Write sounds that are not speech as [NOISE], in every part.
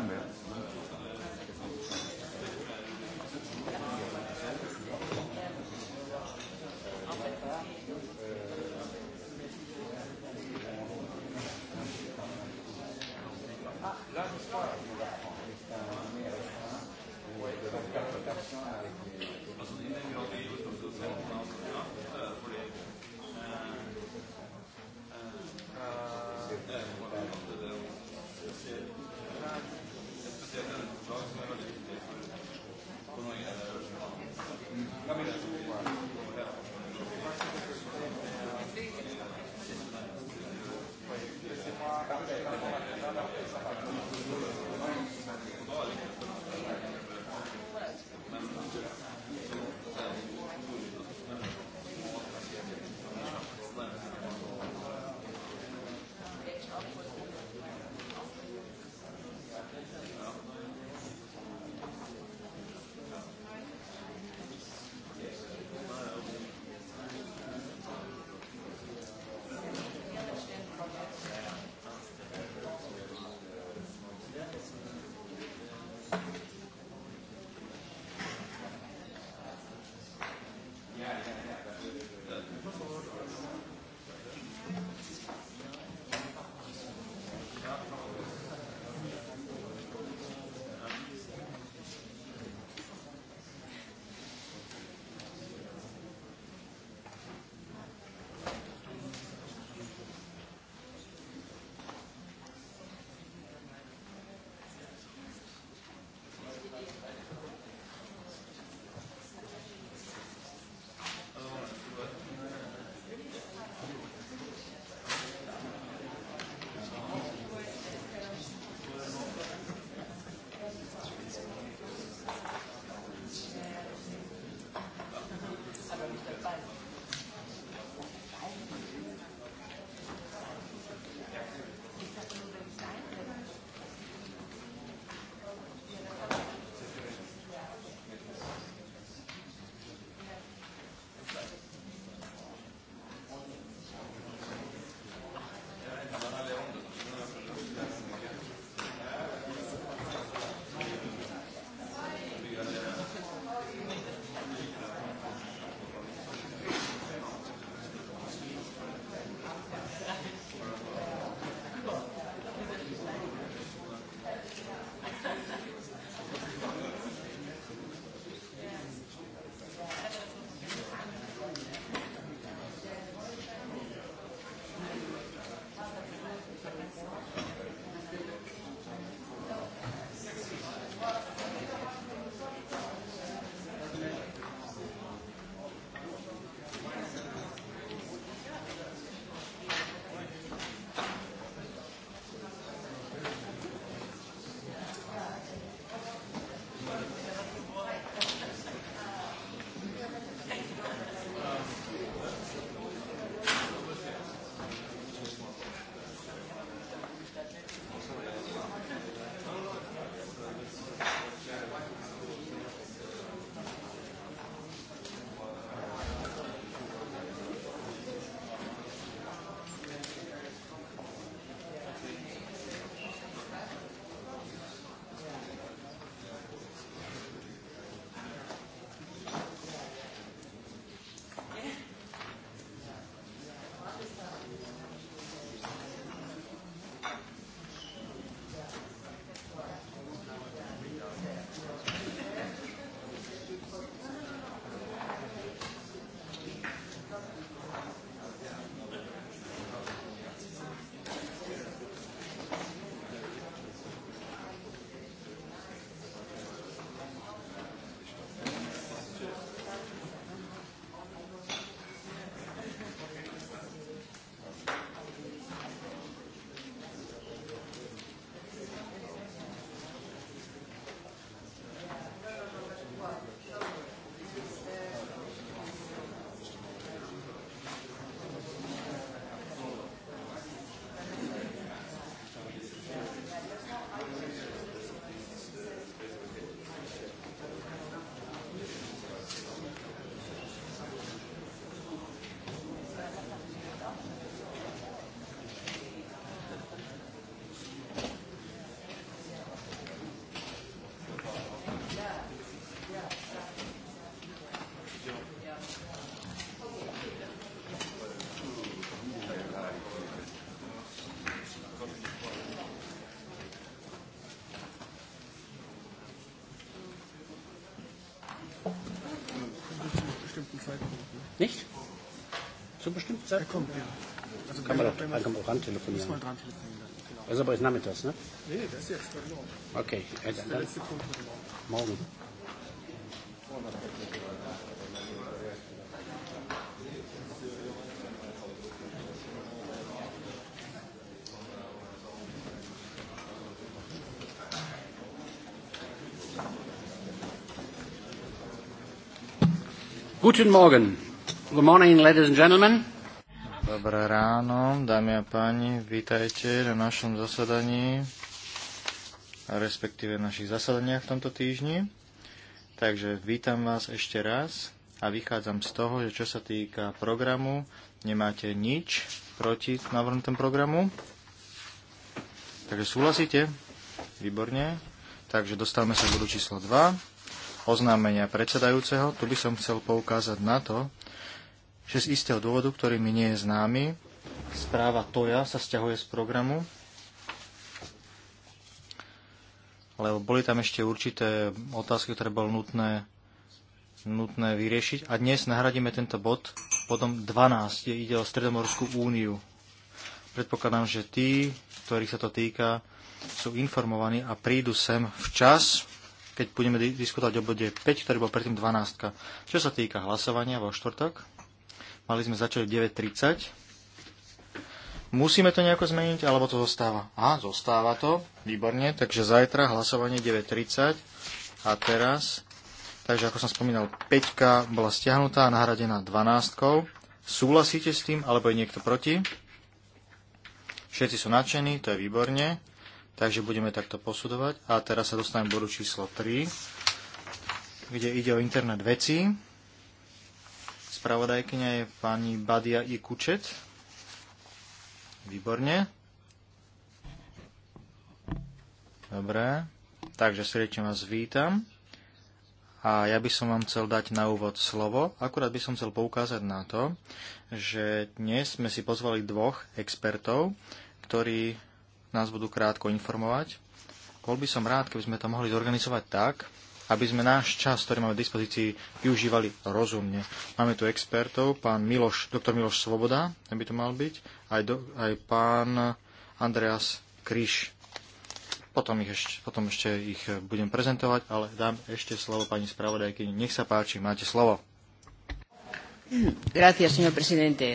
grande. Zu bestimmten Zeit? Er kommt, ja. Also kann man, doch, man auch ran telefonieren. Muss man dran telefonieren. Genau. Das ist aber erst nachmittags, ne? Nee, das ist jetzt morgen. Okay. Das ist der dann, letzte Punkt morgen. Morgen. Guten Morgen. Good morning, ladies and gentlemen. Dobré ráno, dámy a páni, vítajte na našom zasadaní, respektíve našich zasadaniach v tomto týždni. Takže vítam vás ešte raz a vychádzam z toho, že čo sa týka programu, nemáte nič proti navrhnutému programu. Takže súhlasíte? Výborne. Takže dostávame sa k bodu číslo 2, oznámenia predsedajúceho. Tu by som chcel poukázať na to, že z istého dôvodu, ktorý mi nie je známy, správa TOJA sa stiahuje z programu, lebo boli tam ešte určité otázky, ktoré bolo nutné, nutné vyriešiť. A dnes nahradíme tento bod bodom 12, kde ide o Stredomorskú úniu. Predpokladám, že tí, ktorých sa to týka, sú informovaní a prídu sem včas, keď budeme diskutovať o bode 5, ktorý bol predtým 12. Čo sa týka hlasovania vo štvrtok, Mali sme začať 9.30. Musíme to nejako zmeniť, alebo to zostáva? Aha, zostáva to. Výborne. Takže zajtra hlasovanie 9.30. A teraz, takže ako som spomínal, 5 bola stiahnutá a nahradená 12. Súhlasíte s tým, alebo je niekto proti? Všetci sú nadšení, to je výborne. Takže budeme takto posudovať. A teraz sa dostaneme k bodu číslo 3, kde ide o internet veci spravodajkňa je pani Badia Ikučet. Výborne. Dobre. Takže srdečne vás vítam. A ja by som vám chcel dať na úvod slovo. Akurát by som chcel poukázať na to, že dnes sme si pozvali dvoch expertov, ktorí nás budú krátko informovať. Bol by som rád, keby sme to mohli zorganizovať tak, aby sme náš čas, ktorý máme v dispozícii, využívali rozumne. Máme tu expertov, pán Miloš, doktor Miloš Svoboda, ten by to mal byť, aj, do, aj pán Andreas Kryš. Potom, ich ešte, potom ešte ich budem prezentovať, ale dám ešte slovo pani spravodajky. Nech sa páči, máte slovo. Eh,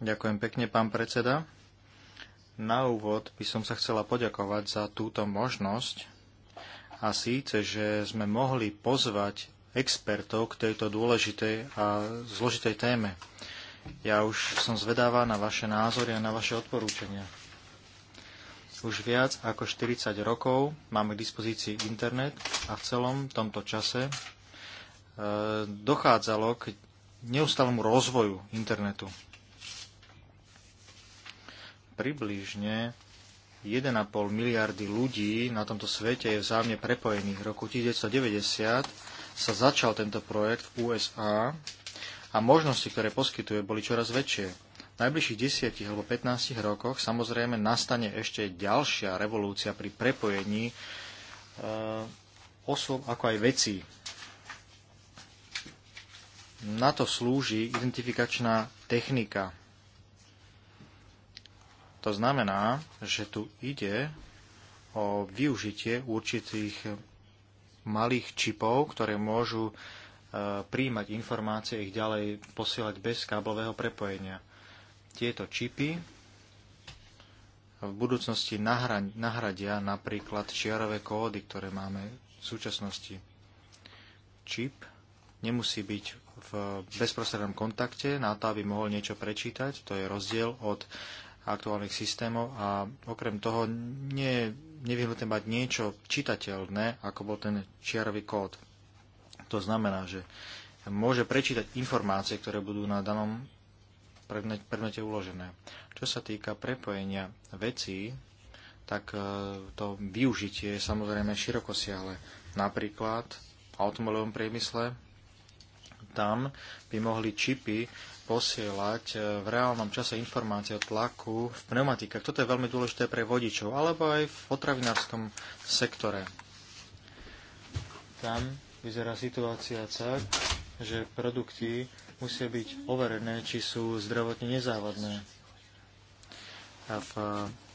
Ďakujem pekne, pán predseda. Na úvod by som sa chcela poďakovať za túto možnosť a síce, že sme mohli pozvať expertov k tejto dôležitej a zložitej téme. Ja už som zvedáva na vaše názory a na vaše odporúčania. Už viac ako 40 rokov máme k dispozícii internet a v celom tomto čase e, dochádzalo k neustálemu rozvoju internetu približne 1,5 miliardy ľudí na tomto svete je vzájomne prepojených. V roku 1990 sa začal tento projekt v USA a možnosti, ktoré poskytuje, boli čoraz väčšie. V najbližších 10 alebo 15 rokoch samozrejme nastane ešte ďalšia revolúcia pri prepojení e, osob ako aj vecí. Na to slúži identifikačná technika to znamená, že tu ide o využitie určitých malých čipov, ktoré môžu e, príjmať informácie a ich ďalej posielať bez káblového prepojenia. Tieto čipy v budúcnosti nahradia napríklad čiarové kódy, ktoré máme v súčasnosti. Čip nemusí byť v bezprostrednom kontakte na to, aby mohol niečo prečítať. To je rozdiel od aktuálnych systémov a okrem toho nie je nevyhnutné mať niečo čitateľné, ako bol ten čiarový kód. To znamená, že môže prečítať informácie, ktoré budú na danom predmete uložené. Čo sa týka prepojenia vecí, tak e, to využitie je samozrejme širokosiahle. Napríklad v automobilovom priemysle tam by mohli čipy posielať e, v reálnom čase informácie o tlaku v pneumatikách. Toto je veľmi dôležité pre vodičov, alebo aj v potravinárskom sektore. Tam vyzerá situácia tak, že produkty musia byť overené, či sú zdravotne nezávadné. A v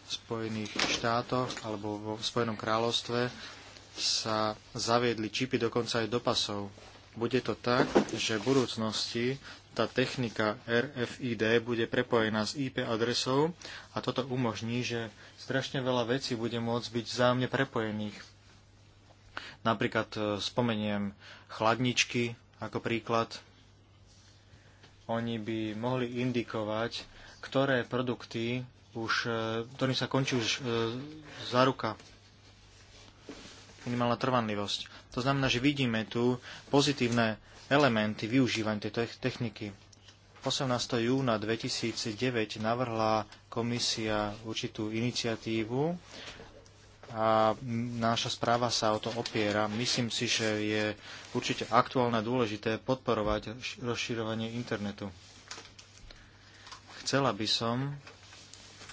Spojených štátoch alebo v Spojenom kráľovstve sa zaviedli čipy dokonca aj do pasov. Bude to tak, že v budúcnosti tá technika RFID bude prepojená s IP adresou a toto umožní, že strašne veľa vecí bude môcť byť vzájomne prepojených. Napríklad e, spomeniem chladničky ako príklad. Oni by mohli indikovať, ktoré produkty už, e, ktorým sa končí už e, ruka. minimálna trvanlivosť. To znamená, že vidíme tu pozitívne elementy využívania tejto techniky. 18. júna 2009 navrhla komisia určitú iniciatívu a náša správa sa o to opiera. Myslím si, že je určite aktuálne dôležité podporovať rozširovanie internetu. Chcela by som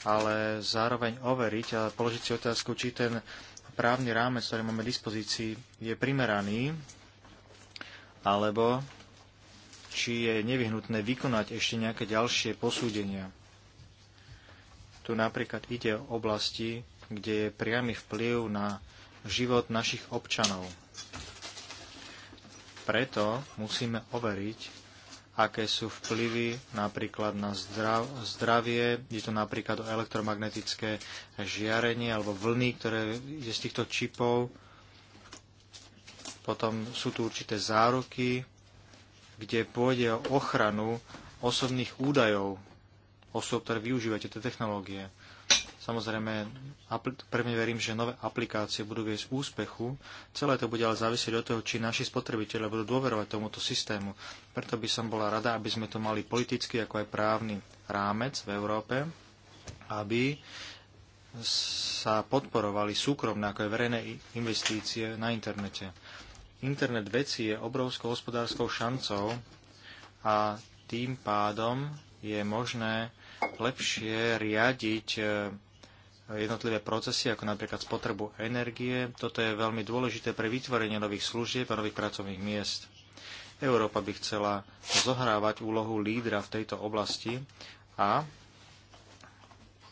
ale zároveň overiť a položiť si otázku, či ten právny rámec, ktorý máme v dispozícii, je primeraný alebo či je nevyhnutné vykonať ešte nejaké ďalšie posúdenia. Tu napríklad ide o oblasti, kde je priamy vplyv na život našich občanov. Preto musíme overiť, aké sú vplyvy napríklad na zdrav, zdravie, je to napríklad o elektromagnetické žiarenie alebo vlny, ktoré ide z týchto čipov, potom sú tu určité záruky, kde pôjde o ochranu osobných údajov osôb, ktoré využívate tie technológie. Samozrejme, prvne verím, že nové aplikácie budú viesť úspechu. Celé to bude ale závisieť od toho, či naši spotrebitelia budú dôverovať tomuto systému. Preto by som bola rada, aby sme to mali politický ako aj právny rámec v Európe, aby sa podporovali súkromné ako aj verejné investície na internete internet veci je obrovskou hospodárskou šancou a tým pádom je možné lepšie riadiť e, jednotlivé procesy, ako napríklad spotrebu energie. Toto je veľmi dôležité pre vytvorenie nových služieb a nových pracovných miest. Európa by chcela zohrávať úlohu lídra v tejto oblasti a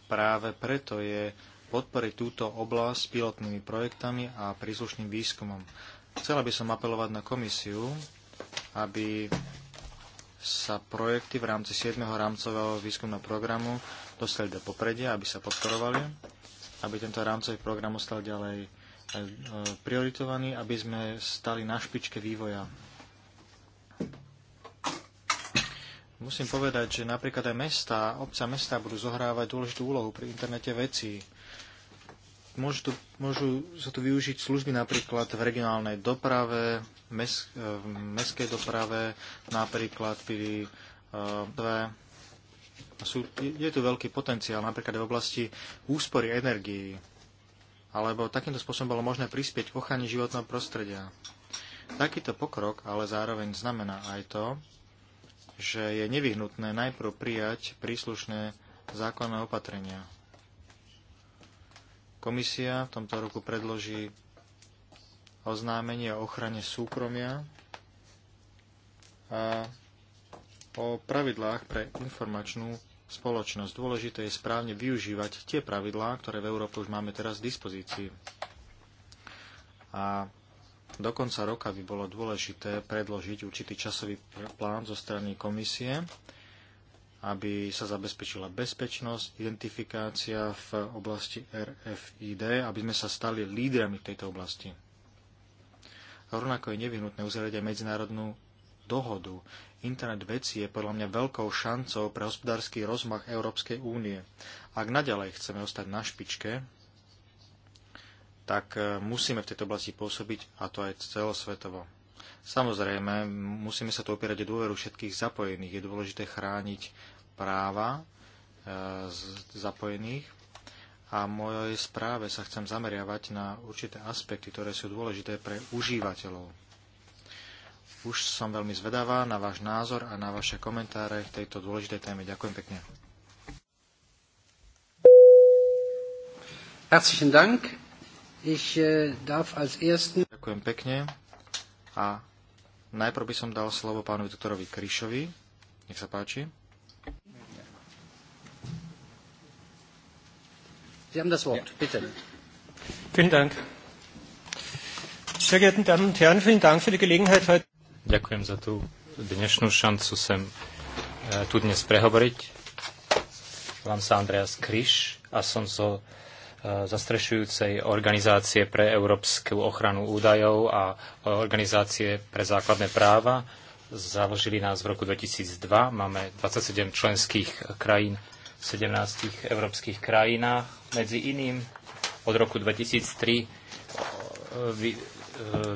práve preto je podporiť túto oblasť pilotnými projektami a príslušným výskumom. Chcela by som apelovať na komisiu, aby sa projekty v rámci 7. rámcového výskumného programu dostali do popredia, aby sa podporovali, aby tento rámcový program ostal ďalej e, prioritovaný, aby sme stali na špičke vývoja. Musím povedať, že napríklad aj mesta, obca mesta budú zohrávať dôležitú úlohu pri internete vecí môžu, tu, môžu sa tu využiť služby napríklad v regionálnej doprave, mes, e, v meskej doprave, napríklad pri e, dve. Sú, je tu veľký potenciál napríklad v oblasti úspory energií, alebo takýmto spôsobom bolo možné prispieť k ochrane životného prostredia. Takýto pokrok ale zároveň znamená aj to, že je nevyhnutné najprv prijať príslušné zákonné opatrenia. Komisia v tomto roku predloží oznámenie o ochrane súkromia a o pravidlách pre informačnú spoločnosť. Dôležité je správne využívať tie pravidlá, ktoré v Európe už máme teraz v dispozícii. A do konca roka by bolo dôležité predložiť určitý časový plán zo strany komisie, aby sa zabezpečila bezpečnosť, identifikácia v oblasti RFID, aby sme sa stali lídrami v tejto oblasti. A rovnako je nevyhnutné uzrieť aj medzinárodnú dohodu. Internet vecí je podľa mňa veľkou šancou pre hospodársky rozmach Európskej únie. Ak naďalej chceme ostať na špičke, tak eh, musíme v tejto oblasti pôsobiť, a to aj celosvetovo. Samozrejme, musíme sa tu opierať o dôveru všetkých zapojených. Je dôležité chrániť práva e, zapojených a v mojej správe sa chcem zameriavať na určité aspekty, ktoré sú dôležité pre užívateľov. Už som veľmi zvedavá na váš názor a na vaše komentáre v tejto dôležitej téme. Ďakujem pekne. Herzlichen Dank. Ich äh, darf als ersten... Ďakujem pekne. A Najprv by som dal slovo pánovi doktorovi Kryšovi. Nech sa páči. Sie haben das Wort, Ja. bitte. Vielen Dank. Sehr geehrte Damen und Herren, vielen Dank für die Gelegenheit heute. Ďakujem za tú dnešnú šancu sem eh, tu dnes prehovoriť. Vám sa Andreas Kryš a som zo so zastrešujúcej organizácie pre európsku ochranu údajov a organizácie pre základné práva. Založili nás v roku 2002. Máme 27 členských krajín v 17 európskych krajinách. Medzi iným od roku 2003 eh, vy, eh,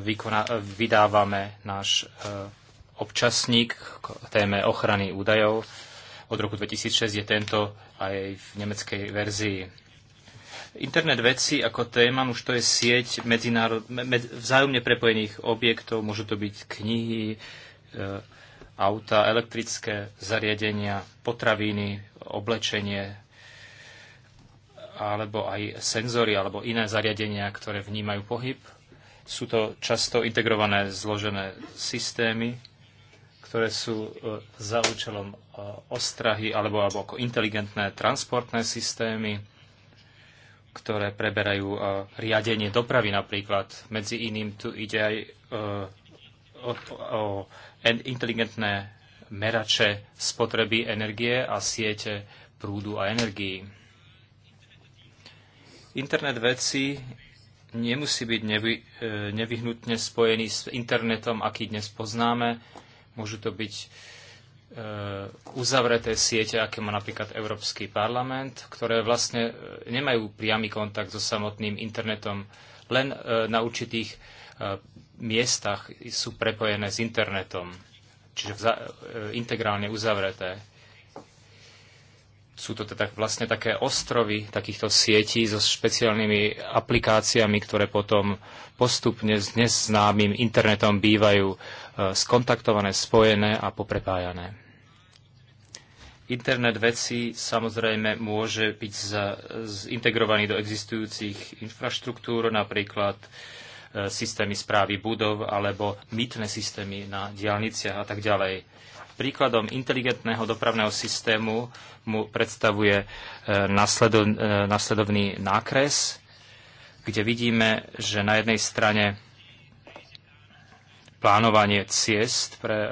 vykona, vydávame náš eh, občasník k téme ochrany údajov. Od roku 2006 je tento aj v nemeckej verzii Internet veci ako téma, už to je sieť medzinárod, med, vzájomne prepojených objektov, môžu to byť knihy, e, auta, elektrické zariadenia, potraviny, oblečenie, alebo aj senzory, alebo iné zariadenia, ktoré vnímajú pohyb. Sú to často integrované zložené systémy, ktoré sú e, za účelom e, ostrahy alebo, alebo ako inteligentné transportné systémy ktoré preberajú e, riadenie dopravy napríklad. Medzi iným tu ide aj e, o, o inteligentné merače spotreby energie a siete prúdu a energií. Internet veci nemusí byť nevy, e, nevyhnutne spojený s internetom, aký dnes poznáme. Môžu to byť E, uzavreté siete, aké má napríklad Európsky parlament, ktoré vlastne e, nemajú priamy kontakt so samotným internetom, len e, na určitých miestach sú prepojené s internetom, čiže integrálne uzavreté. Sú to teda vlastne také ostrovy takýchto sietí so špeciálnymi aplikáciami, ktoré potom postupne s dnes známym internetom bývajú skontaktované, spojené a poprepájané. Internet vecí samozrejme môže byť zintegrovaný do existujúcich infraštruktúr, napríklad e, systémy správy budov alebo mytné systémy na diálniciach a tak ďalej. Príkladom inteligentného dopravného systému mu predstavuje e, nasledov, e, nasledovný nákres, kde vidíme, že na jednej strane plánovanie ciest pre e,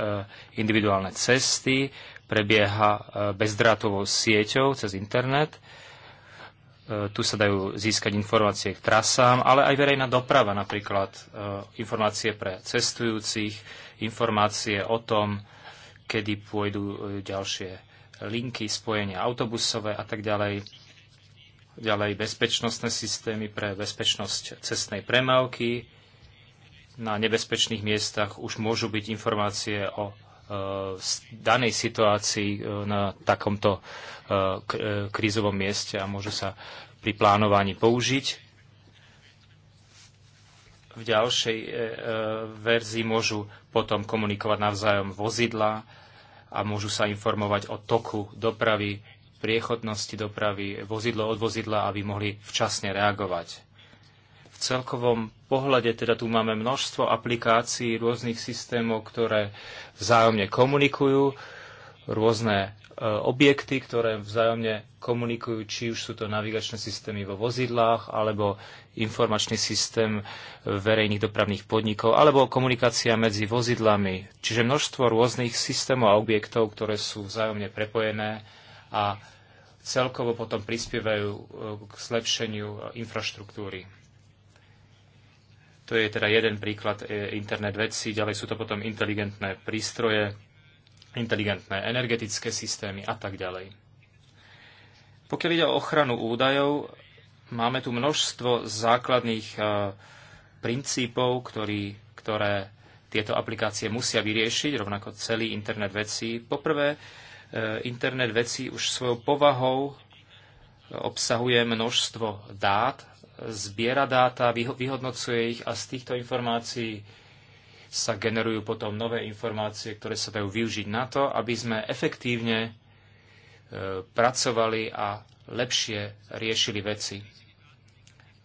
individuálne cesty, prebieha e, bezdrátovou sieťou cez internet. E, tu sa dajú získať informácie k trasám, ale aj verejná doprava, napríklad e, informácie pre cestujúcich, informácie o tom, kedy pôjdu ďalšie linky, spojenia autobusové a tak ďalej. Ďalej bezpečnostné systémy pre bezpečnosť cestnej premávky. Na nebezpečných miestach už môžu byť informácie o v eh, danej situácii eh, na takomto eh, krízovom mieste a môžu sa pri plánovaní použiť. V ďalšej verzii môžu potom komunikovať navzájom vozidla a môžu sa informovať o toku dopravy, priechodnosti dopravy, vozidlo od vozidla, aby mohli včasne reagovať celkovom pohľade teda tu máme množstvo aplikácií, rôznych systémov, ktoré vzájomne komunikujú, rôzne e, objekty, ktoré vzájomne komunikujú, či už sú to navigačné systémy vo vozidlách, alebo informačný systém verejných dopravných podnikov, alebo komunikácia medzi vozidlami. Čiže množstvo rôznych systémov a objektov, ktoré sú vzájomne prepojené a celkovo potom prispievajú e, k zlepšeniu infraštruktúry. To je teda jeden príklad e, internet vecí, ďalej sú to potom inteligentné prístroje, inteligentné energetické systémy a tak ďalej. Pokiaľ ide o ochranu údajov, máme tu množstvo základných e, princípov, ktorý, ktoré tieto aplikácie musia vyriešiť, rovnako celý internet vecí. Poprvé, e, internet vecí už svojou povahou obsahuje množstvo dát, zbiera dáta, vyhodnocuje ich a z týchto informácií sa generujú potom nové informácie, ktoré sa dajú využiť na to, aby sme efektívne e, pracovali a lepšie riešili veci.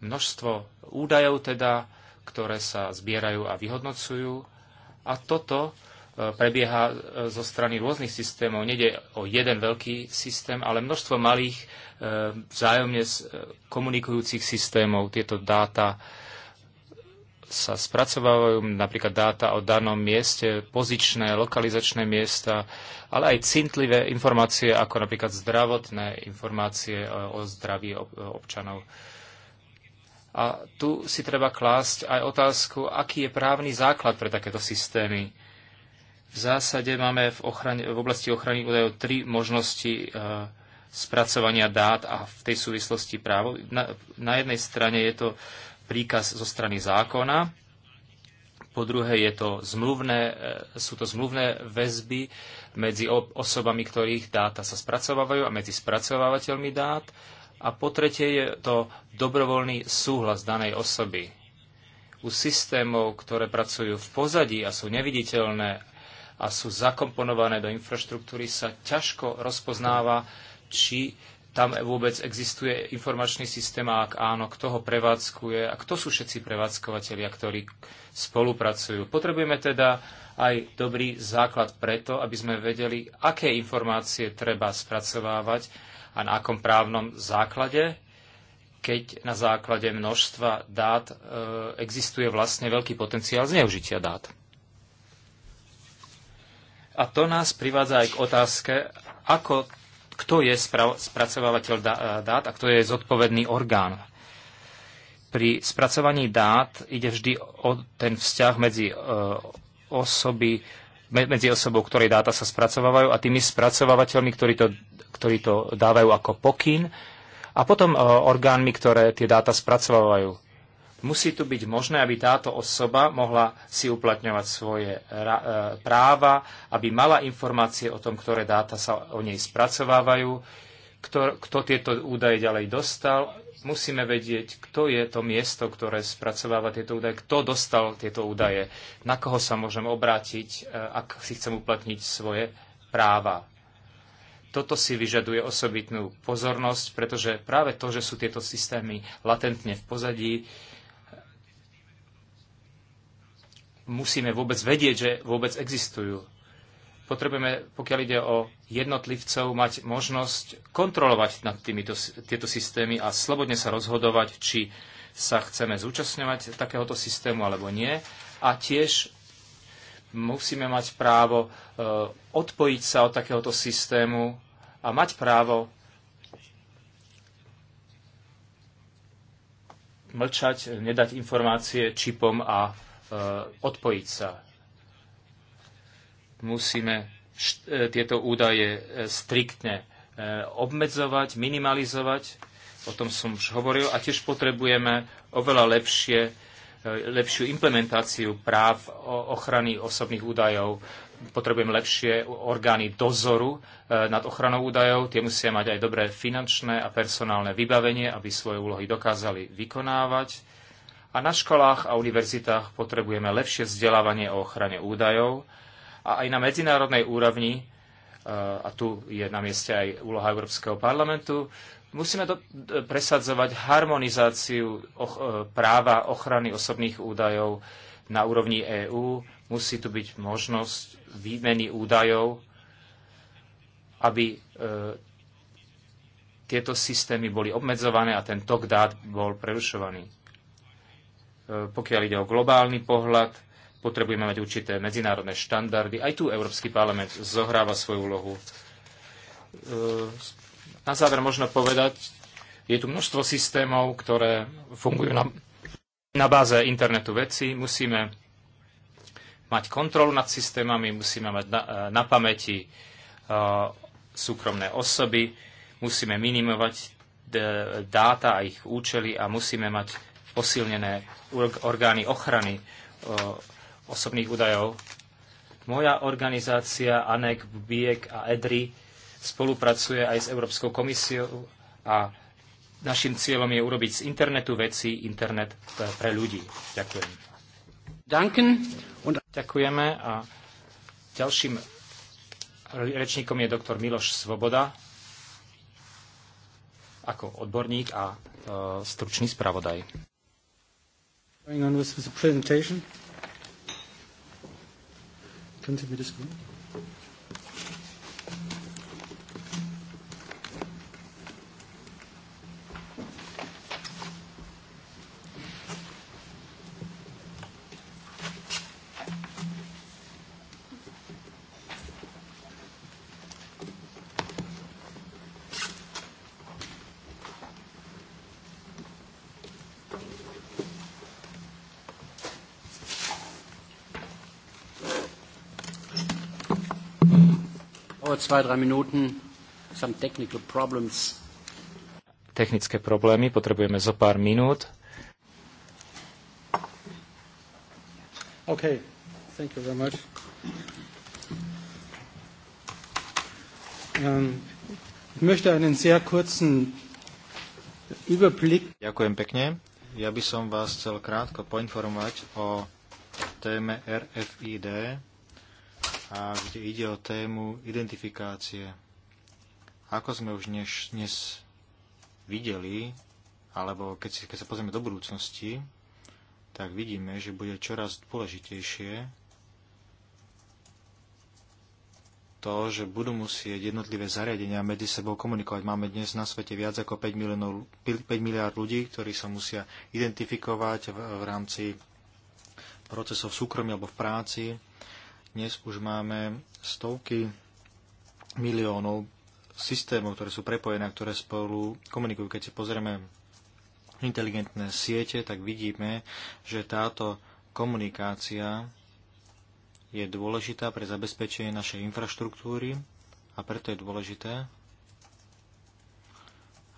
Množstvo údajov teda, ktoré sa zbierajú a vyhodnocujú a toto prebieha e, zo strany rôznych systémov. Nede o jeden veľký systém, ale množstvo malých e, vzájomne e, komunikujúcich systémov. Tieto dáta sa spracovávajú, napríklad dáta o danom mieste, pozičné, lokalizačné miesta, ale aj cintlivé informácie, ako napríklad zdravotné informácie o zdraví občanov. A tu si treba klásť aj otázku, aký je právny základ pre takéto systémy v zásade máme v, ochrane, v oblasti ochrany údajov tri možnosti e, spracovania dát a v tej súvislosti právo. Na, na jednej strane je to príkaz zo strany zákona, po druhé je to zmluvné, e, sú to zmluvné väzby medzi osobami, ktorých dáta sa spracovávajú a medzi spracovávateľmi dát. A po tretie je to dobrovoľný súhlas danej osoby. U systémov, ktoré pracujú v pozadí a sú neviditeľné a sú zakomponované do infraštruktúry, sa ťažko rozpoznáva, či tam vôbec existuje informačný systém a ak áno, kto ho prevádzkuje a kto sú všetci prevádzkovateľia, ktorí spolupracujú. Potrebujeme teda aj dobrý základ preto, aby sme vedeli, aké informácie treba spracovávať a na akom právnom základe, keď na základe množstva dát e, existuje vlastne veľký potenciál zneužitia dát. A to nás privádza aj k otázke, ako, kto je spracovateľ e, dát a kto je zodpovedný orgán. Pri spracovaní dát ide vždy o ten vzťah medzi e, osoby, medzi osobou, ktorej dáta sa spracovávajú a tými spracovávateľmi, ktorí to, ktorí to dávajú ako pokyn a potom e, orgánmi, ktoré tie dáta spracovávajú. Musí tu byť možné, aby táto osoba mohla si uplatňovať svoje e, práva, aby mala informácie o tom, ktoré dáta sa o nej spracovávajú, kto, kto tieto údaje ďalej dostal. Musíme vedieť, kto je to miesto, ktoré spracováva tieto údaje, kto dostal tieto údaje, na koho sa môžem obrátiť, e, ak si chcem uplatniť svoje práva. Toto si vyžaduje osobitnú pozornosť, pretože práve to, že sú tieto systémy latentne v pozadí, musíme vôbec vedieť, že vôbec existujú. Potrebujeme, pokiaľ ide o jednotlivcov, mať možnosť kontrolovať nad týmito, tieto systémy a slobodne sa rozhodovať, či sa chceme zúčastňovať takéhoto systému alebo nie. A tiež musíme mať právo e, odpojiť sa od takéhoto systému a mať právo mlčať, nedať informácie čipom a Eh, odpojiť sa. Musíme eh, tieto údaje eh, striktne obmedzovať, minimalizovať, o tom som už hovoril, a tiež potrebujeme oveľa lepšie, lepšiu implementáciu práv ochrany osobných údajov. Potrebujeme lepšie orgány dozoru nad ochranou údajov, tie musia mať aj dobré finančné a personálne vybavenie, aby svoje úlohy dokázali vykonávať a na školách a univerzitách potrebujeme lepšie vzdelávanie o ochrane údajov a aj na medzinárodnej úrovni, e, a tu je na mieste aj úloha Európskeho parlamentu, musíme do, e, presadzovať harmonizáciu och, e, práva ochrany osobných údajov na úrovni EÚ. Musí tu byť možnosť výmeny údajov, aby tieto systémy boli obmedzované a ten tok dát bol prerušovaný pokiaľ ide o globálny pohľad, potrebujeme mať určité medzinárodné štandardy. Aj tu Európsky parlament zohráva svoju úlohu. E, na záver možno povedať, je tu množstvo systémov, ktoré fungujú na, na báze internetu veci. Musíme mať kontrolu nad systémami, musíme mať na, e, na pamäti uh, súkromné osoby, musíme minimovať dáta a ich účely a musíme mať posilnené orgány ochrany osobných údajov. Moja organizácia ANEK, BIEK a EDRI spolupracuje aj s Európskou komisiou a našim cieľom je urobiť z internetu veci internet pre ľudí. Ďakujem. Ďakujeme a ďalším rečníkom je doktor Miloš Svoboda ako odborník a e, stručný spravodaj. Going on with the presentation. Können Sie mir das geben? zwei, drei Minuten. Some technical problems. Technické problémy, potrebujeme zo pár minút. Okay, thank you very much. Um, ich möchte einen sehr kurzen Überblick. Ďakujem pekne. Ja by som vás chcel krátko poinformovať o téme RFID, a kde ide o tému identifikácie. Ako sme už dnes, dnes videli, alebo keď, si, keď sa pozrieme do budúcnosti, tak vidíme, že bude čoraz dôležitejšie to, že budú musieť jednotlivé zariadenia medzi sebou komunikovať. Máme dnes na svete viac ako 5, miliónov, 5 miliard ľudí, ktorí sa musia identifikovať v, v rámci procesov v súkromí alebo v práci. Dnes už máme stovky miliónov systémov, ktoré sú prepojené, ktoré spolu komunikujú. Keď si pozrieme inteligentné siete, tak vidíme, že táto komunikácia je dôležitá pre zabezpečenie našej infraštruktúry a preto je dôležité,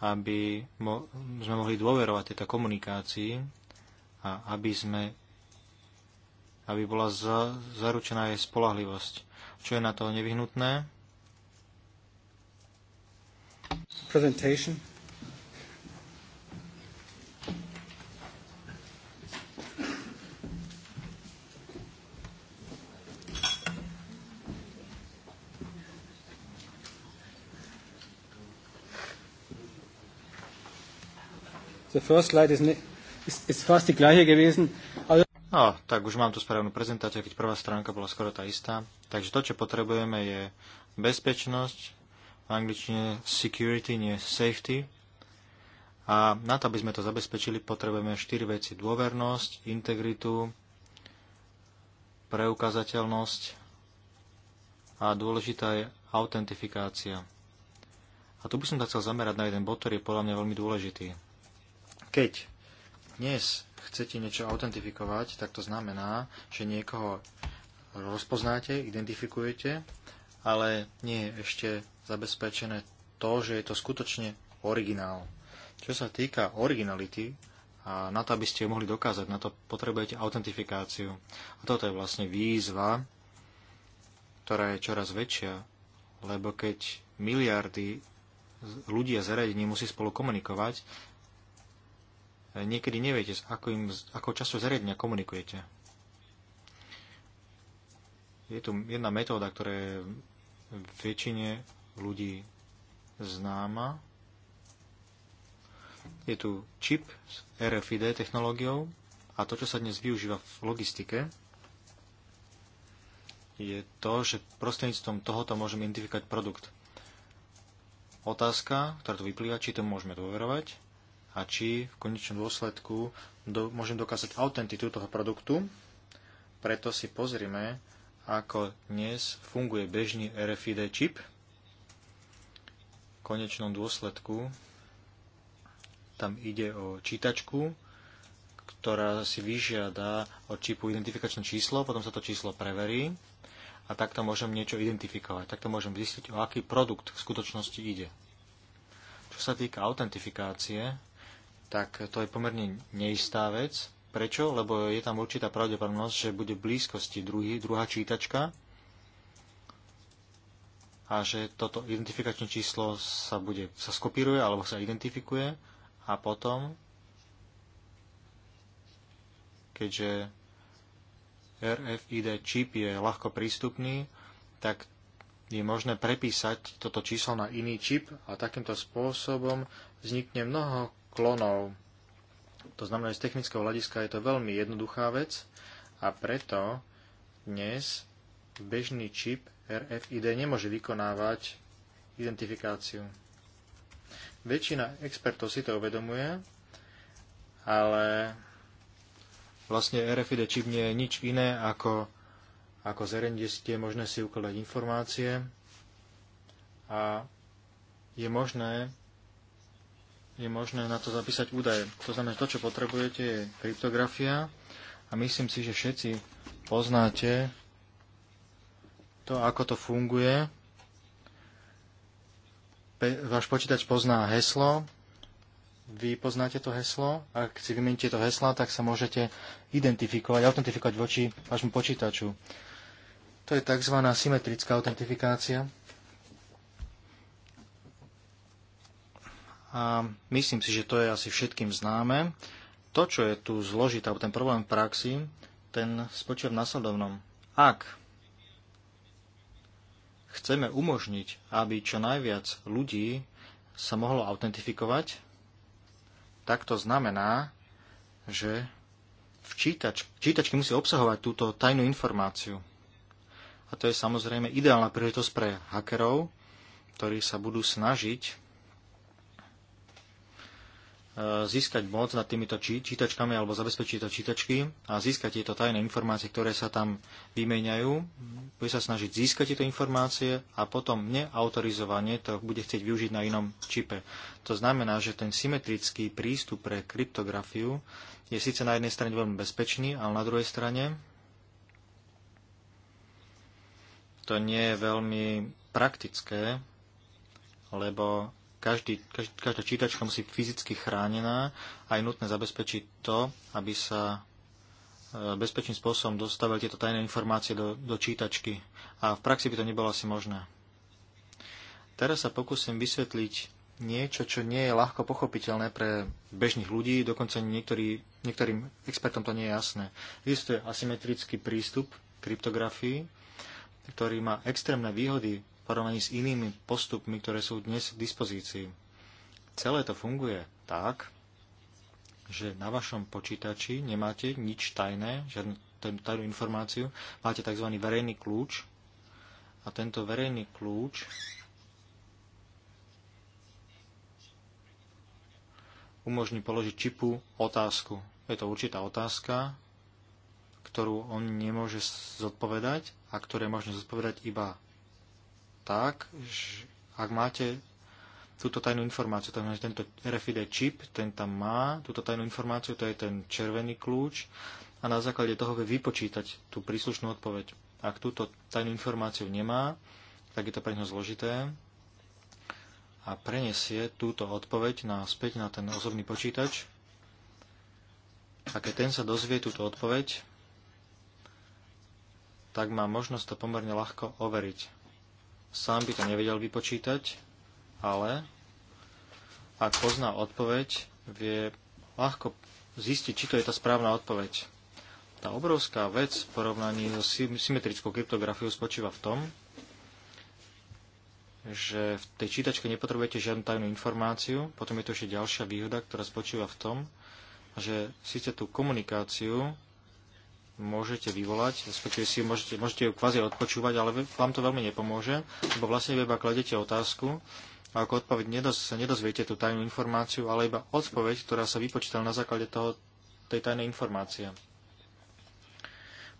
aby mo- sme mohli dôverovať tejto komunikácii a aby sme aby bola za, zaručená jej spolahlivosť. Čo je na to nevyhnutné? Presentation. The first slide is, is, is fast die gleiche gewesen. Also No, tak už mám tu správnu prezentáciu, keď prvá stránka bola skoro tá istá. Takže to, čo potrebujeme, je bezpečnosť, v angličtine security, nie safety. A na to, aby sme to zabezpečili, potrebujeme štyri veci. Dôvernosť, integritu, preukazateľnosť a dôležitá je autentifikácia. A tu by som sa chcel zamerať na jeden bod, ktorý je podľa mňa veľmi dôležitý. Keď dnes chcete niečo autentifikovať, tak to znamená, že niekoho rozpoznáte, identifikujete, ale nie je ešte zabezpečené to, že je to skutočne originál. Čo sa týka originality, a na to, aby ste ju mohli dokázať, na to potrebujete autentifikáciu. A toto je vlastne výzva, ktorá je čoraz väčšia, lebo keď miliardy ľudia zariadení musí spolu komunikovať, niekedy neviete, s akým, akou času zariadenia komunikujete. Je tu jedna metóda, ktorá je väčšine ľudí známa. Je tu čip s RFID technológiou a to, čo sa dnes využíva v logistike, je to, že prostredníctvom tohoto môžeme identifikovať produkt. Otázka, ktorá tu vyplýva, či to môžeme dôverovať, a či v konečnom dôsledku do, môžem dokázať autentitu toho produktu. Preto si pozrime, ako dnes funguje bežný RFID čip. V konečnom dôsledku tam ide o čítačku, ktorá si vyžiada od čipu identifikačné číslo, potom sa to číslo preverí a takto môžem niečo identifikovať. Takto môžem zistiť, o aký produkt v skutočnosti ide. Čo sa týka autentifikácie, tak to je pomerne neistá vec. Prečo? Lebo je tam určitá pravdepodobnosť, že bude v blízkosti druhý, druhá čítačka a že toto identifikačné číslo sa, bude, sa skopíruje alebo sa identifikuje a potom, keďže RFID čip je ľahko prístupný, tak je možné prepísať toto číslo na iný čip a takýmto spôsobom vznikne mnoho klonov. To znamená, že z technického hľadiska je to veľmi jednoduchá vec a preto dnes bežný čip RFID nemôže vykonávať identifikáciu. Väčšina expertov si to uvedomuje, ale vlastne RFID čip nie je nič iné ako, ako z RND, je možné si ukladať informácie a je možné je možné na to zapísať údaje. To znamená, to, čo potrebujete, je kryptografia a myslím si, že všetci poznáte to, ako to funguje. Pe- váš počítač pozná heslo, vy poznáte to heslo, ak si vymeníte to hesla, tak sa môžete identifikovať, autentifikovať voči vášmu počítaču. To je tzv. symetrická autentifikácia. a myslím si, že to je asi všetkým známe. To, čo je tu zložité, alebo ten problém v praxi, ten spočíva v následovnom. Ak chceme umožniť, aby čo najviac ľudí sa mohlo autentifikovať, tak to znamená, že včítač, čítačky musí obsahovať túto tajnú informáciu. A to je samozrejme ideálna príležitosť pre hakerov, ktorí sa budú snažiť získať moc nad týmito či- čítačkami alebo zabezpečiť tieto čítačky a získať tieto tajné informácie, ktoré sa tam vymeniajú, Bude sa snažiť získať tieto informácie a potom neautorizovanie to bude chcieť využiť na inom čipe. To znamená, že ten symetrický prístup pre kryptografiu je síce na jednej strane veľmi bezpečný, ale na druhej strane to nie je veľmi praktické, lebo každý, každý, každá čítačka musí fyzicky chránená a je nutné zabezpečiť to, aby sa e, bezpečným spôsobom dostávali tieto tajné informácie do, do čítačky. A v praxi by to nebolo asi možné. Teraz sa pokúsim vysvetliť niečo, čo nie je ľahko pochopiteľné pre bežných ľudí, dokonca niektorý, niektorým expertom to nie je jasné. Existuje asymetrický prístup kryptografii, ktorý má extrémne výhody porovnaní s inými postupmi, ktoré sú dnes k dispozícii. Celé to funguje tak, že na vašom počítači nemáte nič tajné, žiadnu tajnú informáciu, máte tzv. verejný kľúč a tento verejný kľúč umožní položiť čipu otázku. Je to určitá otázka, ktorú on nemôže zodpovedať a ktoré možno zodpovedať iba tak, že ak máte túto tajnú informáciu, to znamená, tento RFID čip, ten tam má túto tajnú informáciu, to je ten červený kľúč a na základe toho vie vypočítať tú príslušnú odpoveď. Ak túto tajnú informáciu nemá, tak je to pre ňo zložité a preniesie túto odpoveď na, späť na ten osobný počítač. A keď ten sa dozvie túto odpoveď, tak má možnosť to pomerne ľahko overiť. Sám by to nevedel vypočítať, ale ak pozná odpoveď, vie ľahko zistiť, či to je tá správna odpoveď. Tá obrovská vec v porovnaní so symetrickou kryptografiou spočíva v tom, že v tej čítačke nepotrebujete žiadnu tajnú informáciu, potom je to ešte ďalšia výhoda, ktorá spočíva v tom, že síce tú komunikáciu môžete vyvolať, respektíve si môžete, môžete ju kvázi odpočúvať, ale vám to veľmi nepomôže, lebo vlastne iba kladete otázku a ako odpoveď nedoz, sa nedozviete tú tajnú informáciu, ale iba odpoveď, ktorá sa vypočíta na základe toho, tej tajnej informácie.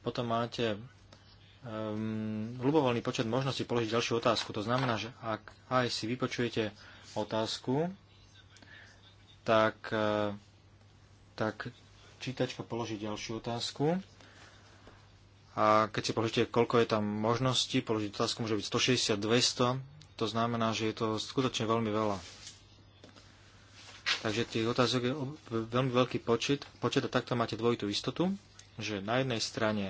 Potom máte um, ľubovoľný počet možností položiť ďalšiu otázku. To znamená, že ak aj si vypočujete otázku, tak, eh, tak čítačka položí ďalšiu otázku a keď si položíte, koľko je tam možností, položiť otázku môže byť 160, 200, to znamená, že je to skutočne veľmi veľa. Takže tých otázok je veľmi veľký počet, počet a takto máte dvojitú istotu, že na jednej strane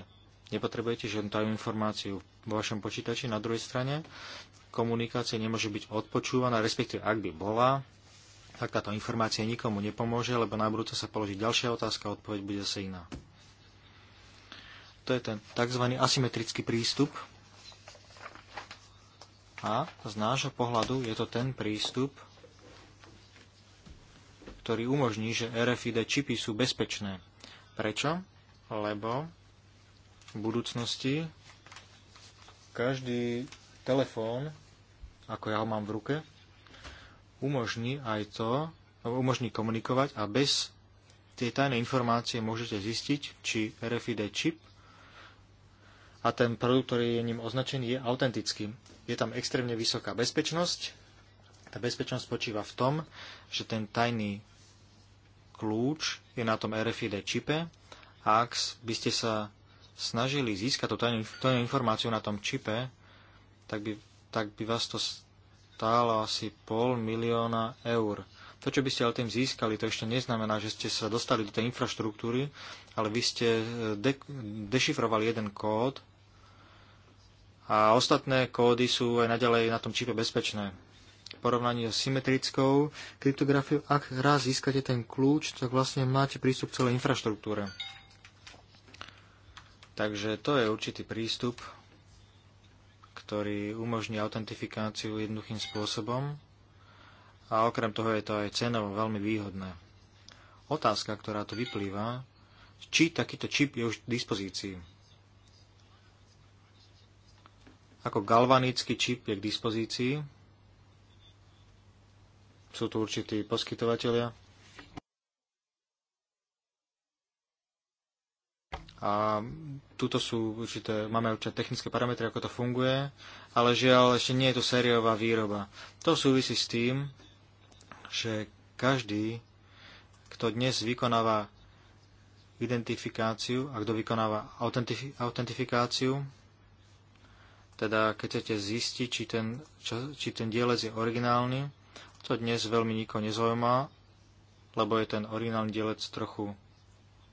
nepotrebujete žiadnu tajnú informáciu vo vašom počítači, na druhej strane komunikácia nemôže byť odpočúvaná, respektíve ak by bola, tak táto informácia nikomu nepomôže, lebo na budúce sa položí ďalšia otázka a odpoveď bude zase iná. To je ten tzv. asymetrický prístup. A z nášho pohľadu je to ten prístup, ktorý umožní, že RFID čipy sú bezpečné. Prečo? Lebo v budúcnosti každý telefón, ako ja ho mám v ruke, umožní aj to, umožní komunikovať a bez tej tajnej informácie môžete zistiť, či RFID čip a ten produkt, ktorý je ním označený, je autentický. Je tam extrémne vysoká bezpečnosť. Tá bezpečnosť spočíva v tom, že ten tajný kľúč je na tom RFID čipe a ak by ste sa snažili získať tú tajnú, informáciu na tom čipe, tak by, tak by vás to stálo asi pol milióna eur. To, čo by ste ale tým získali, to ešte neznamená, že ste sa dostali do tej infraštruktúry, ale vy ste eh, de- dešifrovali jeden kód a ostatné kódy sú aj naďalej na tom čipe bezpečné. V porovnaní s symetrickou kryptografiou, ak raz získate ten kľúč, tak vlastne máte prístup k celej infraštruktúre. Takže to je určitý prístup, ktorý umožní autentifikáciu jednoduchým spôsobom a okrem toho je to aj cenovo veľmi výhodné. Otázka, ktorá tu vyplýva, či takýto čip je už v dispozícii ako galvanický čip je k dispozícii. Sú tu určití poskytovateľia. A tuto sú určité, máme určité technické parametre, ako to funguje, ale žiaľ, ešte nie je to sériová výroba. To súvisí s tým, že každý, kto dnes vykonáva identifikáciu a kto vykonáva autentifikáciu, teda keď chcete zistiť, či ten, čo, či ten dielec je originálny, to dnes veľmi nikoho nezaujíma, lebo je ten originálny dielec trochu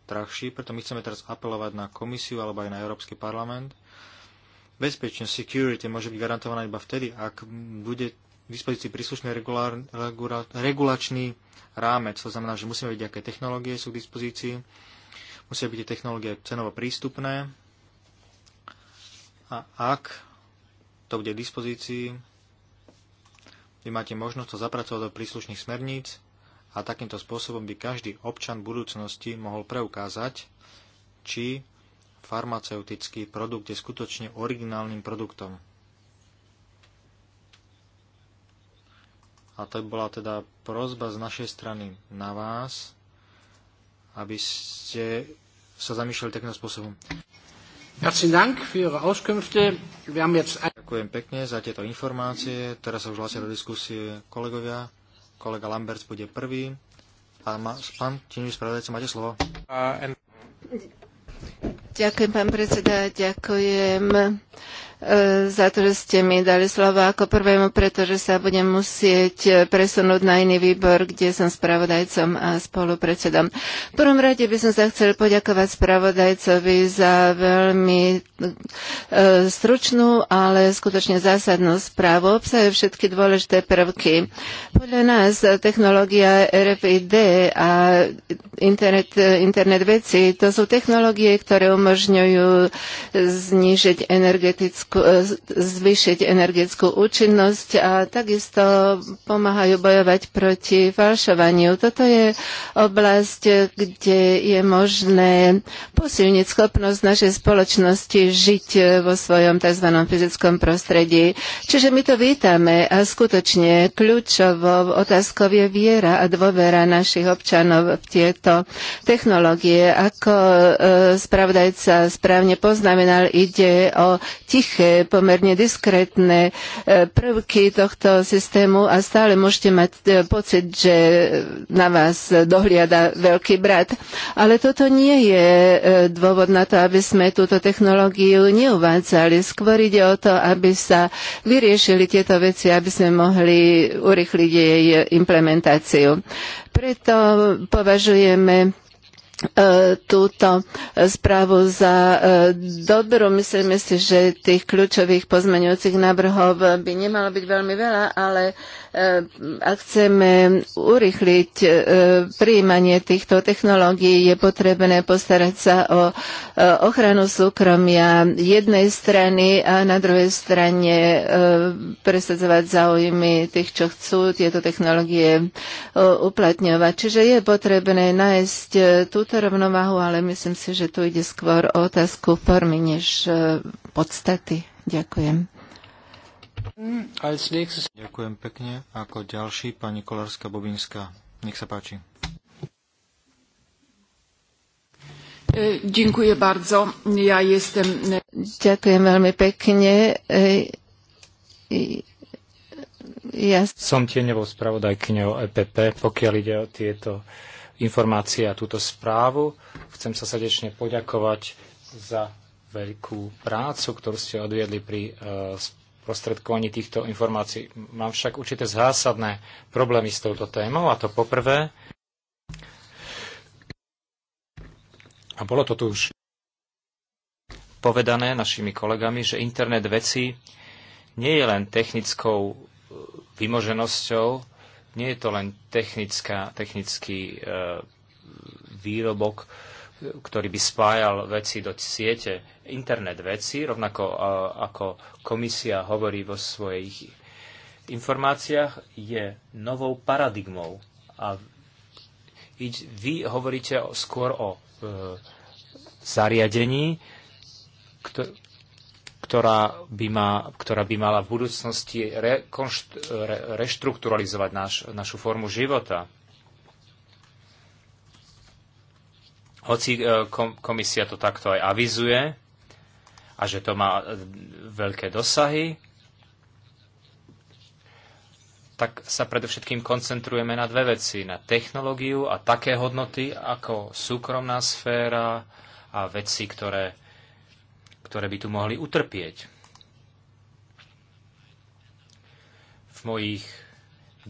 drahší, preto my chceme teraz apelovať na komisiu alebo aj na Európsky parlament. Bezpečnosť, security môže byť garantovaná iba vtedy, ak bude k dispozícii príslušný regulár, regula, regulačný rámec. To znamená, že musíme vedieť, aké technológie sú k dispozícii, musia byť tie technológie cenovo prístupné a ak to bude k dispozícii. Vy máte možnosť to zapracovať do príslušných smerníc a takýmto spôsobom by každý občan budúcnosti mohol preukázať, či farmaceutický produkt je skutočne originálnym produktom. A to bola teda prozba z našej strany na vás, aby ste sa zamýšľali takým spôsobom. Herzlichen Dank für Ihre Auskünfte. Wir haben jetzt Ďakujem pekne za tieto informácie. Teraz sa už hlasia do diskusie kolegovia. Kolega Lamberts bude prvý. A ma, pán Tinius, spravodajca, máte slovo. Ďakujem, pán predseda. Ďakujem E, za to, že ste mi dali slovo ako prvému, pretože sa budem musieť e, presunúť na iný výbor, kde som spravodajcom a spolupredsedom. V prvom rade by som sa chcel poďakovať spravodajcovi za veľmi e, stručnú, ale skutočne zásadnú správu. Obsahuje všetky dôležité prvky. Podľa nás technológia RFID a internet, internet veci, to sú technológie, ktoré umožňujú znížiť energetickú E, zvýšiť energetickú účinnosť a takisto pomáhajú bojovať proti falšovaniu. Toto je oblasť, kde je možné posilniť schopnosť našej spoločnosti žiť vo svojom tzv. fyzickom prostredí. Čiže my to vítame a skutočne kľúčovou otázkou je viera a dôvera našich občanov v tieto technológie. Ako e, spravodajca správne poznamenal, ide o tichý také pomerne diskrétne e, prvky tohto systému a stále môžete mať e, pocit, že na vás dohliada veľký brat. Ale toto nie je e, dôvod na to, aby sme túto technológiu neuvádzali. Skôr ide o to, aby sa vyriešili tieto veci, aby sme mohli urychliť jej implementáciu. Preto považujeme E, túto správu za e, dobrú. Myslíme si, že tých kľúčových pozmeňujúcich návrhov by nemalo byť veľmi veľa, ale ak chceme urychliť e, príjmanie týchto technológií, je potrebné postarať sa o e, ochranu súkromia jednej strany a na druhej strane e, presadzovať záujmy tých, čo chcú tieto technológie uplatňovať. Čiže je potrebné nájsť túto rovnováhu, ale myslím si, že tu ide skôr o otázku formy než podstaty. Ďakujem. Ďakujem pekne. Ako ďalší pani Kolárska Bobinská. Nech sa páči. Ďakujem e, bardzo. Ja jestem... Ďakujem veľmi pekne. E, ja... Som tieňovou spravodajkyňou EPP, pokiaľ ide o tieto informácie a túto správu. Chcem sa srdečne poďakovať za veľkú prácu, ktorú ste odviedli pri uh, prostredkovaní týchto informácií. Mám však určité zásadné problémy s touto témou, a to poprvé, a bolo to tu už povedané našimi kolegami, že internet veci nie je len technickou e, vymoženosťou, nie je to len technická, technický e, výrobok, ktorý by spájal veci do siete, internet veci, rovnako ako komisia hovorí vo svojich informáciách, je novou paradigmou. A vy hovoríte skôr o e, zariadení, ktorá by, má, ktorá by mala v budúcnosti re, konšt, re, reštrukturalizovať naš, našu formu života. Hoci e, komisia to takto aj avizuje a že to má e, veľké dosahy, tak sa predovšetkým koncentrujeme na dve veci. Na technológiu a také hodnoty ako súkromná sféra a veci, ktoré, ktoré by tu mohli utrpieť. V mojich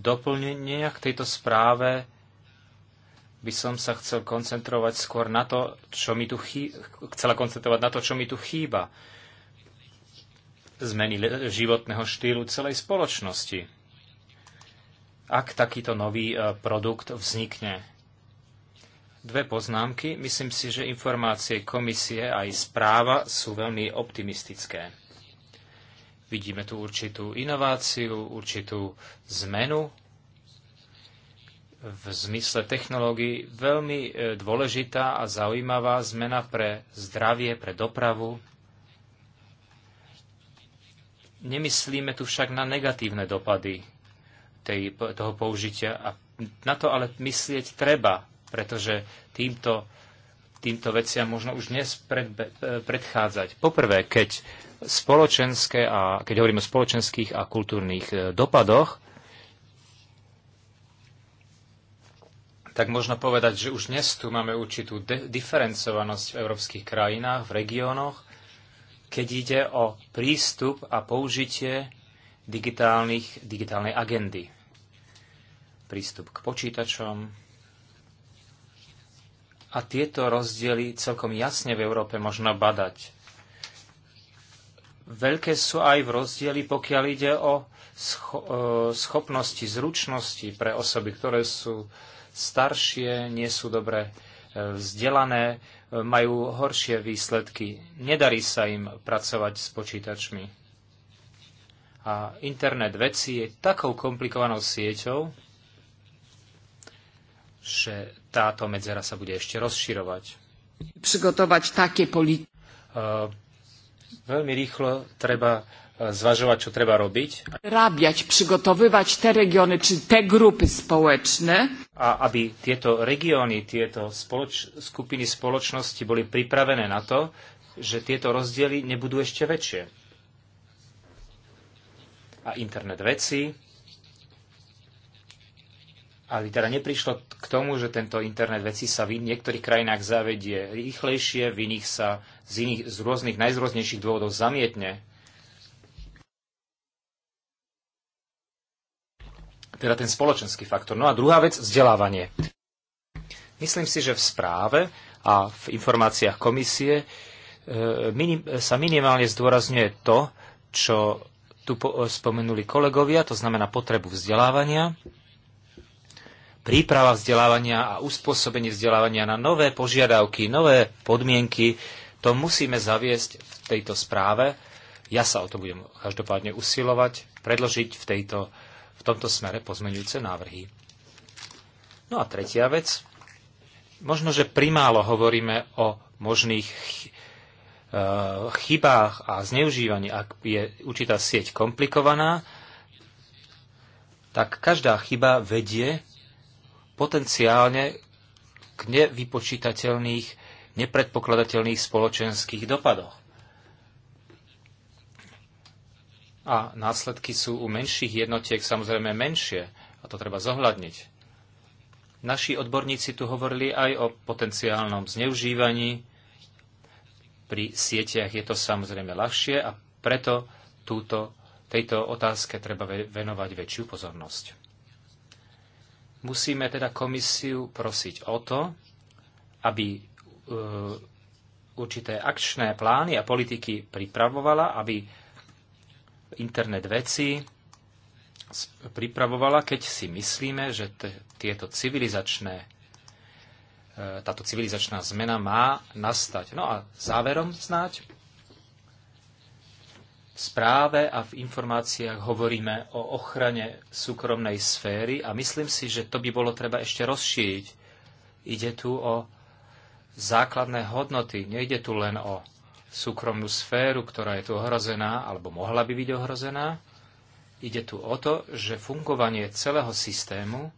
doplneniach k tejto správe by som sa chcel koncentrovať skôr na to, čo mi tu chýba, chcela koncentrovať na to, čo mi tu chýba. Zmeny životného štýlu celej spoločnosti. Ak takýto nový e, produkt vznikne. Dve poznámky. Myslím si, že informácie komisie aj správa sú veľmi optimistické. Vidíme tu určitú inováciu, určitú zmenu v zmysle technológií veľmi e, dôležitá a zaujímavá zmena pre zdravie, pre dopravu. Nemyslíme tu však na negatívne dopady tej, toho použitia a na to ale myslieť treba, pretože týmto týmto veciam možno už dnes pred, e, predchádzať. Poprvé, keď spoločenské a keď hovoríme o spoločenských a kultúrnych e, dopadoch, tak možno povedať, že už dnes tu máme určitú diferencovanosť v európskych krajinách, v regiónoch, keď ide o prístup a použitie digitálnej agendy. Prístup k počítačom. A tieto rozdiely celkom jasne v Európe možno badať. Veľké sú aj v rozdieli, pokiaľ ide o scho e, schopnosti, zručnosti pre osoby, ktoré sú staršie, nie sú dobre e, vzdelané, e, majú horšie výsledky. Nedarí sa im pracovať s počítačmi. A internet veci je takou komplikovanou sieťou, že táto medzera sa bude ešte rozširovať. Prigotovať také politiky. E, veľmi rýchlo treba zvažovať, co trzeba robić. Rabiać, przygotowywać te regiony, czy te grupy społeczne. A aby te regiony, te skupiny społeczności były pripravené na to, że te rozdziały nie będą jeszcze większe. A internet rzeczy. Ale teda neprišlo k tomu, že tento internet veci sa v niektorých krajinách zavedie rýchlejšie, v iných sa z, iných, z rôznych, najzrôznejších dôvodov zamietne teda ten spoločenský faktor. No a druhá vec, vzdelávanie. Myslím si, že v správe a v informáciách komisie e, minim, sa minimálne zdôrazňuje to, čo tu spomenuli kolegovia, to znamená potrebu vzdelávania, príprava vzdelávania a uspôsobenie vzdelávania na nové požiadavky, nové podmienky. To musíme zaviesť v tejto správe. Ja sa o to budem každopádne usilovať, predložiť v tejto tomto smere pozmeňujúce návrhy. No a tretia vec. Možno, že primálo hovoríme o možných e, chybách a zneužívaní. Ak je určitá sieť komplikovaná, tak každá chyba vedie potenciálne k nevypočítateľných, nepredpokladateľných spoločenských dopadoch. a následky sú u menších jednotiek samozrejme menšie a to treba zohľadniť. Naši odborníci tu hovorili aj o potenciálnom zneužívaní. Pri sieťach je to samozrejme ľahšie a preto túto, tejto otázke treba venovať väčšiu pozornosť. Musíme teda komisiu prosiť o to, aby e, určité akčné plány a politiky pripravovala, aby internet veci pripravovala, keď si myslíme, že tieto civilizačné e, táto civilizačná zmena má nastať. No a záverom snáď v správe a v informáciách hovoríme o ochrane súkromnej sféry a myslím si, že to by bolo treba ešte rozšíriť. Ide tu o základné hodnoty, nejde tu len o súkromnú sféru, ktorá je tu ohrozená alebo mohla by byť ohrozená. Ide tu o to, že fungovanie celého systému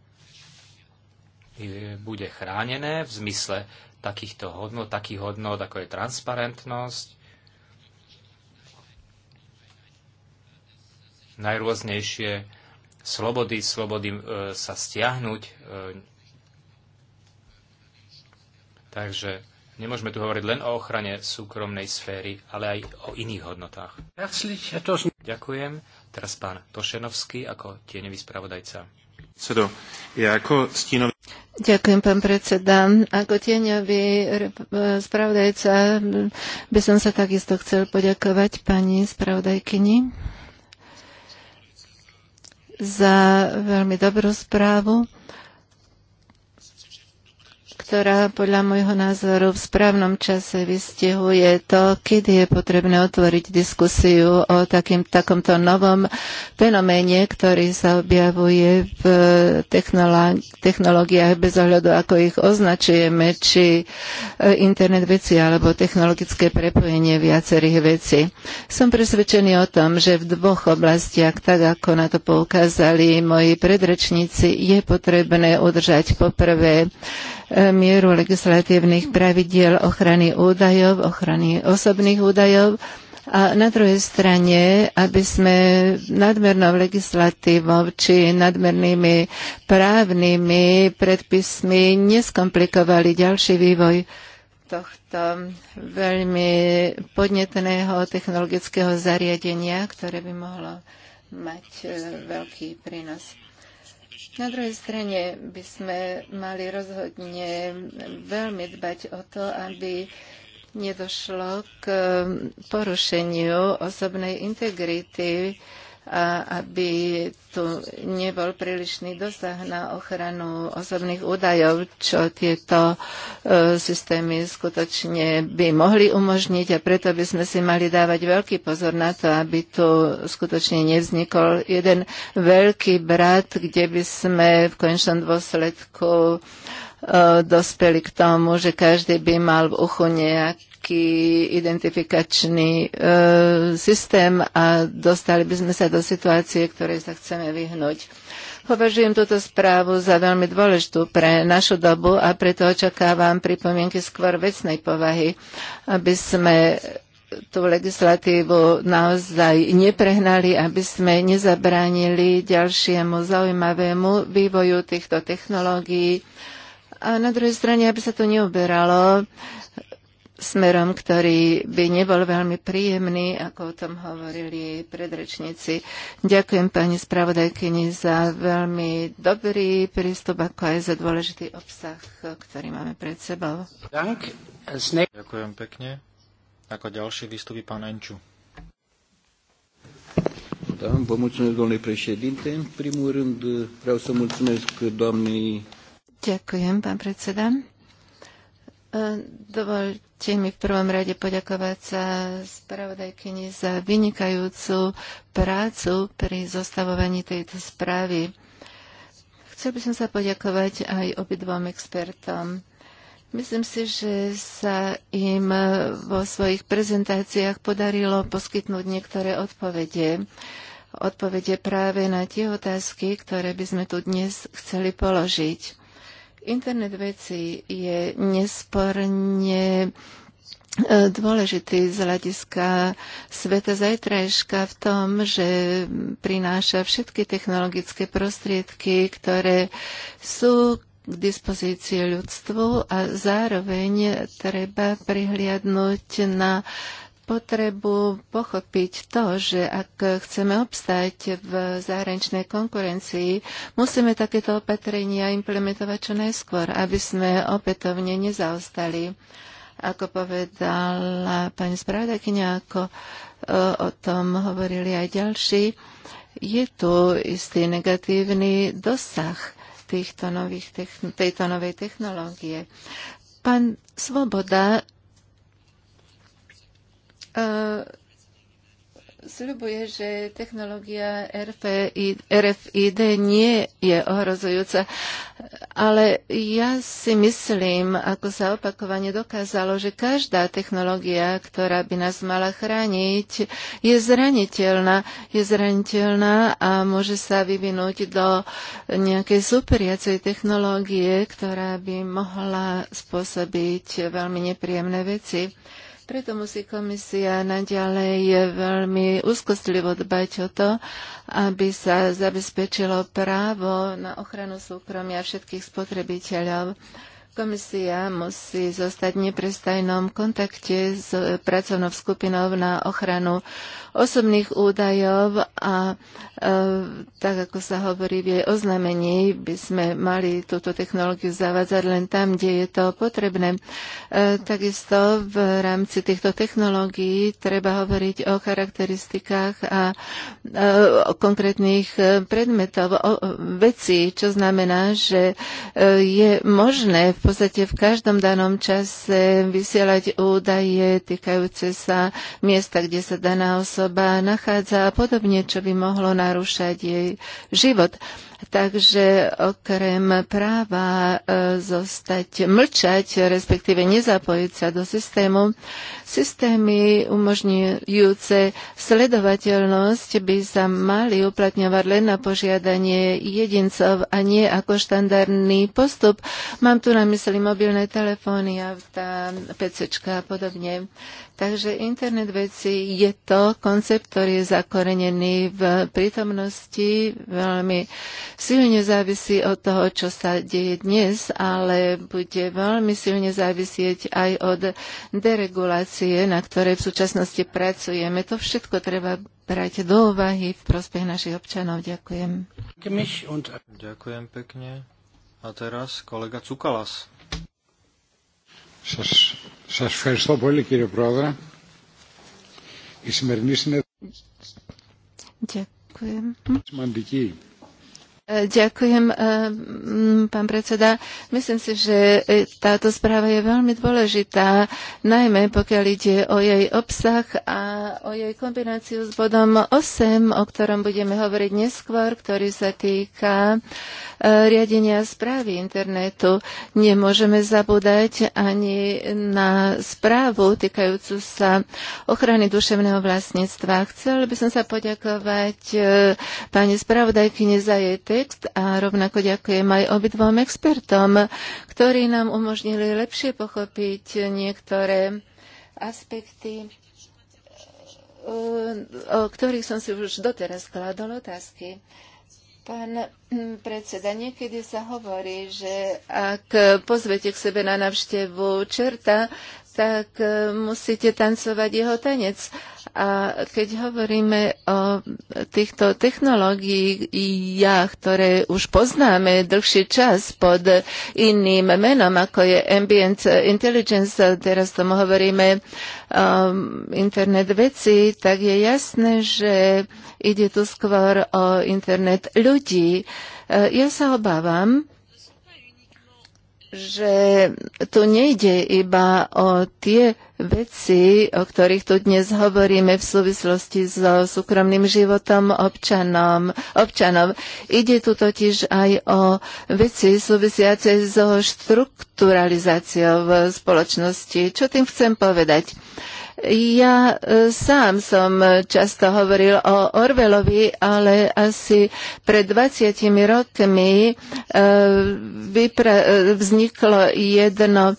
bude chránené v zmysle takýchto hodnot, takých hodnot, ako je transparentnosť, najrôznejšie slobody, slobody e, sa stiahnuť. E, takže Nemôžeme tu hovoriť len o ochrane súkromnej sféry, ale aj o iných hodnotách. Ďakujem. Teraz pán Tošenovský ako tieňový spravodajca. Ďakujem, pán predseda. Ako tieňový eh, spravodajca eh, by som sa takisto chcel poďakovať pani spravodajkyni za veľmi dobrú správu ktorá podľa môjho názoru v správnom čase vystihuje to, kedy je potrebné otvoriť diskusiu o takým, takomto novom fenoméne, ktorý sa objavuje v technológiách bez ohľadu, ako ich označujeme, či e, internet veci alebo technologické prepojenie viacerých vecí. Som presvedčený o tom, že v dvoch oblastiach, tak ako na to poukázali moji predrečníci, je potrebné udržať poprvé e, mieru legislatívnych pravidiel ochrany údajov, ochrany osobných údajov a na druhej strane, aby sme nadmernou legislatívou či nadmernými právnymi predpismi neskomplikovali ďalší vývoj tohto veľmi podnetného technologického zariadenia, ktoré by mohlo mať e, veľký prínos. Na druhej strane by sme mali rozhodne veľmi dbať o to, aby nedošlo k porušeniu osobnej integrity a aby tu nebol prílišný dosah na ochranu osobných údajov, čo tieto e, systémy skutočne by mohli umožniť a preto by sme si mali dávať veľký pozor na to, aby tu skutočne nevznikol jeden veľký brat, kde by sme v konečnom dôsledku e, dospeli k tomu, že každý by mal v uchu nejak nejaký identifikačný e, systém a dostali by sme sa do situácie, ktorej sa chceme vyhnúť. Považujem túto správu za veľmi dôležitú pre našu dobu a preto očakávam pripomienky skôr vecnej povahy, aby sme tú legislatívu naozaj neprehnali, aby sme nezabránili ďalšiemu zaujímavému vývoju týchto technológií. A na druhej strane, aby sa to neuberalo smerom, ktorý by nebol veľmi príjemný, ako o tom hovorili predrečníci. Ďakujem pani spravodajkyni za veľmi dobrý prístup, ako aj za dôležitý obsah, ktorý máme pred sebou. Ďakujem pekne. Ako ďalší vystupí pán Enču. Da, vă mulțumesc, domnule președinte. În primul rând, vreau să mulțumesc doamnei... Ďakujem, pán predseda. Dovolte mi v prvom rade poďakovať sa spravodajkyni za vynikajúcu prácu pri zostavovaní tejto správy. Chcel by som sa poďakovať aj obidvom expertom. Myslím si, že sa im vo svojich prezentáciách podarilo poskytnúť niektoré odpovede. Odpovede práve na tie otázky, ktoré by sme tu dnes chceli položiť. Internet veci je nesporne e, dôležitý z hľadiska sveta zajtrajška v tom, že prináša všetky technologické prostriedky, ktoré sú k dispozícii ľudstvu a zároveň treba prihliadnúť na potrebu pochopiť to, že ak chceme obstať v zahraničnej konkurencii, musíme takéto opatrenia implementovať čo najskôr, aby sme opätovne nezaostali. Ako povedala pani spravodajkyňa, ako e, o tom hovorili aj ďalší, je tu istý negatívny dosah týchto nových techn- tejto novej technológie. Pán Svoboda E, sľubuje, že technológia RFID, nie je ohrozujúca, ale ja si myslím, ako sa opakovane dokázalo, že každá technológia, ktorá by nás mala chrániť, je zraniteľná. Je zraniteľná a môže sa vyvinúť do nejakej superiacej technológie, ktorá by mohla spôsobiť veľmi nepríjemné veci. Preto musí komisia naďalej veľmi úzkostlivo dbať o to, aby sa zabezpečilo právo na ochranu súkromia všetkých spotrebiteľov. Komisia musí zostať v neprestajnom kontakte s pracovnou skupinou na ochranu osobných údajov a e, tak ako sa hovorí v jej oznámení, by sme mali túto technológiu zavádzať len tam, kde je to potrebné. E, takisto v rámci týchto technológií treba hovoriť o charakteristikách a e, o konkrétnych e, predmetov, o, o vecí, čo znamená, že e, je možné v podstate v každom danom čase vysielať údaje týkajúce sa miesta, kde sa daná osoba osoba nachádza a podobne, čo by mohlo narúšať jej život. Takže okrem práva e, zostať mlčať, respektíve nezapojiť sa do systému, systémy umožňujúce sledovateľnosť by sa mali uplatňovať len na požiadanie jedincov a nie ako štandardný postup. Mám tu na mysli mobilné telefóny, auta, PCčka a podobne. Takže internet veci je to koncept, ktorý je zakorenený v prítomnosti, veľmi silne závisí od toho, čo sa deje dnes, ale bude veľmi silne závisieť aj od deregulácie, na ktorej v súčasnosti pracujeme. To všetko treba brať do úvahy v prospech našich občanov. Ďakujem. Ďakujem pekne. A teraz kolega Cukalas. Σας, σας ευχαριστώ πολύ κύριε Πρόεδρε. Η σημερινή συνέντευξη Ďakujem. σημαντική E, ďakujem, e, pán predseda. Myslím si, že e, táto správa je veľmi dôležitá, najmä pokiaľ ide o jej obsah a o jej kombináciu s bodom 8, o ktorom budeme hovoriť neskôr, ktorý sa týka riadenia správy internetu. Nemôžeme zabúdať ani na správu týkajúcu sa ochrany duševného vlastníctva. Chcel by som sa poďakovať pani spravodajkyni za jej projekt a rovnako ďakujem aj obidvom expertom, ktorí nám umožnili lepšie pochopiť niektoré aspekty, eh, o ktorých som si už doteraz kladol otázky. Pán hm, predseda, niekedy sa hovorí, že ak pozvete k sebe na navštevu čerta, tak e, musíte tancovať jeho tanec. A keď hovoríme o týchto technológiách, ktoré už poznáme dlhší čas pod iným menom, ako je Ambient Intelligence, teraz tomu hovoríme um, internet veci, tak je jasné, že ide tu skôr o internet ľudí. E, ja sa obávam, že tu nejde iba o tie veci, o ktorých tu dnes hovoríme v súvislosti so súkromným životom občanom, občanov. Ide tu totiž aj o veci súvisiace so štrukturalizáciou v spoločnosti. Čo tým chcem povedať? Uh, ja e, sám som často hovoril o Orvelovi, ale asi pred 20 rokmi e, e, vzniklo jedno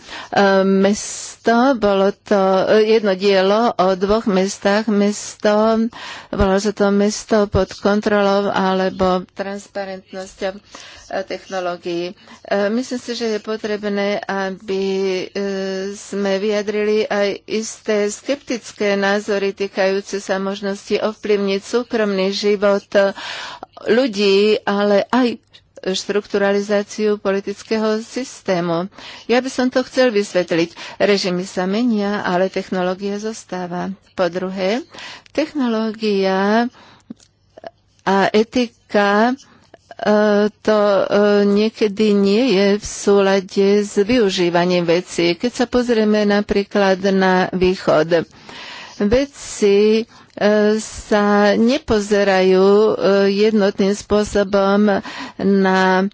mesto, bolo to jedno dielo o dvoch mestách, mesto, bolo sa to mesto pod kontrolou alebo transparentnosťou technológií. Myslím si, že je potrebné, aby e, sme vyjadrili aj isté skeptické názory týkajúce sa možnosti ovplyvniť súkromný život ľudí, ale aj štrukturalizáciu politického systému. Ja by som to chcel vysvetliť. Režimy sa menia, ale technológia zostáva. Po druhé, technológia a etika E, to e, niekedy nie je v súlade s využívaním vecí. Keď sa pozrieme napríklad na východ, vedci e, sa nepozerajú jednotným spôsobom na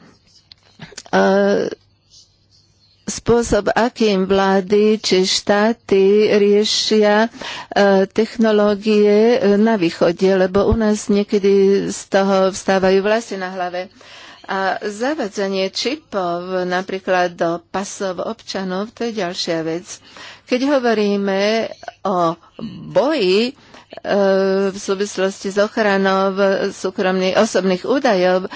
spôsob, akým vlády či štáty riešia e, technológie e, na východe, lebo u nás niekedy z toho vstávajú vlasy na hlave. A zavadzanie čipov napríklad do pasov občanov, to je ďalšia vec. Keď hovoríme o boji, e, v súvislosti s ochranou súkromných osobných údajov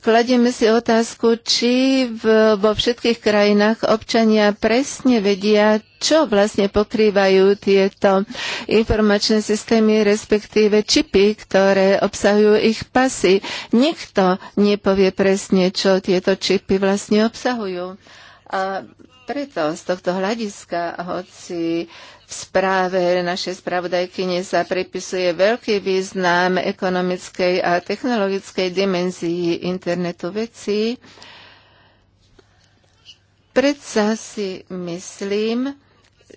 kladieme si otázku, či v, vo všetkých krajinách občania presne vedia, čo vlastne pokrývajú tieto informačné systémy, respektíve čipy, ktoré obsahujú ich pasy. Nikto nepovie presne, čo tieto čipy vlastne obsahujú. A preto z tohto hľadiska, hoci správe našej spravodajkyne sa pripisuje veľký význam ekonomickej a technologickej dimenzii internetu vecí. Predsa si myslím,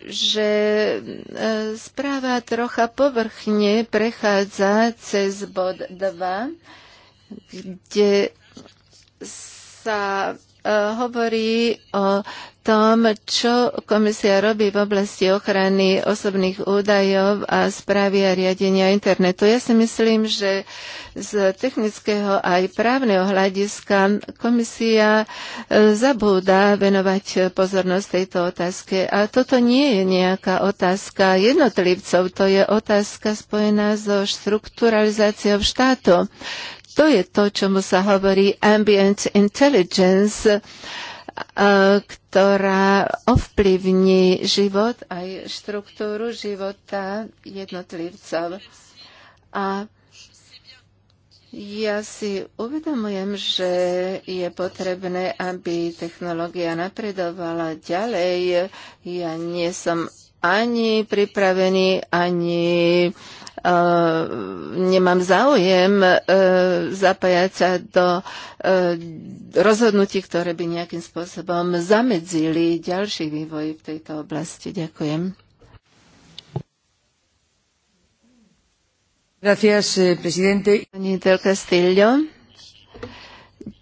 že e, správa trocha povrchne prechádza cez bod 2, kde sa E, hovorí o tom, čo komisia robí v oblasti ochrany osobných údajov a správy a riadenia internetu. Ja si myslím, že z technického aj právneho hľadiska komisia e, zabúda venovať pozornosť tejto otázke. A toto nie je nejaká otázka jednotlivcov, to je otázka spojená so štrukturalizáciou štátu. To je to, čomu sa hovorí ambient intelligence, eh, ktorá ovplyvní život aj štruktúru života jednotlivcov. A ja si uvedomujem, že je potrebné, aby technológia napredovala ďalej. Ja nie som ani pripravený, ani nemám záujem e, zapájať sa do e, rozhodnutí, ktoré by nejakým spôsobom zamedzili ďalší vývoj v tejto oblasti. Ďakujem. Gracias, eh, presidente. Pani del Castillo.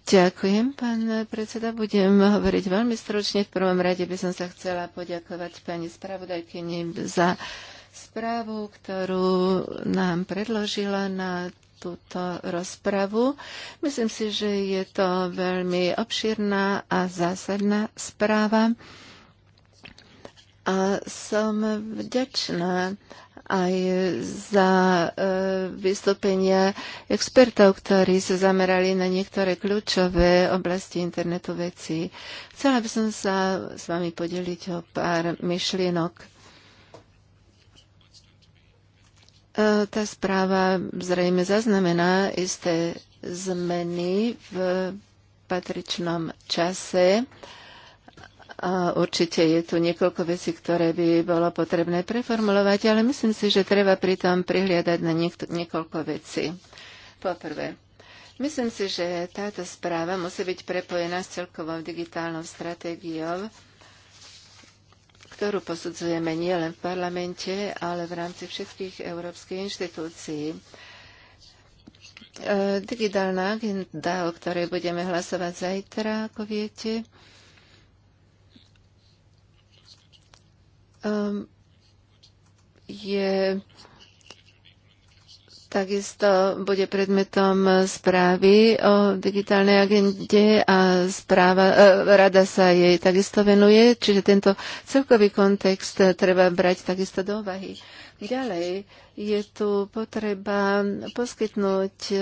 Ďakujem, pán predseda. Budem hovoriť veľmi stručne. V prvom rade by som sa chcela poďakovať pani spravodajkyni za uh, správu, ktorú nám predložila na túto rozpravu. Myslím si, že je to veľmi obširná a zásadná správa. A som vďačná aj za e, vystúpenia expertov, ktorí sa zamerali na niektoré kľúčové oblasti internetu vecí. Chcela by som sa s vami podeliť o pár myšlienok. E, tá správa zrejme zaznamená isté zmeny v patričnom čase. A určite je tu niekoľko vecí, ktoré by bolo potrebné preformulovať, ale myslím si, že treba pritom prihliadať na niekoľko vecí. Poprvé, myslím si, že táto správa musí byť prepojená s celkovou digitálnou stratégiou ktorú posudzujeme nielen v parlamente, ale v rámci všetkých európskych inštitúcií. E, digitálna agenda, o ktorej budeme hlasovať zajtra, ako viete, e, je Takisto bude predmetom správy o digitálnej agende a správa, e, rada sa jej takisto venuje, čiže tento celkový kontext treba brať takisto do ovahy. Ďalej je tu potreba poskytnúť e,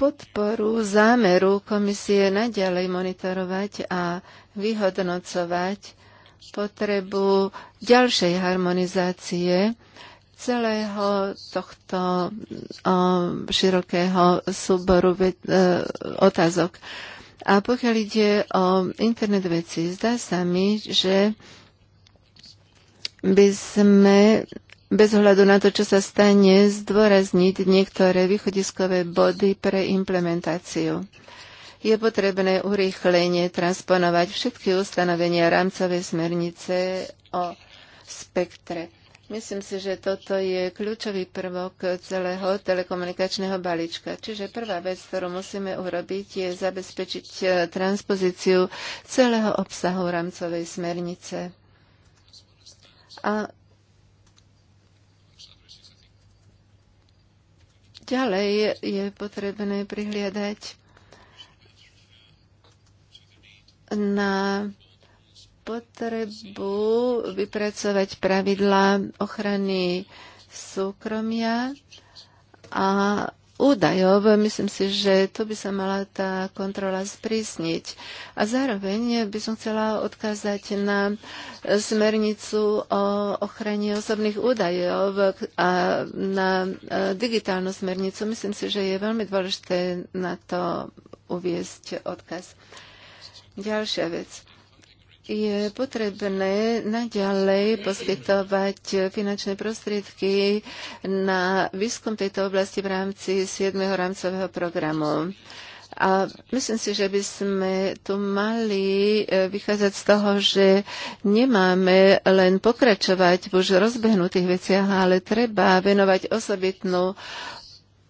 podporu zámeru komisie naďalej monitorovať a vyhodnocovať potrebu ďalšej harmonizácie celého tohto širokého súboru e, otázok. A pokiaľ ide o internet veci, zdá sa mi, že by sme bez ohľadu na to, čo sa stane, zdôrazniť niektoré východiskové body pre implementáciu. Je potrebné urýchlenie transponovať všetky ustanovenia rámcovej smernice o spektre Myslím si, že toto je kľúčový prvok celého telekomunikačného balíčka. Čiže prvá vec, ktorú musíme urobiť, je zabezpečiť e, transpozíciu celého obsahu rámcovej smernice. A ďalej je potrebné prihliadať na potrebu vypracovať pravidlá ochrany súkromia a údajov. Myslím si, že tu by sa mala tá kontrola sprísniť. A zároveň by som chcela odkázať na smernicu o ochrane osobných údajov a na e, digitálnu smernicu. Myslím si, že je veľmi dôležité na to uviesť odkaz. Ďalšia vec je potrebné naďalej poskytovať finančné prostriedky na výskum tejto oblasti v rámci 7. rámcového programu. A myslím si, že by sme tu mali e, vychádzať z toho, že nemáme len pokračovať v už rozbehnutých veciach, ale treba venovať osobitnú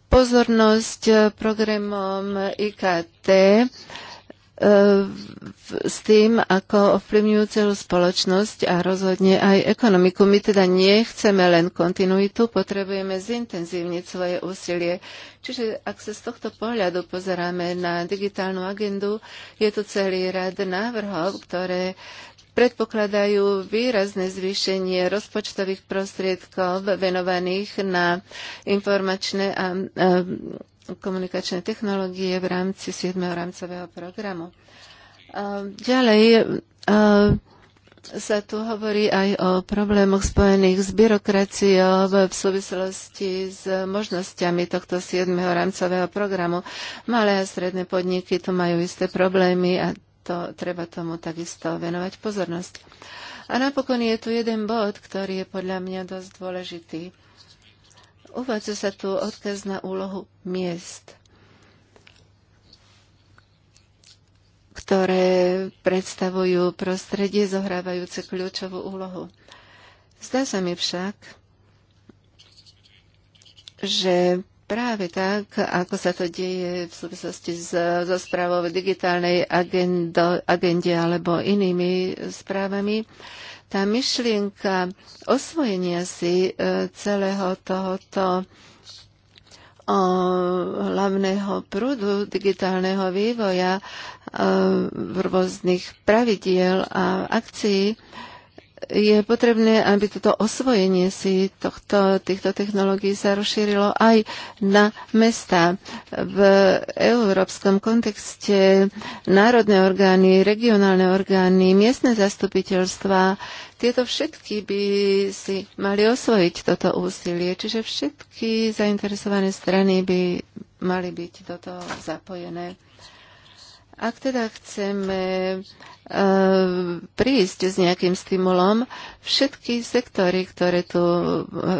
pozornosť e, programom IKT, E, s tým, ako ovplyvňujú celú spoločnosť a rozhodne aj ekonomiku. My teda nechceme len kontinuitu, potrebujeme zintenzívniť svoje úsilie. Čiže ak sa z tohto pohľadu pozeráme na digitálnu agendu, je tu celý rad návrhov, ktoré predpokladajú výrazné zvýšenie rozpočtových prostriedkov venovaných na informačné a, a komunikačné technológie v rámci 7. rámcového programu. Ďalej sa tu hovorí aj o problémoch spojených s byrokraciou v súvislosti s možnosťami tohto 7. rámcového programu. Malé a stredné podniky tu majú isté problémy a to, treba tomu takisto venovať pozornosť. A napokon je tu jeden bod, ktorý je podľa mňa dosť dôležitý. Uvádza sa tu odkaz na úlohu miest, ktoré predstavujú prostredie zohrávajúce kľúčovú úlohu. Zdá sa mi však, že Práve tak, ako sa to deje v súvislosti s, so správou digitálnej agendo, agende alebo inými správami, tá myšlienka osvojenia si e, celého tohoto hlavného prúdu digitálneho vývoja e, v rôznych pravidiel a akcií je potrebné, aby toto osvojenie si tohto, týchto technológií sa rozšírilo aj na mesta. V európskom kontexte národné orgány, regionálne orgány, miestne zastupiteľstva, tieto všetky by si mali osvojiť toto úsilie, čiže všetky zainteresované strany by mali byť do toho zapojené. Ak teda chceme e, prísť s nejakým stimulom, všetky sektory, ktoré tu e,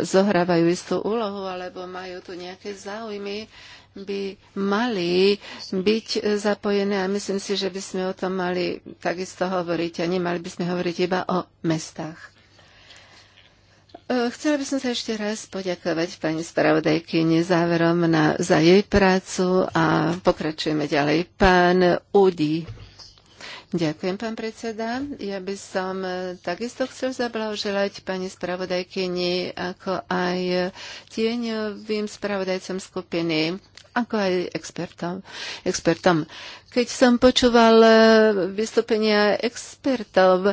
zohrávajú istú úlohu alebo majú tu nejaké záujmy, by mali byť zapojené a myslím si, že by sme o tom mali takisto hovoriť a nemali by sme hovoriť iba o mestách. E, chcela by som sa ešte raz poďakovať pani spravodajkyni záverom na, za jej prácu a pokračujeme ďalej. Pán Udi. Ďakujem, pán predseda. Ja by som e, takisto chcel zablahoželať pani spravodajkyni, ako aj tieňovým spravodajcom skupiny ako aj expertom. expertom. Keď som počúval e, vystúpenia expertov, e,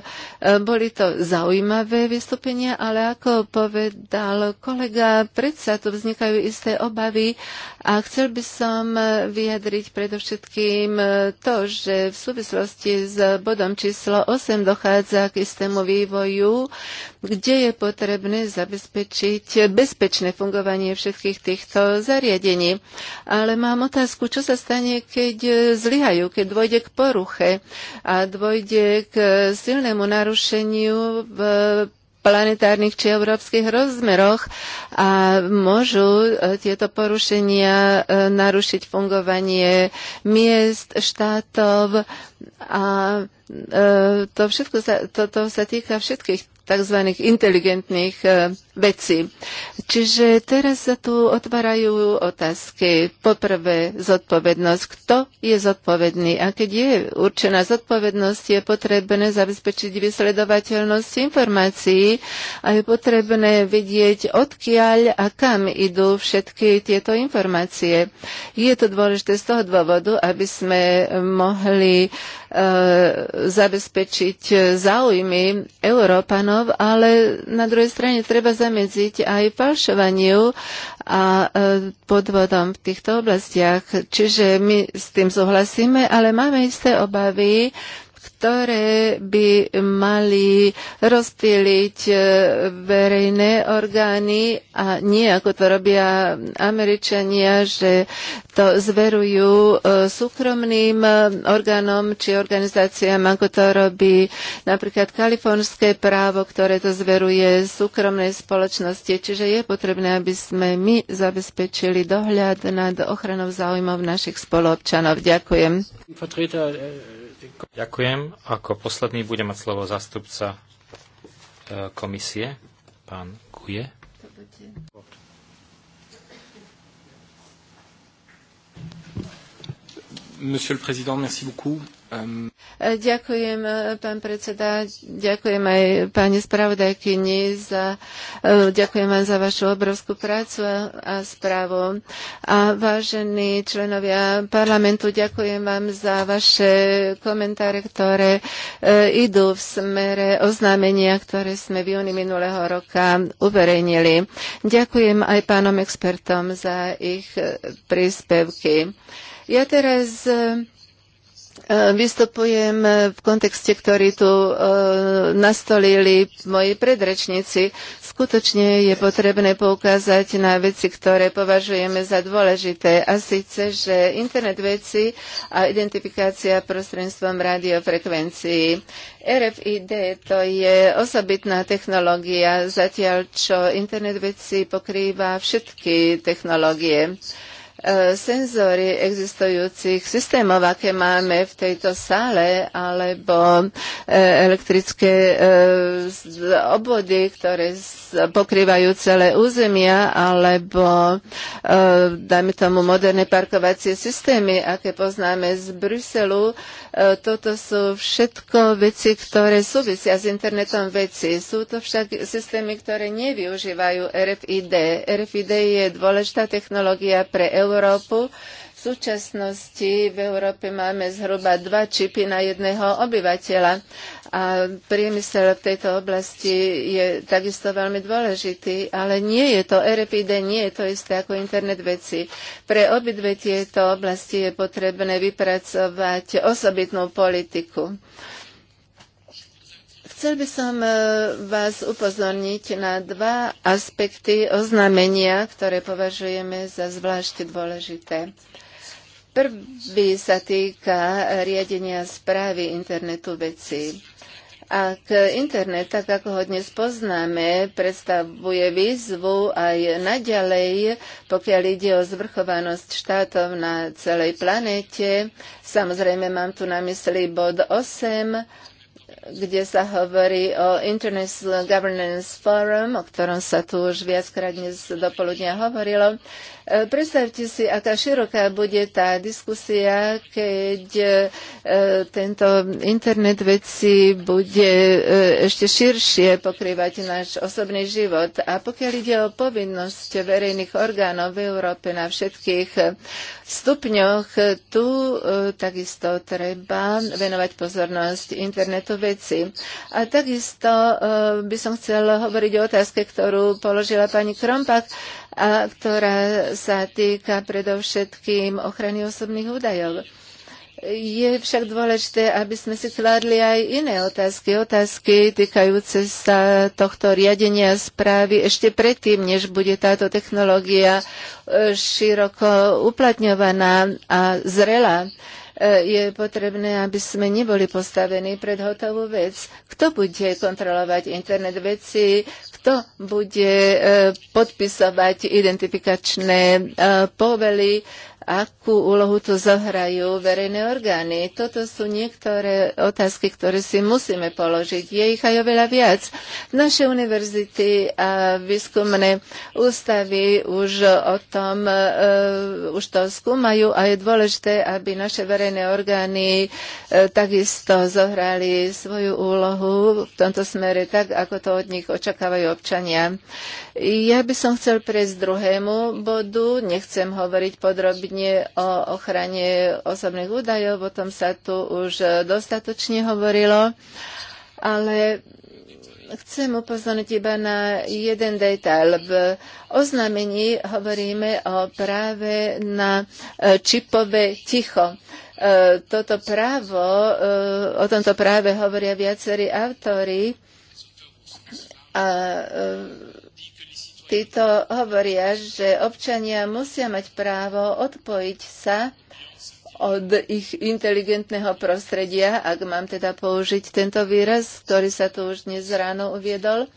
boli to zaujímavé vystúpenia, ale ako povedal kolega, predsa tu vznikajú isté obavy a chcel by som e, vyjadriť predovšetkým to, že v súvislosti s bodom číslo 8 dochádza k istému vývoju, kde je potrebné zabezpečiť bezpečné fungovanie všetkých týchto zariadení. Ale mám otázku, čo sa stane, keď zlyhajú, keď dôjde k poruche a dôjde k silnému narušeniu v planetárnych či európskych rozmeroch a môžu e, tieto porušenia e, narušiť fungovanie miest, štátov a e, to všetko sa, to, to sa týka všetkých tzv. inteligentných e, vecí. Čiže teraz sa tu otvárajú otázky. Poprvé, zodpovednosť. Kto je zodpovedný? A keď je určená zodpovednosť, je potrebné zabezpečiť vysledovateľnosť informácií a je potrebné vidieť, odkiaľ a kam idú všetky tieto informácie. Je to dôležité z toho dôvodu, aby sme mohli E, zabezpečiť záujmy Európanov, ale na druhej strane treba zamedziť aj falšovaniu a e, podvodom v týchto oblastiach. Čiže my s tým súhlasíme, ale máme isté obavy ktoré by mali rozptýliť e, verejné orgány a nie ako to robia Američania, že to zverujú e, súkromným e, orgánom či organizáciám, ako to robí napríklad kalifornské právo, ktoré to zveruje súkromnej spoločnosti. Čiže je potrebné, aby sme my zabezpečili dohľad nad ochranou záujmov našich spoluobčanov. Ďakujem. Ďakujem. Ako posledný bude mať slovo zástupca e, komisie, pán Kuje. Monsieur le Président, merci beaucoup. Um... Ďakujem, pán predseda. Ďakujem aj pani spravodajkyni za, e, ďakujem vám za vašu obrovskú prácu a správu. A vážení členovia parlamentu, ďakujem vám za vaše komentáre, ktoré e, idú v smere oznámenia, ktoré sme v júni minulého roka uverejnili. Ďakujem aj pánom expertom za ich e, príspevky. Ja teraz e, E, vystupujem v kontexte, ktorý tu e, nastolili moji predrečníci. Skutočne je potrebné poukázať na veci, ktoré považujeme za dôležité. A síce, že internet veci a identifikácia prostredstvom radiofrekvencií. RFID to je osobitná technológia, zatiaľ čo internet veci pokrýva všetky technológie. Eh, senzory existujúcich systémov, aké máme v tejto sále, alebo eh, elektrické eh, obvody, ktoré pokrývajú celé územia, alebo dajme tomu moderné parkovacie systémy, aké poznáme z Bruselu. Toto sú všetko veci, ktoré súvisia s internetom veci. Sú to však systémy, ktoré nevyužívajú RFID. RFID je dôležitá technológia pre EU Európu. V súčasnosti v Európe máme zhruba dva čipy na jedného obyvateľa a priemysel v tejto oblasti je takisto veľmi dôležitý, ale nie je to RFID, nie je to isté ako internet veci. Pre obidve tieto oblasti je potrebné vypracovať osobitnú politiku. Chcel by som e, vás upozorniť na dva aspekty oznámenia, ktoré považujeme za zvlášť dôležité. Prvý sa týka riadenia správy internetu vecí. Ak internet, tak ako ho dnes poznáme, predstavuje výzvu aj naďalej, pokiaľ ide o zvrchovanosť štátov na celej planete, samozrejme mám tu na mysli bod 8, kde sa hovorí o International Governance Forum, o ktorom sa tu už viackrát dnes dopoludnia hovorilo. E, predstavte si, aká široká bude tá diskusia, keď e, tento internet veci bude e, ešte širšie pokrývať náš osobný život. A pokiaľ ide o povinnosť verejných orgánov v Európe na všetkých stupňoch, tu takisto treba venovať pozornosť internetovej veci. A takisto eh, by som chcel hovoriť o otázke, ktorú položila pani Krompak, a ktorá sa týka predovšetkým ochrany osobných údajov. Je však dôležité, aby sme si kladli aj iné otázky, otázky týkajúce sa tohto riadenia správy ešte predtým, než bude táto technológia eh, široko uplatňovaná a zrelá. E, je potrebné, aby sme neboli postavení pred hotovú vec. Kto bude kontrolovať internet veci? Kto bude e, podpisovať identifikačné e, povely? akú úlohu tu zohrajú verejné orgány. Toto sú niektoré otázky, ktoré si musíme položiť. Je ich aj oveľa viac. Naše univerzity a výskumné ústavy už o tom, uh, už to skúmajú a je dôležité, aby naše verejné orgány uh, takisto zohrali svoju úlohu v tomto smere tak, ako to od nich očakávajú občania. Ja by som chcel prejsť druhému bodu, nechcem hovoriť podrobne zákone o ochrane osobných údajov, o tom sa tu už dostatočne hovorilo, ale chcem upozorniť iba na jeden detail. V oznámení hovoríme o práve na e, čipové ticho. E, toto právo, e, o tomto práve hovoria viacerí autory a Títo hovoria, že občania musia mať právo odpojiť sa od ich inteligentného prostredia, ak mám teda použiť tento výraz, ktorý sa tu už dnes ráno uviedol.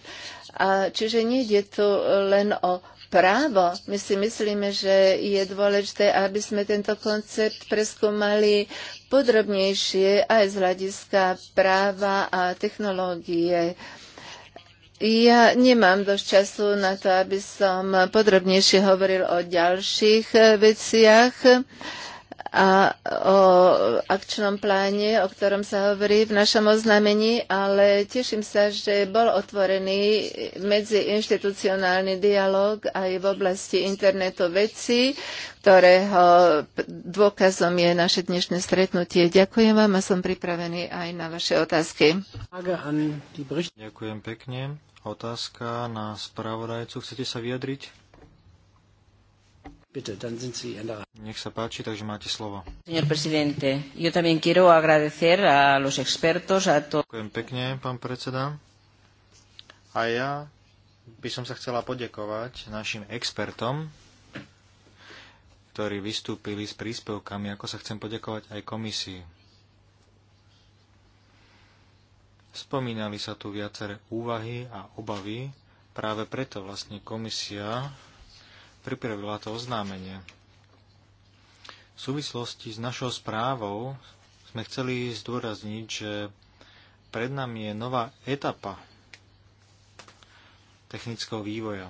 A čiže je tu len o právo. My si myslíme, že je dôležité, aby sme tento koncept preskúmali podrobnejšie aj z hľadiska práva a technológie. Ja nemám dosť času na to, aby som podrobnejšie hovoril o ďalších eh, veciach a o akčnom pláne, o ktorom sa hovorí v našom oznámení, ale teším sa, že bol otvorený medziinštitucionálny dialog aj v oblasti internetu veci, ktorého dôkazom je naše dnešné stretnutie. Ďakujem vám a som pripravený aj na vaše otázky. Ďakujem pekne. Otázka na spravodajcu. Chcete sa vyjadriť? Bitte, dann sind Sie in der... Nech sa páči, takže máte slovo. Señor presidente, yo también quiero agradecer a los expertos, a to... Ďakujem pekne, pán predseda. A ja by som sa chcela podekovať našim expertom, ktorí vystúpili s príspevkami, ako sa chcem podiekovať aj komisii. Spomínali sa tu viaceré úvahy a obavy, práve preto vlastne komisia pripravila to oznámenie. V súvislosti s našou správou sme chceli zdôrazniť, že pred nami je nová etapa technického vývoja.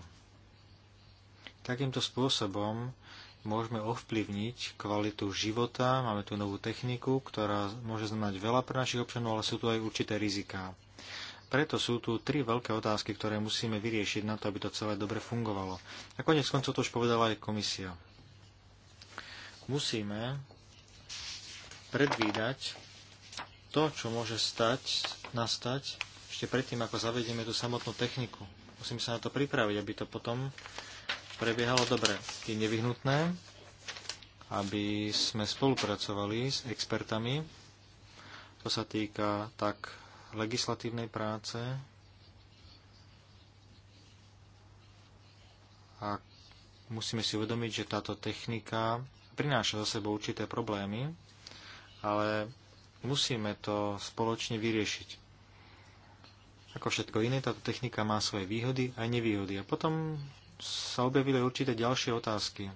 Takýmto spôsobom môžeme ovplyvniť kvalitu života, máme tu novú techniku, ktorá môže znamenať veľa pre našich občanov, ale sú tu aj určité riziká. Preto sú tu tri veľké otázky, ktoré musíme vyriešiť na to, aby to celé dobre fungovalo. A konec koncov to už povedala aj komisia. Musíme predvídať to, čo môže stať, nastať ešte predtým, ako zavedieme tú samotnú techniku. Musíme sa na to pripraviť, aby to potom prebiehalo dobre. Je nevyhnutné, aby sme spolupracovali s expertami. To sa týka tak legislatívnej práce a musíme si uvedomiť, že táto technika prináša za sebou určité problémy, ale musíme to spoločne vyriešiť. Ako všetko iné, táto technika má svoje výhody a nevýhody. A potom sa objavili určité ďalšie otázky.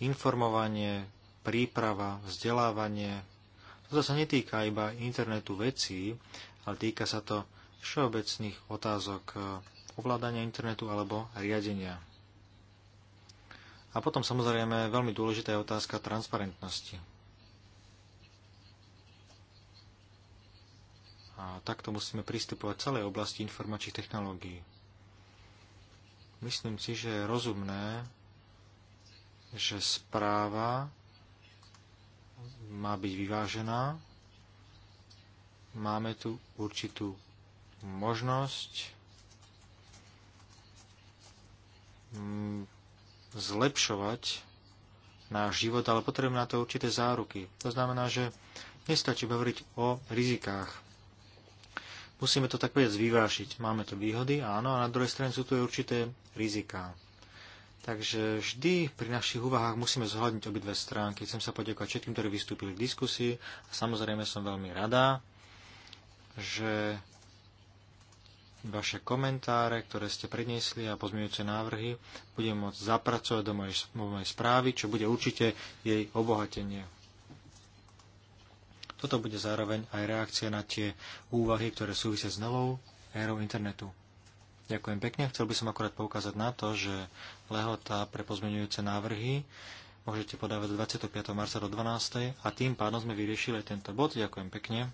Informovanie, príprava, vzdelávanie, toto sa netýka iba internetu vecí, ale týka sa to všeobecných otázok e, ovládania internetu alebo riadenia. A potom samozrejme veľmi dôležitá je otázka transparentnosti. A takto musíme pristupovať celej oblasti informačných technológií. Myslím si, že je rozumné, že správa má byť vyvážená. Máme tu určitú možnosť mm, zlepšovať náš život, ale potrebujeme na to určité záruky. To znamená, že nestačí hovoriť o rizikách. Musíme to tak povedať zvývášiť. Máme tu výhody, áno, a na druhej strane sú tu určité riziká. Takže vždy pri našich úvahách musíme zhodniť obidve stránky. Chcem sa poďakovať všetkým, ktorí vystúpili v diskusii a samozrejme som veľmi rada, že vaše komentáre, ktoré ste predniesli a pozmeňujúce návrhy budem môcť zapracovať do mojej, mojej správy, čo bude určite jej obohatenie. Toto bude zároveň aj reakcia na tie úvahy, ktoré súvisia s novou érou internetu. Ďakujem pekne. Chcel by som akorát poukázať na to, že lehota pre pozmeňujúce návrhy môžete podávať do 25. marca do 12. a tým pádom sme vyriešili tento bod. Ďakujem pekne.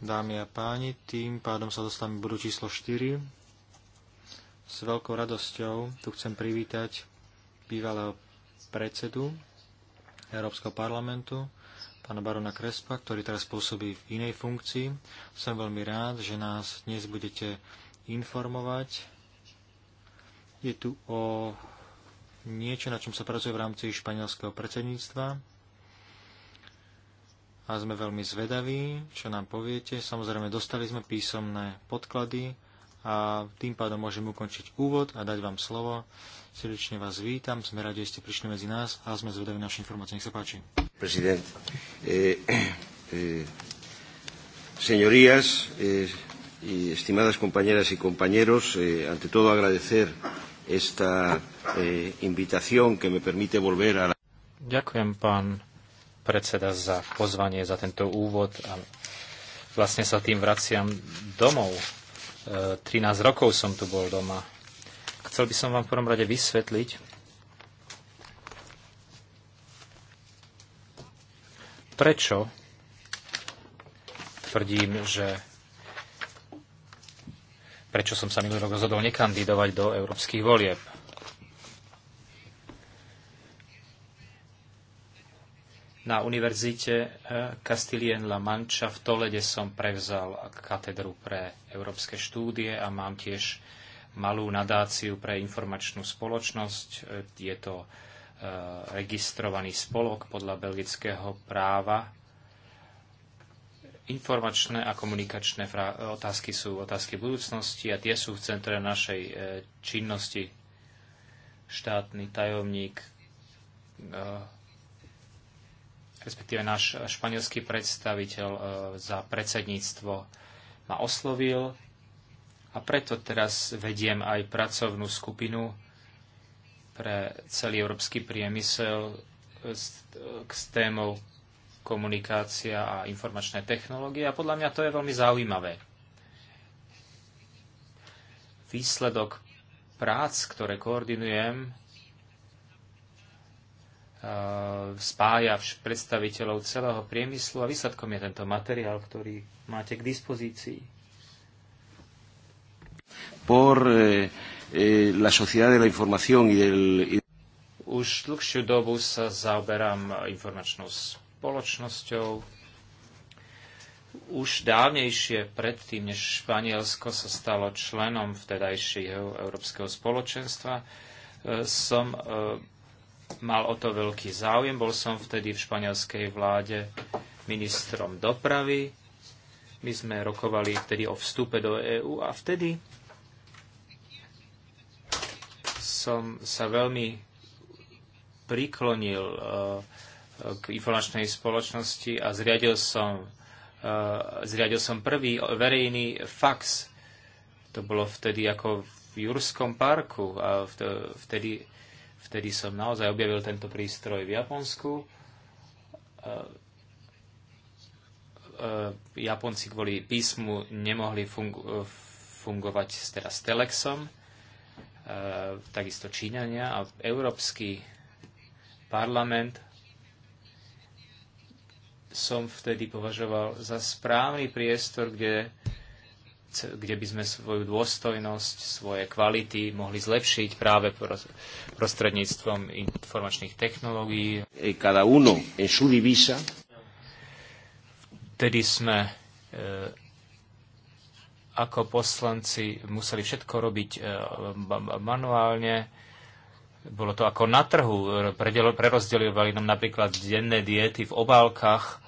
Dámy a páni, tým pádom sa dostávame budú bodu číslo 4. S veľkou radosťou tu chcem privítať bývalého predsedu Európskeho parlamentu, pána barona Krespa, ktorý teraz pôsobí v inej funkcii. Som veľmi rád, že nás dnes budete informovať. Je tu o niečo, na čom sa pracuje v rámci španielského predsedníctva. A sme veľmi zvedaví, čo nám poviete. Samozrejme, dostali sme písomné podklady, a tým pádom môžem ukončiť úvod a dať vám slovo. Srdečne vás vítam, sme radi, že ste prišli medzi nás a sme zvedaví naše informácie. Nech sa páči. Prezident, eh, eh, eh, señorías, estimadas compañeras y compañeros, ante todo agradecer esta invitación que me permite volver a Ďakujem, pán predseda, za pozvanie, za tento úvod a vlastne sa tým vraciam domov 13 rokov som tu bol doma. Chcel by som vám v prvom rade vysvetliť prečo tvrdím, že prečo som sa minulý rok rozhodol nekandidovať do európskych volieb. Na univerzite eh, Castilien la Mancha v Tolede som prevzal katedru pre európske štúdie a mám tiež malú nadáciu pre informačnú spoločnosť. Eh, je to eh, registrovaný spolok podľa belgického práva, informačné a komunikačné otázky sú otázky budúcnosti a tie sú v centre našej činnosti. Štátny tajomník respektíve náš španielský predstaviteľ e, za predsedníctvo ma oslovil a preto teraz vediem aj pracovnú skupinu pre celý európsky priemysel e, e, k témou komunikácia a informačné technológie a podľa mňa to je veľmi zaujímavé. Výsledok prác, ktoré koordinujem, Eh, spája predstaviteľov celého priemyslu a výsledkom je tento materiál, ktorý máte k dispozícii. Por, eh, eh la sociedad de la información y del... Už dlhšiu dobu sa zaoberám informačnou spoločnosťou, už dávnejšie, predtým, než Španielsko sa stalo členom vtedajšieho Európskeho spoločenstva, eh, som mal o to veľký záujem. Bol som vtedy v španielskej vláde ministrom dopravy. My sme rokovali vtedy o vstupe do EÚ a vtedy som sa veľmi priklonil e, k informačnej spoločnosti a zriadil som, e, zriadil som prvý verejný fax. To bolo vtedy ako v Jurskom parku a vtedy Vtedy som naozaj objavil tento prístroj v Japonsku. E, e, Japonci kvôli písmu nemohli fungu- e, fungovať teda s Telexom, takisto Číňania a Európsky parlament som vtedy považoval za správny priestor, kde kde by sme svoju dôstojnosť, svoje kvality mohli zlepšiť práve prostredníctvom informačných technológií. Eh, cada uno en su divisa. Vtedy sme eh, ako poslanci museli všetko robiť eh, manuálne. Bolo to ako na trhu. Prerozdeľovali nám napríklad denné diety v obálkach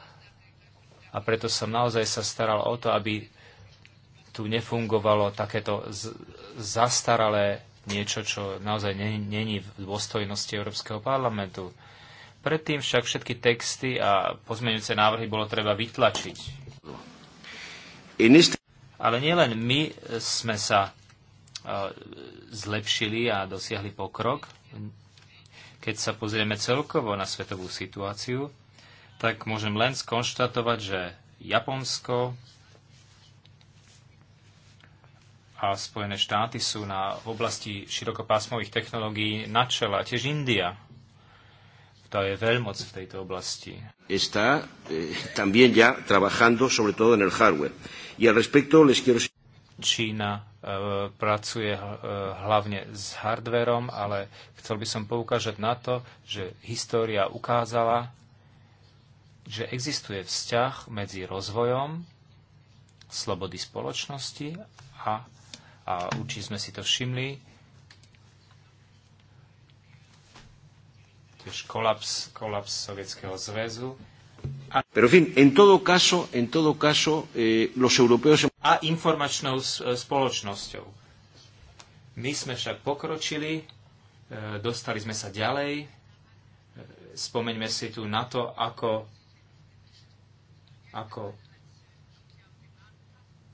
a preto som naozaj sa staral o to, aby tu nefungovalo takéto zastaralé niečo, čo naozaj není v dôstojnosti Európskeho parlamentu. Predtým však všetky texty a pozmeňujúce návrhy bolo treba vytlačiť. Ale nielen my sme sa e, zlepšili a dosiahli pokrok. Keď sa pozrieme celkovo na svetovú situáciu, tak môžem len skonštatovať, že Japonsko a Spojené štáty sú na oblasti širokopásmových technológií na čele, tiež India. To je veľmoc v tejto oblasti. Está eh, también ya trabajando sobre todo en el hardware. Y al respecto les quiero... Čína e, pracuje e, hlavne s hardverom, ale chcel by som poukážať na to, že história ukázala, že existuje vzťah medzi rozvojom slobody spoločnosti a a určite sme si to všimli. Tiež kolaps, kolaps Sovietskeho zväzu. A, Pero, fin, en todo caso, en todo caso, eh, los europeos... a informačnou eh, spoločnosťou. My sme však pokročili, eh, dostali sme sa ďalej. Eh, spomeňme si tu na to, ako, ako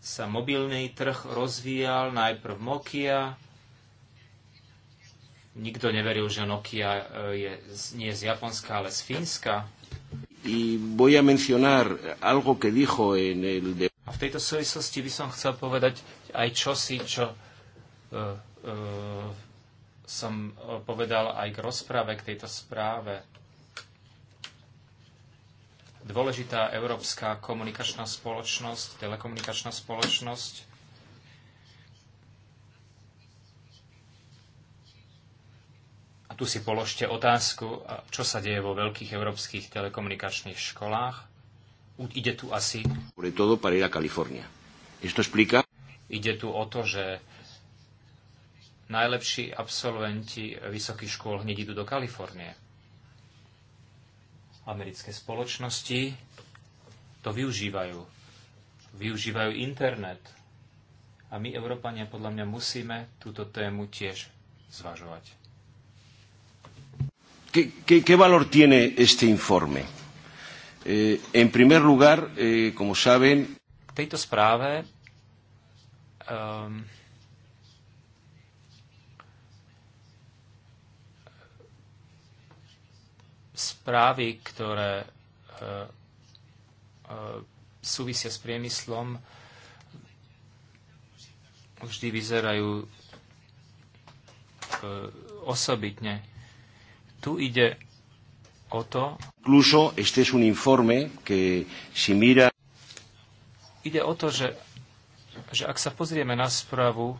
sa mobilný trh rozvíjal, najprv Nokia. Nikto neveril, že Nokia e, je nie z Japonska, ale z Fínska. Y voy a mencionar algo que dijo en el de... A v tejto súvislosti by som chcel povedať aj čosi, čo uh, uh, som povedal aj k rozprave, k tejto správe dôležitá európska komunikačná spoločnosť, telekomunikačná spoločnosť. A tu si položte otázku, čo sa deje vo veľkých európskych telekomunikačných školách. Ide tu asi... Todo para ir a California. Esto explica... Ide tu o to, že najlepší absolventi vysokých škôl hneď idú do Kalifornie americké spoločnosti to využívajú. Využívajú internet. A my, Európania, podľa mňa musíme túto tému tiež zvažovať. ¿Qué, valor tiene este informe? Eh, en primer lugar, eh, como saben... V tejto správe um, správy, ktoré e, e, súvisia s priemyslom, vždy vyzerajú e, osobitne. Tu ide o to, Incluso este es un informe que si mira... Ide o to, že, že ak sa pozrieme na správu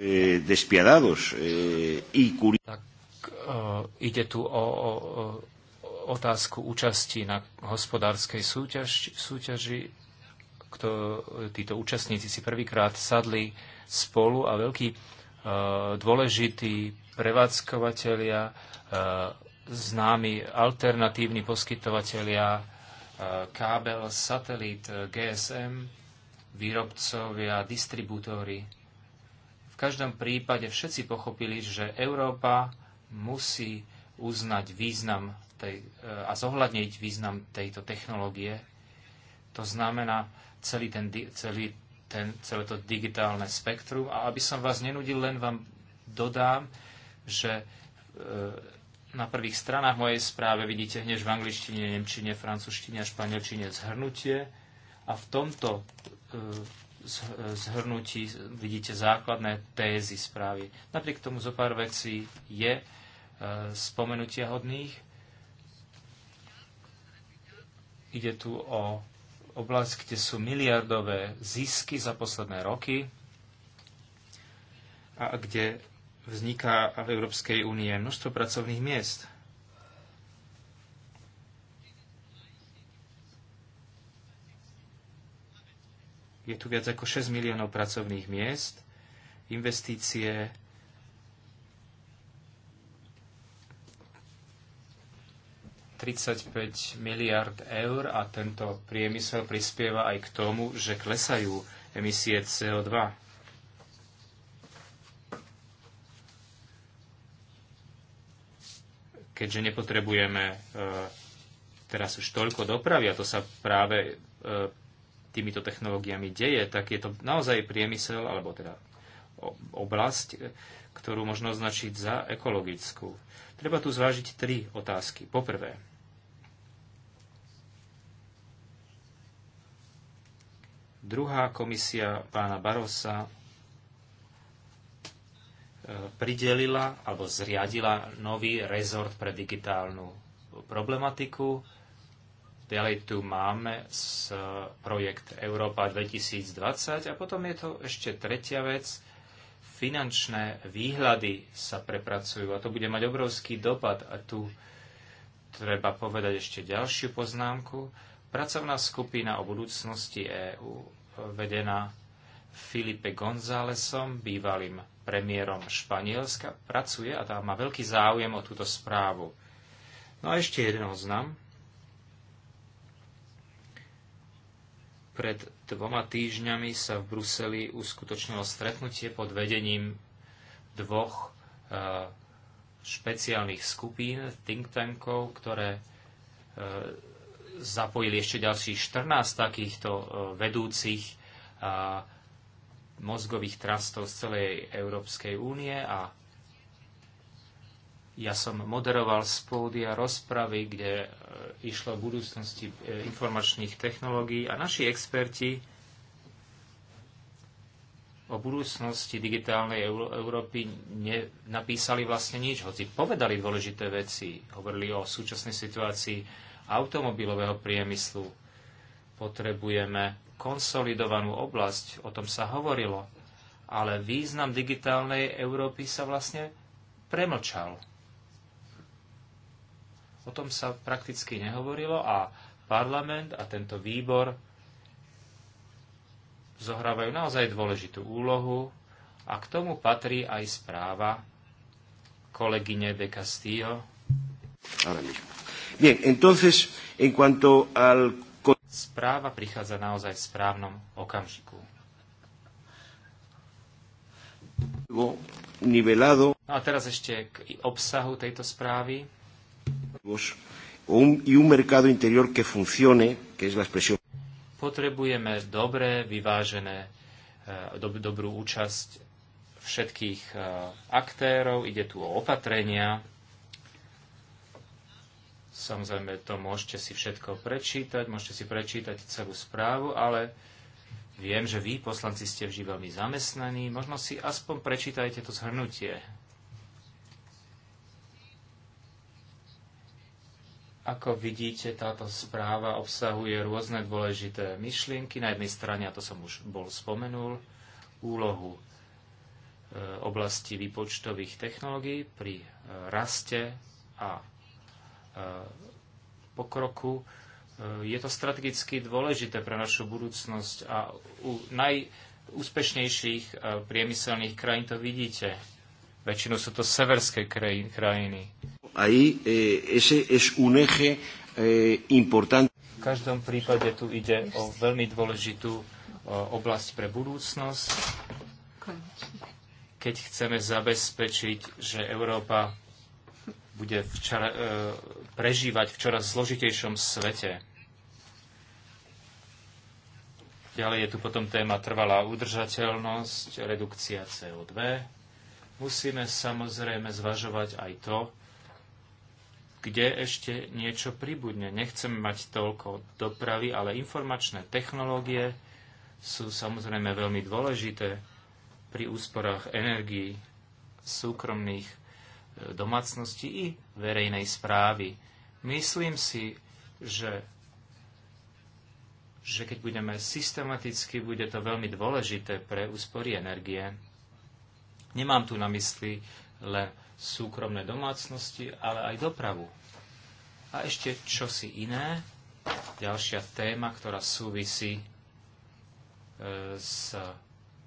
eh, despiadados eh, y curi... tak, uh, ide tu o, o, otázku účasti na hospodárskej súťaž, súťaži. Kto, títo účastníci si prvýkrát sadli spolu a veľký e, dôležitý prevádzkovateľia, e, známi alternatívni poskytovateľia e, kábel, satelit, e, GSM, výrobcovia, distribútory. V každom prípade všetci pochopili, že Európa musí uznať význam tej, e, a zohľadniť význam tejto technológie. To znamená celý ten, celý ten, celé to digitálne spektrum. A aby som vás nenudil, len vám dodám, že e, na prvých stranách mojej správe vidíte hneď v angličtine, nemčine, francúzštine a španielčine zhrnutie. A v tomto e, zhrnutí vidíte základné tézy správy. Napriek tomu zo pár vecí je spomenutia hodných Ide tu o oblasť, kde sú miliardové zisky za posledné roky a kde vzniká v Európskej únie množstvo pracovných miest. Je tu viac ako 6 miliónov pracovných miest, investície 35 miliard eur a tento priemysel prispieva aj k tomu, že klesajú emisie CO2. Keďže nepotrebujeme e, teraz už toľko dopravy, a to sa práve e, týmito technológiami deje, tak je to naozaj priemysel, alebo teda oblasť, ktorú možno označiť za ekologickú. Treba tu zvážiť tri otázky. Poprvé, Druhá komisia pána Barosa e, pridelila alebo zriadila nový rezort pre digitálnu problematiku. Ďalej tu máme e, projekt Európa 2020 a potom je to ešte tretia vec. Finančné výhľady sa prepracujú a to bude mať obrovský dopad. A tu treba povedať ešte ďalšiu poznámku. Pracovná skupina o budúcnosti EÚ vedená Filipe Gonzálesom, bývalým premiérom Španielska, pracuje a tá má veľký záujem o túto správu. No a ešte jeden oznam. Pred dvoma týždňami sa v Bruseli uskutočnilo stretnutie pod vedením dvoch e, špeciálnych skupín, think tankov, ktoré e, zapojili ešte ďalších 14 takýchto e, vedúcich e, mozgových trastov z celej Európskej únie a ja som moderoval z pódia rozpravy, kde e, išlo o budúcnosti informačných technológií a naši experti o budúcnosti digitálnej Európy napísali vlastne nič, hoci povedali dôležité veci, hovorili o súčasnej situácii automobilového priemyslu. Potrebujeme konsolidovanú oblasť, o tom sa hovorilo, ale význam digitálnej Európy sa vlastne premlčal. O tom sa prakticky nehovorilo a parlament a tento výbor zohrávajú naozaj dôležitú úlohu a k tomu patrí aj správa kolegyne de Castillo. Ale Bien, entonces, en cuanto al... Správa prichádza naozaj v správnom okamžiku. Nivelado. No a teraz ešte k obsahu tejto správy. y un mercado interior que funcione, que es la expresión. Potrebujeme dobré, vyvážené, eh, dob, dobrú účasť všetkých eh, aktérov, ide tu o opatrenia, Samozrejme, to môžete si všetko prečítať, môžete si prečítať celú správu, ale viem, že vy, poslanci, ste vždy veľmi zamestnaní. Možno si aspoň prečítajte to zhrnutie. Ako vidíte, táto správa obsahuje rôzne dôležité myšlienky. Na jednej strane, a to som už bol spomenul, úlohu e, oblasti výpočtových technológií pri e, raste a pokroku. E, je to strategicky dôležité pre našu budúcnosť a u najúspešnejších e, priemyselných krajín to vidíte. Väčšinou sú to severské krajiny. Ahí, e, ese es un eje important. V každom prípade tu ide o veľmi dôležitú oblasť pre budúcnosť, keď chceme zabezpečiť, že Európa bude včera, e, prežívať v čoraz zložitejšom svete. Ďalej je tu potom téma trvalá udržateľnosť, redukcia CO2. Musíme samozrejme zvažovať aj to, kde ešte niečo pribudne. Nechceme mať toľko dopravy, ale informačné technológie sú samozrejme veľmi dôležité pri úsporách energií súkromných domácnosti i verejnej správy. Myslím si, že, že keď budeme systematicky, bude to veľmi dôležité pre úspory energie. Nemám tu na mysli len súkromné domácnosti, ale aj dopravu. A ešte čosi iné, ďalšia téma, ktorá súvisí e, s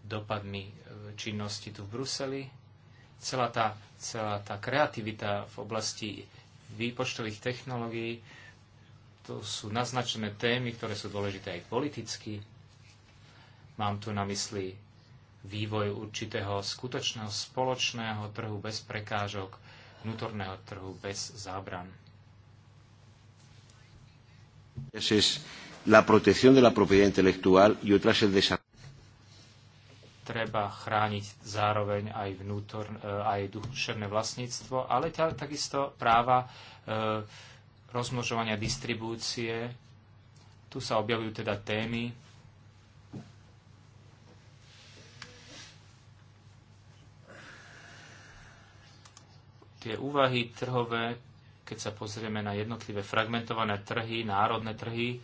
dopadmi e, činnosti tu v Bruseli, celá tá, celá tá kreativita v oblasti výpočtových technológií, to sú naznačené témy, ktoré sú dôležité aj politicky. Mám tu na mysli vývoj určitého skutočného spoločného trhu bez prekážok, vnútorného trhu bez zábran. Es la protección de la propiedad intelectual y otras el desarrollo treba chrániť zároveň aj, vnútor, e, aj duševné vlastníctvo, ale takisto práva e, rozmnožovania distribúcie. Tu sa objavujú teda témy, tie úvahy trhové, keď sa pozrieme na jednotlivé fragmentované trhy, národné trhy,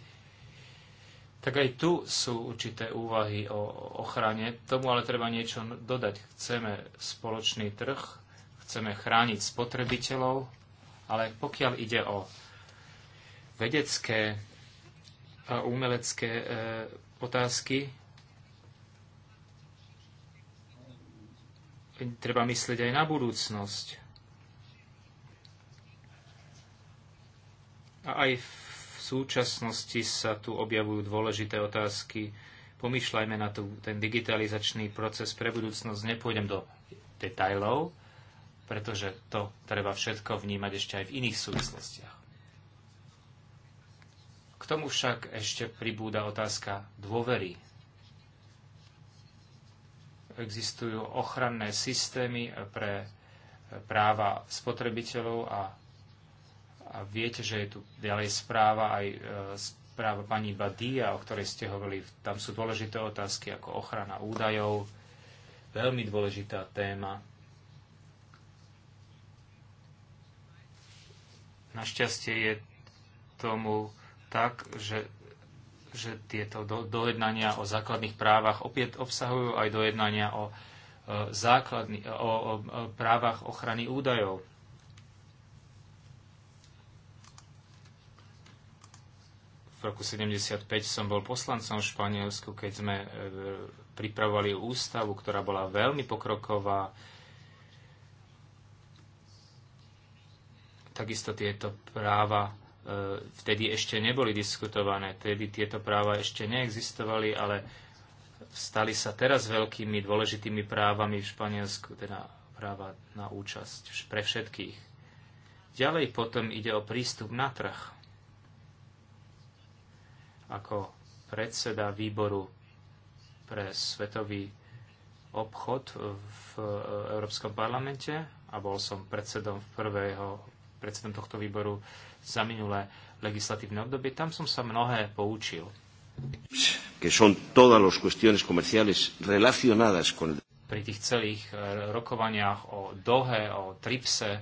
tak aj tu sú určité úvahy o ochrane. Tomu ale treba niečo dodať. Chceme spoločný trh, chceme chrániť spotrebiteľov, ale pokiaľ ide o vedecké a umelecké e, otázky, treba myslieť aj na budúcnosť. A aj v súčasnosti sa tu objavujú dôležité otázky. Pomýšľajme na tú, ten digitalizačný proces pre budúcnosť. Nepôjdem do detajlov, pretože to treba všetko vnímať ešte aj v iných súvislostiach. K tomu však ešte pribúda otázka dôvery. Existujú ochranné systémy pre práva spotrebiteľov a a viete, že je tu ďalej správa aj e, správa pani Badia, o ktorej ste hovorili. Tam sú dôležité otázky ako ochrana údajov. Veľmi dôležitá téma. Našťastie je tomu tak, že, že tieto do, dojednania o základných právach opäť obsahujú aj dojednania o, e, základný, o, o právach ochrany údajov. roku 75 som bol poslancom v Španielsku, keď sme e, pripravovali ústavu, ktorá bola veľmi pokroková. Takisto tieto práva e, vtedy ešte neboli diskutované, vtedy tieto práva ešte neexistovali, ale stali sa teraz veľkými dôležitými právami v Španielsku, teda práva na účasť pre všetkých. Ďalej potom ide o prístup na trh ako predseda výboru pre svetový obchod v Európskom parlamente a bol som predsedom prvého, predsedom tohto výboru za minulé legislatívne obdobie. Tam som sa mnohé poučil. Que son todas las cuestiones comerciales relacionadas con... Pri tých celých rokovaniach o dohe, o tripse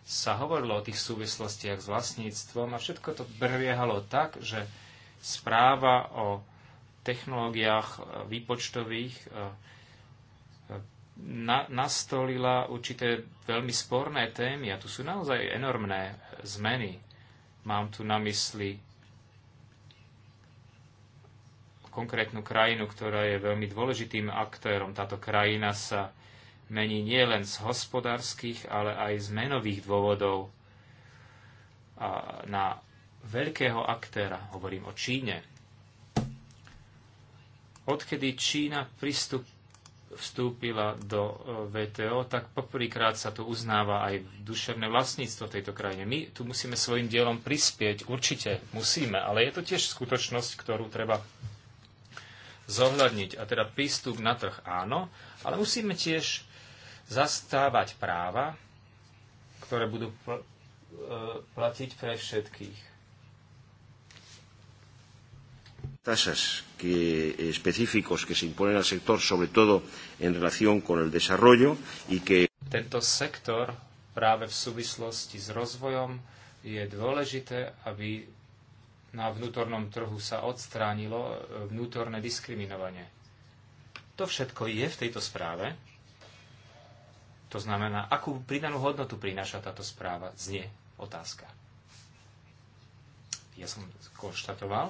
sa hovorilo o tých súvislostiach s vlastníctvom a všetko to prebiehalo tak, že správa o technológiách e, výpočtových e, e, nastolila určité veľmi sporné témy a tu sú naozaj enormné zmeny. Mám tu na mysli konkrétnu krajinu, ktorá je veľmi dôležitým aktérom. Táto krajina sa mení nielen z hospodárskych, ale aj z menových dôvodov na veľkého aktéra, hovorím o Číne. Odkedy Čína pristup, vstúpila do e, VTO, tak poprvýkrát sa tu uznáva aj duševné vlastníctvo tejto krajine. My tu musíme svojim dielom prispieť, určite musíme, ale je to tiež skutočnosť, ktorú treba zohľadniť. A teda prístup na trh áno, ale musíme tiež zastávať práva, ktoré budú e, platiť pre všetkých. tasas que, eh, específicos que se imponen al sector, sobre todo en relación con el desarrollo y que... Tento sektor práve v súvislosti s rozvojom je dôležité, aby na vnútornom trhu sa odstránilo eh, vnútorné diskriminovanie. To všetko je v tejto správe. To znamená, akú pridanú hodnotu prináša táto správa, znie otázka. Ja som konštatoval,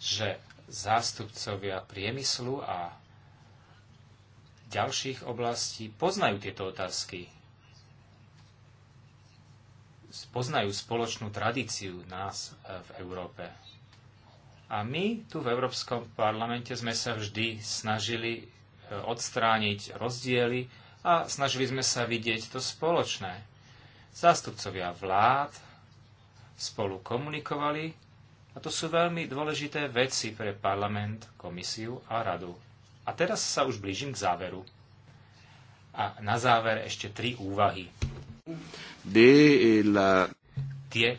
že zástupcovia priemyslu a ďalších oblastí poznajú tieto otázky. Poznajú spoločnú tradíciu nás e, v Európe. A my tu v Európskom parlamente sme sa vždy snažili e, odstrániť rozdiely a snažili sme sa vidieť to spoločné. Zástupcovia vlád spolu komunikovali a to sú veľmi dôležité veci pre parlament, komisiu a radu. A teraz sa už blížim k záveru. A na záver ešte tri úvahy. De eh, la... Tie eh,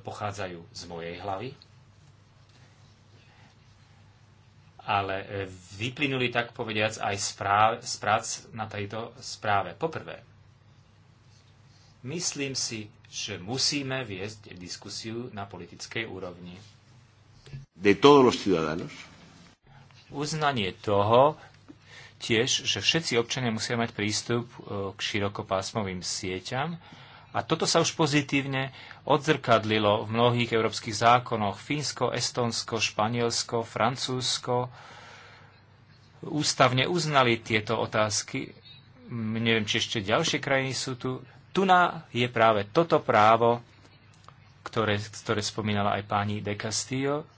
pochádzajú z mojej hlavy, ale eh, vyplynuli tak povediac aj z, práv, z prác na tejto správe. Poprvé, Myslím si, že musíme viesť diskusiu na politickej úrovni. De todos los ciudadanos. Uznanie toho tiež, že všetci občania musia mať prístup e, k širokopásmovým sieťam. A toto sa už pozitívne odzrkadlilo v mnohých európskych zákonoch. Fínsko, Estonsko, Španielsko, Francúzsko ústavne uznali tieto otázky. Neviem, či ešte ďalšie krajiny sú tu tu na je práve toto právo, ktoré, ktoré spomínala aj pani De Castillo,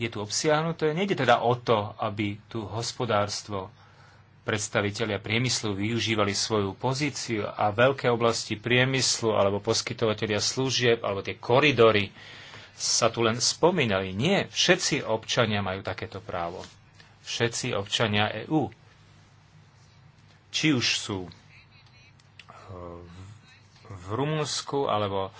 je tu obsiahnuté. Nejde teda o to, aby tu hospodárstvo predstavitelia priemyslu využívali svoju pozíciu a veľké oblasti priemyslu alebo poskytovateľia služieb alebo tie koridory sa tu len spomínali. Nie, všetci občania majú takéto právo. Všetci občania EÚ. Či už sú v Rumunsku alebo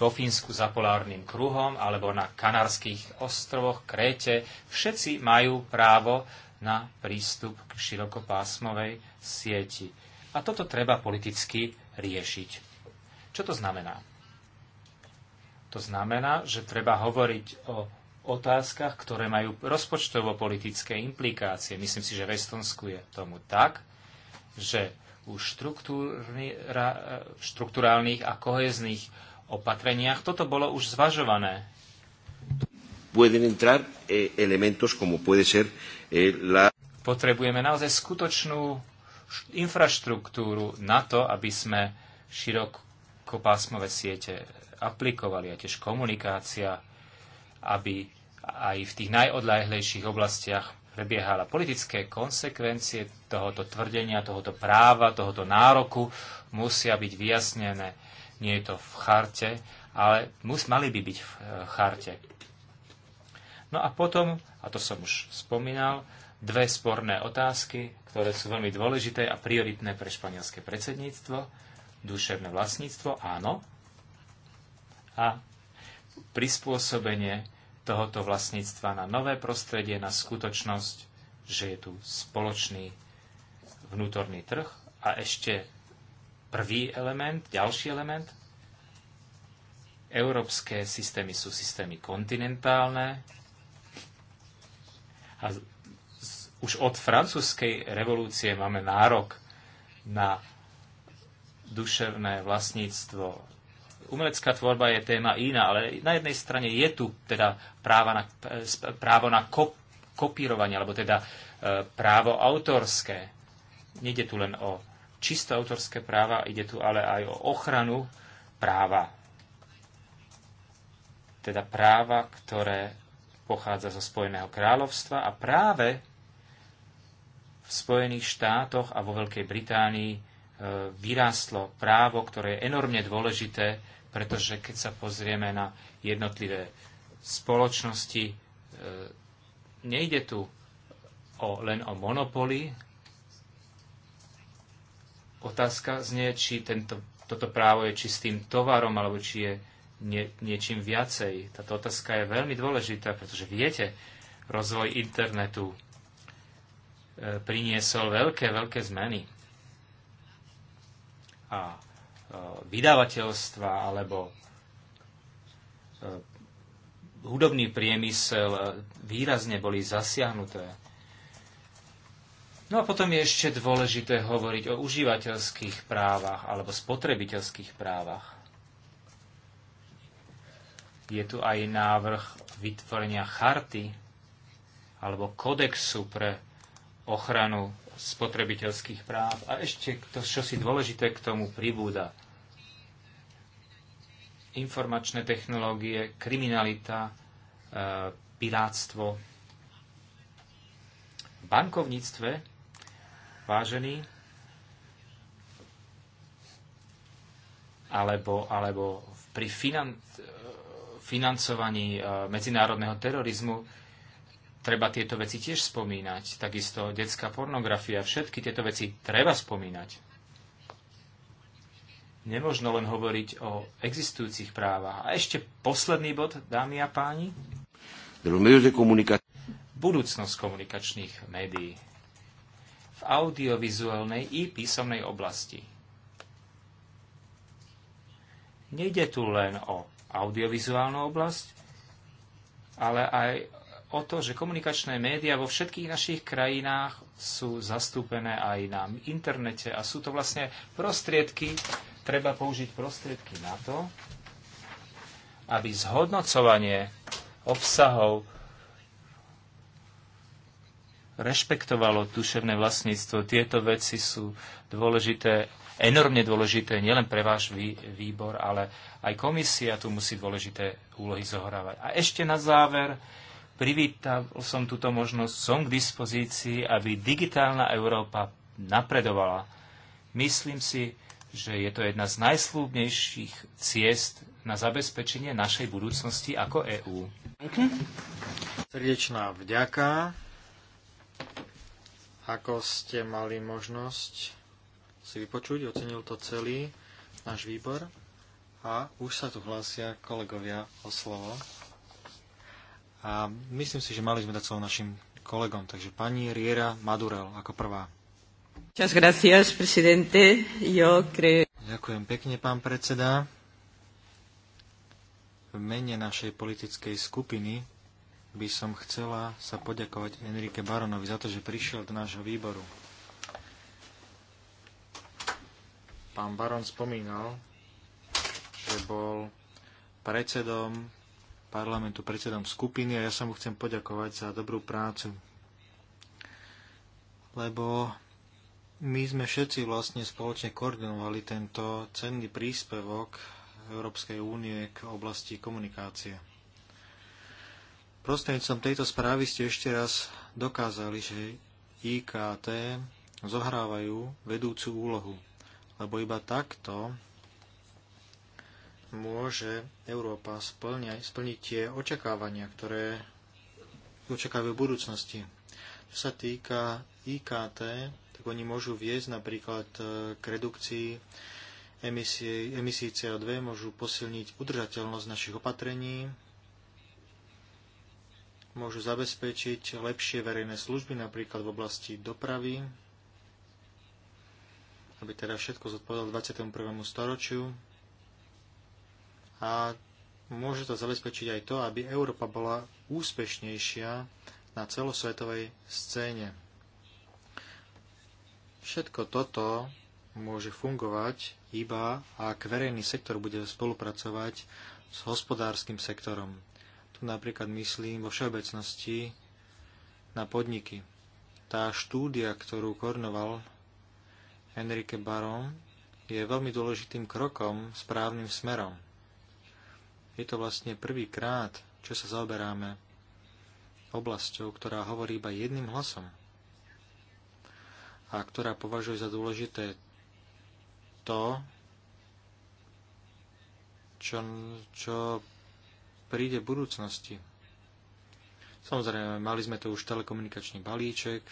vo Fínsku za polárnym kruhom alebo na Kanárskych ostrovoch, Kréte, všetci majú právo na prístup k širokopásmovej sieti. A toto treba politicky riešiť. Čo to znamená? To znamená, že treba hovoriť o otázkach, ktoré majú rozpočtovo-politické implikácie. Myslím si, že v Estonsku je tomu tak, že už štruktúrálnych a kohezných opatreniach. Toto bolo už zvažované. Pueden entrar eh, elementos como puede ser eh, la... Potrebujeme naozaj skutočnú infraštruktúru na to, aby sme širokopásmové siete aplikovali a tiež komunikácia, aby aj v tých najodlahlejších oblastiach prebiehala. Politické konsekvencie tohoto tvrdenia, tohoto práva, tohoto nároku musia byť vyjasnené. Nie je to v charte, ale mus, mali by byť v e, charte. No a potom, a to som už spomínal, dve sporné otázky, ktoré sú veľmi dôležité a prioritné pre španielské predsedníctvo. Duševné vlastníctvo, áno. A prispôsobenie tohoto vlastníctva na nové prostredie, na skutočnosť, že je tu spoločný vnútorný trh a ešte prvý element, ďalší element. Európske systémy sú systémy kontinentálne a už od francúzskej revolúcie máme nárok na duševné vlastníctvo Umelecká tvorba je téma iná, ale na jednej strane je tu teda práva na, právo na kop, kopírovanie, alebo teda e, právo autorské. Nede tu len o čisto autorské práva, ide tu ale aj o ochranu práva. Teda práva, ktoré pochádza zo Spojeného kráľovstva a práve v Spojených štátoch a vo Veľkej Británii e, vyrástlo právo, ktoré je enormne dôležité pretože keď sa pozrieme na jednotlivé spoločnosti, e, nejde tu o, len o monopoly. Otázka znie, či tento, toto právo je čistým tovarom, alebo či je nie, niečím viacej. Táto otázka je veľmi dôležitá, pretože viete, rozvoj internetu e, priniesol veľké, veľké zmeny. A E, vydavateľstva alebo e, hudobný priemysel e, výrazne boli zasiahnuté. No a potom je ešte dôležité hovoriť o užívateľských právach alebo spotrebiteľských právach. Je tu aj návrh vytvorenia charty alebo kodexu pre ochranu spotrebiteľských práv. A ešte to, čo si dôležité k tomu pribúda informačné technológie, kriminalita, e, piráctvo. V bankovníctve, vážený, alebo, alebo pri finan, financovaní e, medzinárodného terorizmu treba tieto veci tiež spomínať. Takisto detská pornografia, všetky tieto veci treba spomínať. Nemožno len hovoriť o existujúcich právach. A ešte posledný bod, dámy a páni. Budúcnosť komunikačných médií v audiovizuálnej i písomnej oblasti. Nejde tu len o audiovizuálnu oblasť, ale aj o to, že komunikačné médiá vo všetkých našich krajinách sú zastúpené aj na internete a sú to vlastne prostriedky treba použiť prostriedky na to, aby zhodnocovanie obsahov rešpektovalo duševné vlastníctvo. Tieto veci sú dôležité, enormne dôležité, nielen pre váš vý, výbor, ale aj komisia tu musí dôležité úlohy zohrávať. A ešte na záver, privítal som túto možnosť, som k dispozícii, aby digitálna Európa napredovala. Myslím si, že je to jedna z najslúbnejších ciest na zabezpečenie našej budúcnosti ako EÚ. Srdečná vďaka. Ako ste mali možnosť si vypočuť, ocenil to celý náš výbor. A už sa tu hlásia kolegovia o slovo. A myslím si, že mali sme dať slovo našim kolegom. Takže pani Riera Madurel ako prvá. Ďakujem pekne, pán predseda. V mene našej politickej skupiny by som chcela sa poďakovať Enrique Baronovi za to, že prišiel do nášho výboru. Pán Baron spomínal, že bol predsedom parlamentu, predsedom skupiny a ja sa mu chcem poďakovať za dobrú prácu, lebo my sme všetci vlastne spoločne koordinovali tento cenný príspevok Európskej únie k oblasti komunikácie. Prostredníctvom tejto správy ste ešte raz dokázali, že IKT zohrávajú vedúcu úlohu, lebo iba takto môže Európa splňať, splniť tie očakávania, ktoré očakávajú v budúcnosti. Čo sa týka IKT, tak oni môžu viesť napríklad e, k redukcii emisí CO2, môžu posilniť udržateľnosť našich opatrení, môžu zabezpečiť lepšie verejné služby, napríklad v oblasti dopravy, aby teda všetko zodpovedalo 21. storočiu. A môže to zabezpečiť aj to, aby Európa bola úspešnejšia na celosvetovej scéne. Všetko toto môže fungovať iba ak verejný sektor bude spolupracovať s hospodárskym sektorom. Tu napríklad myslím vo všeobecnosti na podniky. Tá štúdia, ktorú koordinoval Enrique Baron, je veľmi dôležitým krokom správnym smerom. Je to vlastne prvýkrát, čo sa zaoberáme oblasťou, ktorá hovorí iba jedným hlasom a ktorá považuje za dôležité to, čo, čo príde v budúcnosti. Samozrejme, mali sme tu už telekomunikačný balíček,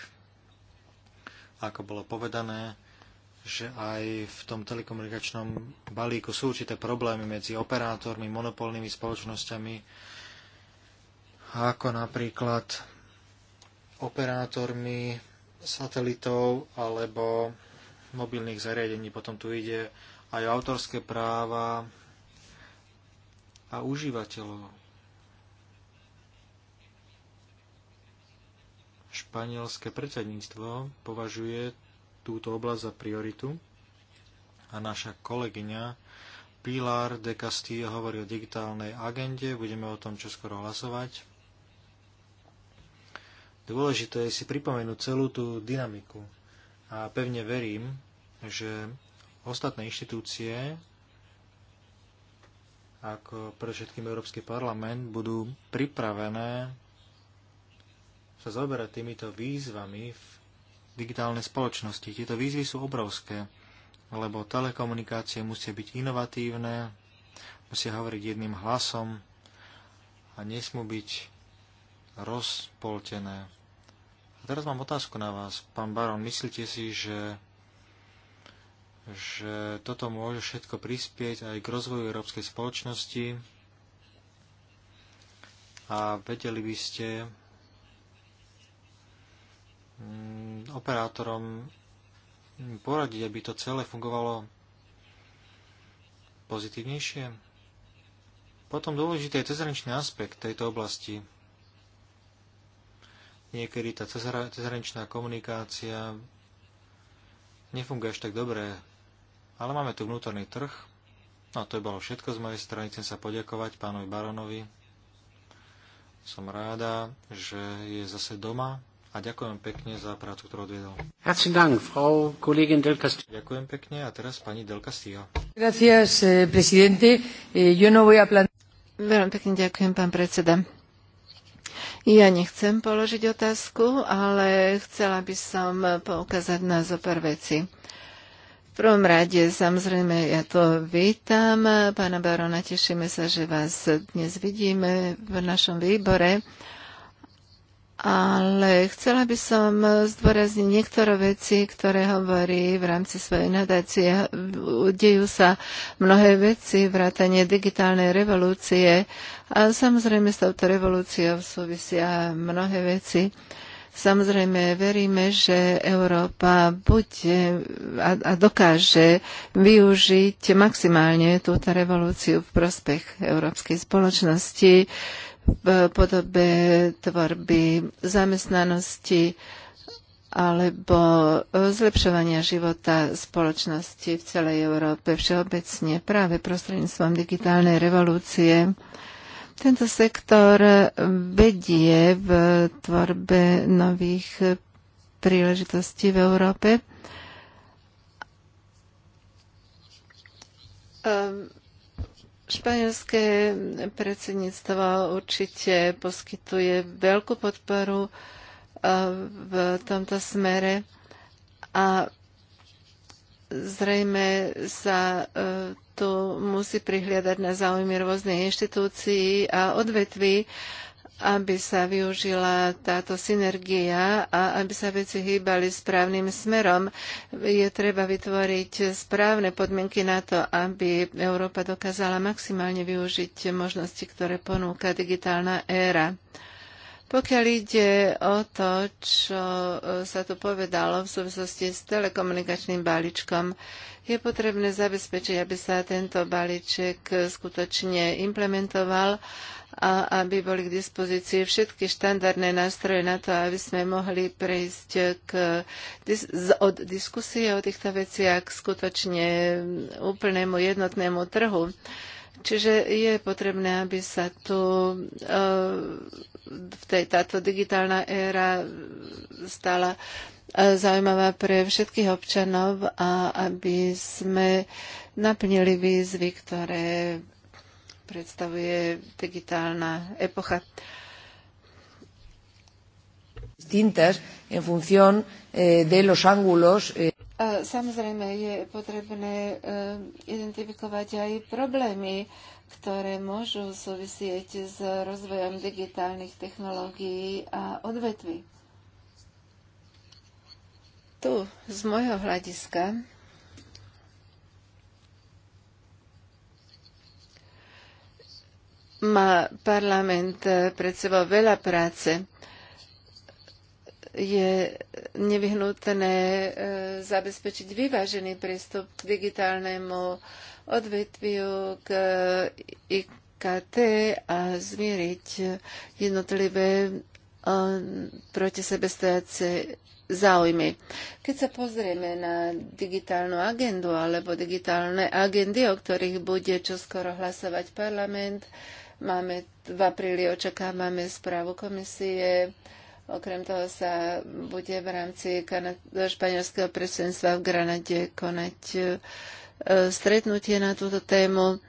ako bolo povedané, že aj v tom telekomunikačnom balíku sú určité problémy medzi operátormi, monopolnými spoločnosťami, ako napríklad operátormi satelitov alebo mobilných zariadení. Potom tu ide aj o autorské práva a užívateľov. Španielské predsedníctvo považuje túto oblasť za prioritu a naša kolegyňa Pilar de Castillo hovorí o digitálnej agende, budeme o tom čoskoro hlasovať. Dôležité je si pripomenúť celú tú dynamiku. A pevne verím, že ostatné inštitúcie, ako predovšetkým Európsky parlament, budú pripravené sa zaoberať týmito výzvami v digitálnej spoločnosti. Tieto výzvy sú obrovské, lebo telekomunikácie musia byť inovatívne, musia hovoriť jedným hlasom a nesmú byť rozpoltené teraz mám otázku na vás, pán Baron. Myslíte si, že, že toto môže všetko prispieť aj k rozvoju európskej spoločnosti? A vedeli by ste mm, operátorom poradiť, aby to celé fungovalo pozitívnejšie? Potom dôležitý je cezraničný aspekt tejto oblasti. Niekedy tá cezhraničná komunikácia nefunguje až tak dobre, ale máme tu vnútorný trh. No to je bolo všetko z mojej strany. Chcem sa poďakovať pánovi Baronovi. Som ráda, že je zase doma a ďakujem pekne za prácu, ktorú odviedol. Ďakujem pekne a teraz pani Del Castillo. Gracias, eh, presidente. Eh, yo no voy a Veľmi pekne ďakujem, pán predseda. Ja nechcem položiť otázku, ale chcela by som poukázať na zo pár veci. V prvom rade, samozrejme, ja to vítam. Pána Barona, tešíme sa, že vás dnes vidíme v našom výbore ale chcela by som zdôrazniť niektoré veci, ktoré hovorí v rámci svojej nadácie. Dejú sa mnohé veci, vrátanie digitálnej revolúcie a samozrejme s touto revolúciou súvisia mnohé veci. Samozrejme, veríme, že Európa bude a, a dokáže využiť maximálne túto revolúciu v prospech európskej spoločnosti v podobe tvorby zamestnanosti alebo zlepšovania života spoločnosti v celej Európe všeobecne práve prostredníctvom digitálnej revolúcie. Tento sektor vedie v tvorbe nových príležitostí v Európe. Ehm, Španielské predsedníctvo určite poskytuje veľkú podporu eh, v tomto smere a zrejme sa eh, tu musí prihliadať na záujmy rôznych inštitúcií a odvetví, aby sa využila táto synergia a aby sa veci hýbali správnym smerom. Je treba vytvoriť správne podmienky na to, aby Európa dokázala maximálne využiť možnosti, ktoré ponúka digitálna éra. Pokiaľ ide o to, čo sa tu povedalo v súvislosti s telekomunikačným balíčkom, je potrebné zabezpečiť, aby sa tento balíček skutočne implementoval a aby boli k dispozícii všetky štandardné nástroje na to, aby sme mohli prejsť k, od diskusie o týchto veciach k skutočne úplnému jednotnému trhu. Čiže je potrebné, aby sa tu e, v tej, táto digitálna éra stala e, zaujímavá pre všetkých občanov a aby sme naplnili výzvy, ktoré predstavuje digitálna epocha. Distintas en función eh, de los ángulos. Eh. Samozrejme je potrebné eh, identifikovať aj problémy, ktoré môžu súvisieť s rozvojom digitálnych technológií a odvetví. Tu z môjho hľadiska má parlament eh, pred sebou veľa práce. Je nevyhnutné eh, zabezpečiť vyvážený prístup k digitálnemu odvetviu, k eh, IKT a zmieriť jednotlivé proti sebe stojace záujmy. Keď sa pozrieme na digitálnu agendu alebo digitálne agendy, o ktorých bude čoskoro hlasovať parlament, Máme, v apríli očakávame správu komisie. Okrem toho sa bude v rámci španielského predsedníctva v Granade konať e, stretnutie na túto tému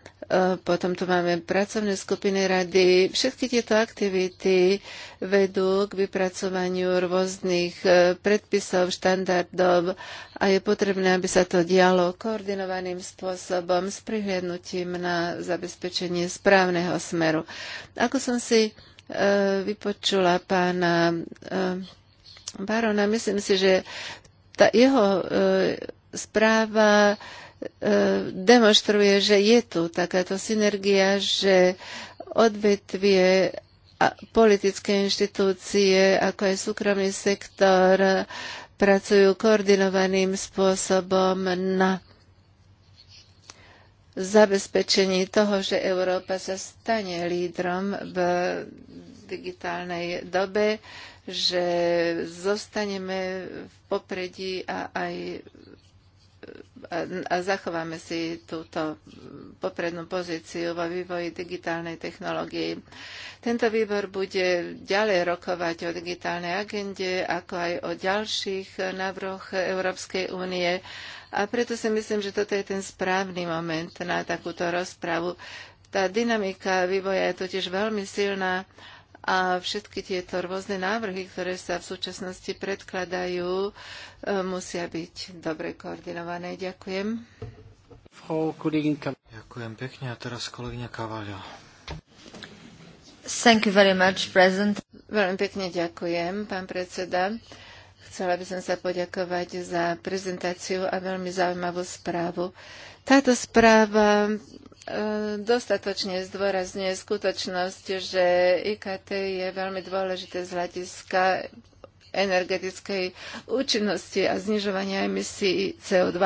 potom tu máme pracovné skupiny rady. Všetky tieto aktivity vedú k vypracovaniu rôznych e, predpisov, štandardov a je potrebné, aby sa to dialo koordinovaným spôsobom s prihľadnutím na zabezpečenie správneho smeru. Ako som si e, vypočula pána e, barona, myslím si, že tá jeho správa E, demonstruje, že je tu takáto synergia, že odvetvie a politické inštitúcie, ako aj súkromný sektor, pracujú koordinovaným spôsobom na zabezpečení toho, že Európa sa stane lídrom v digitálnej dobe, že zostaneme v popredí a aj a zachováme si túto poprednú pozíciu vo vývoji digitálnej technológie. Tento výbor bude ďalej rokovať o digitálnej agende, ako aj o ďalších návrhoch Európskej únie. A preto si myslím, že toto je ten správny moment na takúto rozpravu. Tá dynamika vývoja je totiž veľmi silná a všetky tieto rôzne návrhy, ktoré sa v súčasnosti predkladajú, e, musia byť dobre koordinované. Ďakujem. Ďakujem pekne. A teraz kolegyňa Kavalia. Thank you very much, President. Veľmi pekne ďakujem, pán predseda. Chcela by som sa poďakovať za prezentáciu a veľmi zaujímavú správu. Táto správa dostatočne zdôrazňuje skutočnosť, že IKT je veľmi dôležité z hľadiska energetickej účinnosti a znižovania emisí CO2.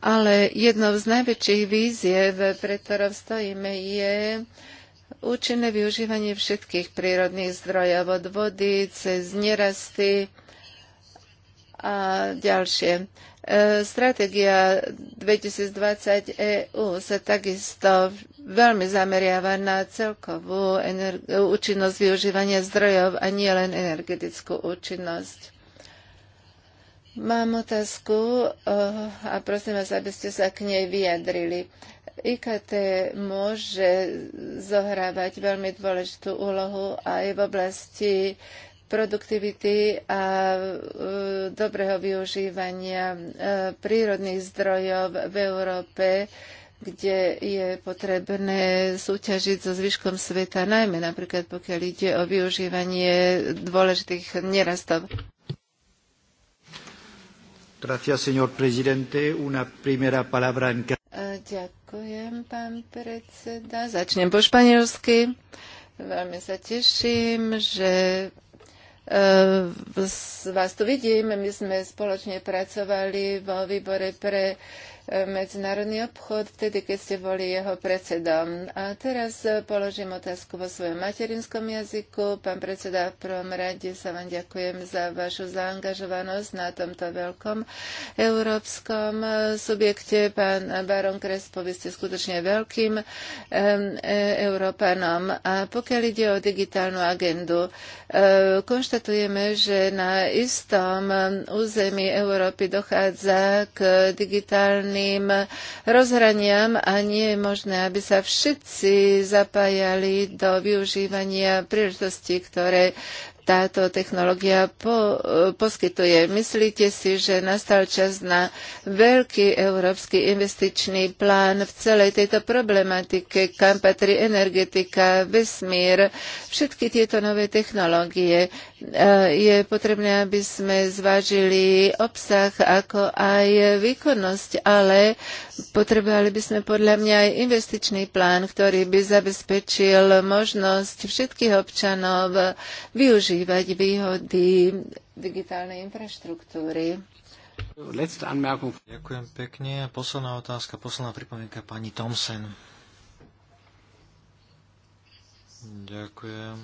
Ale jednou z najväčších víziev, pre ktorou stojíme, je účinné využívanie všetkých prírodných zdrojov od vody cez nerasty a ďalšie E, stratégia 2020 EU sa takisto veľmi zameriava na celkovú účinnosť využívania zdrojov a nie len energetickú účinnosť. Mám otázku e, a prosím vás, aby ste sa k nej vyjadrili. IKT môže zohrávať veľmi dôležitú úlohu aj v oblasti produktivity a e, dobrého využívania e, prírodných zdrojov v Európe, kde je potrebné súťažiť so zvyškom sveta, najmä napríklad pokiaľ ide o využívanie dôležitých nerastov. Gracias, señor presidente. Una primera palabra en... E, ďakujem, pán predseda. Začnem po španielsky. Veľmi sa teším, že E, vás tu vidím. My sme spoločne pracovali vo výbore pre medzinárodný obchod, vtedy, keď ste boli jeho predsedom. A teraz položím otázku vo svojom materinskom jazyku. Pán predseda, v prvom rade sa vám ďakujem za vašu zaangažovanosť na tomto veľkom európskom subjekte. Pán Baron Krespo, vy ste skutočne veľkým e, Európanom. A pokiaľ ide o digitálnu agendu, e, konštatujeme, že na istom území Európy dochádza k digitálnej vzájomným rozhraniam a nie je možné, aby sa všetci zapájali do využívania príležitostí, ktoré táto technológia po, e, poskytuje. Myslíte si, že nastal čas na veľký európsky investičný plán v celej tejto problematike, kam patrí energetika, vesmír, všetky tieto nové technológie. E, je potrebné, aby sme zvážili obsah ako aj výkonnosť, ale Potrebovali by sme podľa mňa aj investičný plán, ktorý by zabezpečil možnosť všetkých občanov využívať výhody digitálnej infraštruktúry. Ďakujem pekne. Posledná otázka, posledná pripomienka pani Thomsen. Ďakujem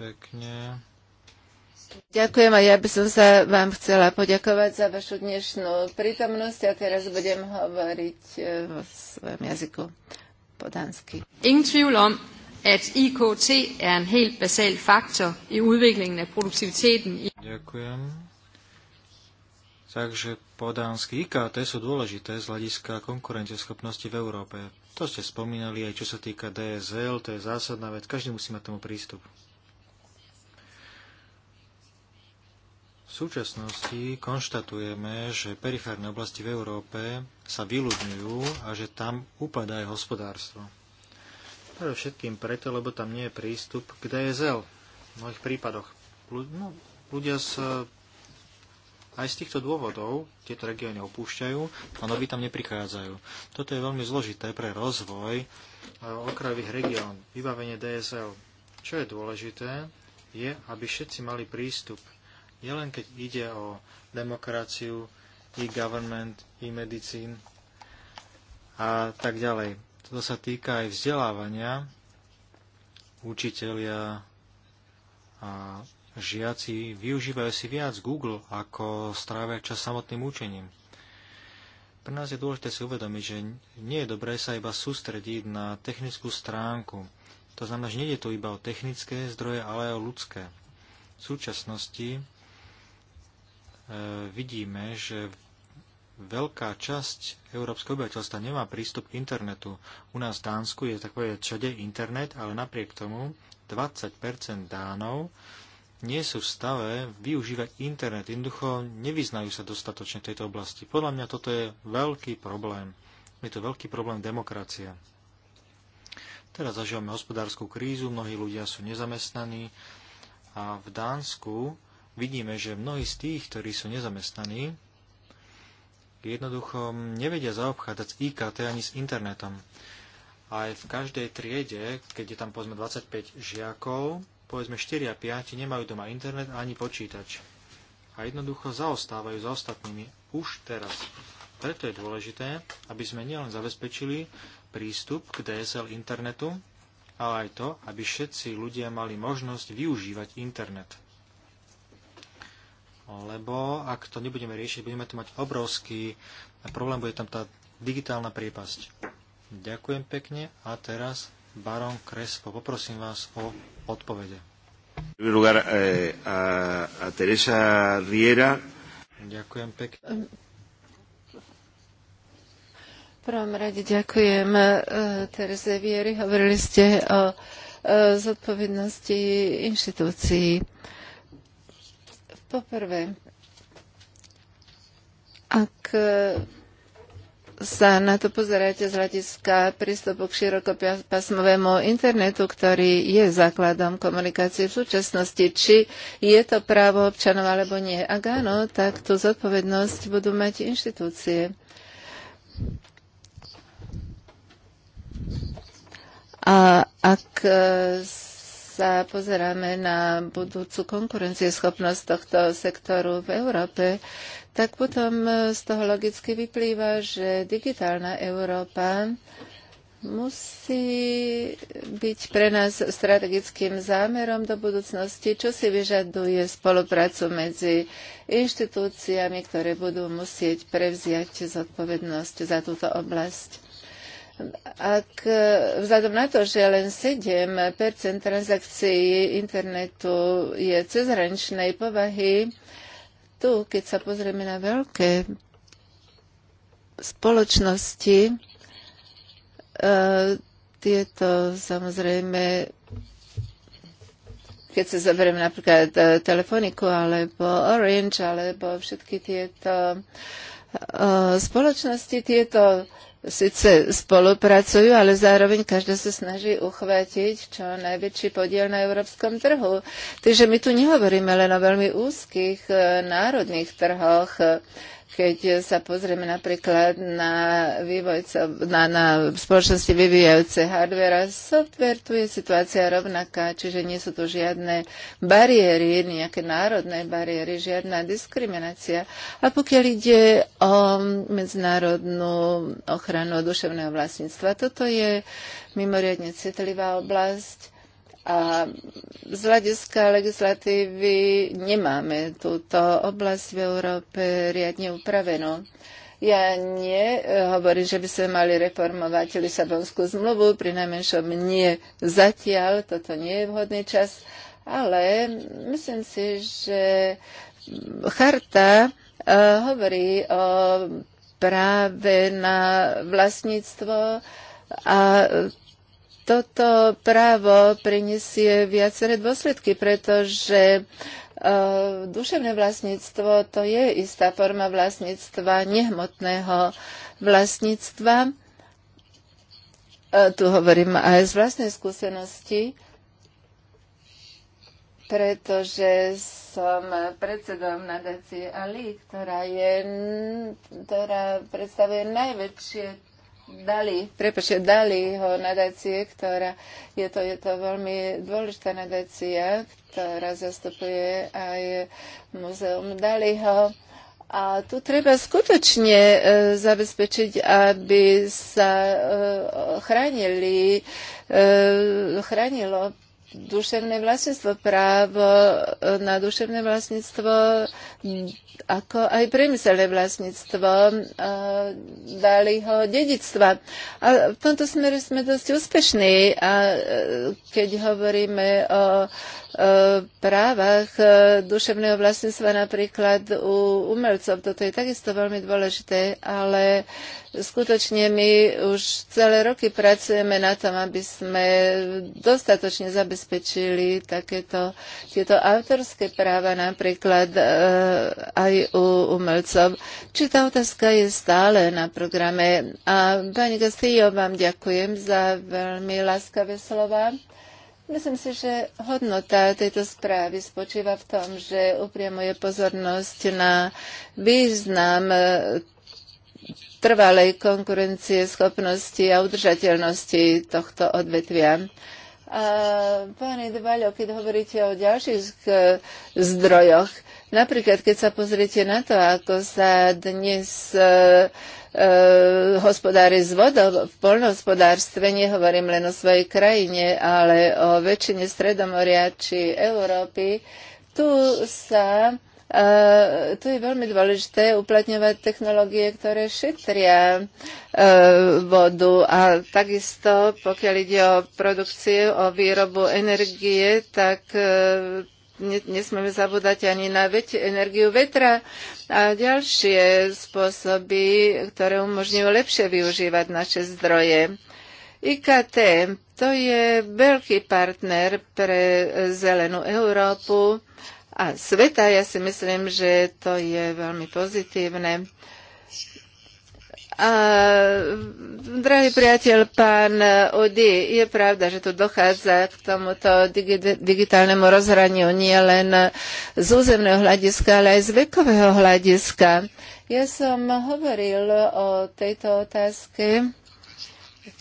pekne. Ďakujem a ja by som sa vám chcela poďakovať za vašu dnešnú prítomnosť a teraz budem hovoriť e, vo svojom jazyku po dansk. Ingen tvivl om, at IKT er en helt basal faktor i udviklingen af produktiviteten. Ďakujem. Takže po dánsky IKT sú dôležité z hľadiska konkurencieschopnosti v Európe. To ste spomínali aj čo sa týka DSL, to je zásadná vec, každý musí mať tomu prístup. V súčasnosti konštatujeme, že periférne oblasti v Európe sa vyľudňujú a že tam upadá aj hospodárstvo. Pre všetkým preto, lebo tam nie je prístup k DSL v mnohých prípadoch. No, ľudia sa aj z týchto dôvodov tieto regióny opúšťajú a noví tam neprichádzajú. Toto je veľmi zložité pre rozvoj e, okrajových región, vybavenie DSL. Čo je dôležité, je, aby všetci mali prístup Nielen keď ide o demokraciu, e-government, e-medicín a tak ďalej. Toto sa týka aj vzdelávania. Učitelia a žiaci využívajú si viac Google, ako strávia čas samotným učením. Pre nás je dôležité si uvedomiť, že nie je dobré sa iba sústrediť na technickú stránku. To znamená, že nie je to iba o technické zdroje, ale aj o ľudské. V súčasnosti E, vidíme, že veľká časť európskeho obyvateľstva nemá prístup k internetu. U nás v Dánsku je tak povedať všade internet, ale napriek tomu 20% Dánov nie sú v stave využívať internet. Jednoducho nevyznajú sa dostatočne v tejto oblasti. Podľa mňa toto je veľký problém. Je to veľký problém demokracie. Teraz zažívame hospodárskú krízu, mnohí ľudia sú nezamestnaní a v Dánsku vidíme, že mnohí z tých, ktorí sú nezamestnaní, jednoducho nevedia zaobchádzať s IKT ani s internetom. Aj v každej triede, keď je tam povedzme 25 žiakov, povedzme 4 a 5 nemajú doma internet ani počítač. A jednoducho zaostávajú za ostatnými už teraz. Preto je dôležité, aby sme nielen zabezpečili prístup k DSL internetu, ale aj to, aby všetci ľudia mali možnosť využívať internet lebo ak to nebudeme riešiť, budeme tu mať obrovský problém, bude tam tá digitálna priepasť. Ďakujem pekne a teraz Baron Krespo, poprosím vás o odpovede. Eh, ďakujem pekne. V prvom rade ďakujem eh, Tereze Viery. Hovorili ste o eh, zodpovednosti inštitúcií. Poprvé, ak sa na to pozeráte z hľadiska prístupu k širokopásmovému internetu, ktorý je základom komunikácie v súčasnosti, či je to právo občanov alebo nie. Ak áno, tak tú zodpovednosť budú mať inštitúcie. A ak sa pozeráme na budúcu konkurencieschopnosť tohto sektoru v Európe, tak potom z toho logicky vyplýva, že digitálna Európa musí byť pre nás strategickým zámerom do budúcnosti, čo si vyžaduje spoluprácu medzi inštitúciami, ktoré budú musieť prevziať zodpovednosť za túto oblasť. Ak vzhľadom na to, že len 7 transakcií internetu je cezhraničnej povahy, tu, keď sa pozrieme na veľké spoločnosti, e, tieto samozrejme keď sa zoberieme napríklad e, Telefoniku alebo Orange alebo všetky tieto e, spoločnosti, tieto síce spolupracujú, ale zároveň každá sa snaží uchvátiť čo najväčší podiel na európskom trhu. Takže my tu nehovoríme len o veľmi úzkých eh, národných trhoch. Keď sa pozrieme napríklad na, vývoj, na, na spoločnosti vyvíjajúce hardware a software, tu je situácia rovnaká, čiže nie sú tu žiadne bariéry, nejaké národné bariéry, žiadna diskriminácia. A pokiaľ ide o medzinárodnú ochranu duševného vlastníctva, toto je mimoriadne citlivá oblasť a z hľadiska legislatívy nemáme túto oblasť v Európe riadne upravenú. Ja nie e, hovorím, že by sme mali reformovať Lisabonskú zmluvu, pri najmenšom nie zatiaľ, toto nie je vhodný čas, ale myslím si, že charta e, hovorí o práve na vlastníctvo a toto právo prinesie viaceré dôsledky, pretože e, duševné vlastníctvo to je istá forma vlastníctva, nehmotného vlastníctva. E, tu hovorím aj z vlastnej skúsenosti, pretože som predsedom nadácie ALI, ktorá, je, ktorá predstavuje najväčšie dali, prepáčte, dali ho nadácie, ktorá je to, je to veľmi dôležitá nadácia, ktorá zastupuje aj muzeum Daliho. A tu treba skutočne e, zabezpečiť, aby sa e, chránili, e, chránilo duševné vlastníctvo, právo e, na duševné vlastníctvo, ako aj priemyselné vlastníctvo, e, dali ho dedictva. A v tomto smere sme dosť úspešní a e, keď hovoríme o E, právach e, duševného vlastníctva napríklad u umelcov. Toto je takisto veľmi dôležité, ale skutočne my už celé roky pracujeme na tom, aby sme dostatočne zabezpečili takéto tieto autorské práva napríklad e, aj u umelcov. Či tá otázka je stále na programe. A pani Castillo, vám ďakujem za veľmi láskavé slova. Myslím si, že hodnota tejto správy spočíva v tom, že upriamuje pozornosť na význam e, trvalej konkurencie, schopnosti a udržateľnosti tohto odvetvia. Pane pán keď hovoríte o ďalších e, zdrojoch, Napríklad, keď sa pozriete na to, ako sa dnes e, e, hospodári z vodou v polnohospodárstve, nehovorím len o svojej krajine, ale o väčšine Stredomoria či Európy, tu sa a e, tu je veľmi dôležité uplatňovať technológie, ktoré šetria e, vodu a takisto, pokiaľ ide o produkciu, o výrobu energie, tak e, nesmieme zabúdať ani na energiu vetra a ďalšie spôsoby, ktoré umožňujú lepšie využívať naše zdroje. IKT to je veľký partner pre zelenú Európu a sveta. Ja si myslím, že to je veľmi pozitívne. A, drahý priateľ, pán Odi, e, je pravda, že tu dochádza k tomuto digi- digitálnemu rozhraniu nie len z územného hľadiska, ale aj z vekového hľadiska. Ja som hovoril o tejto otázke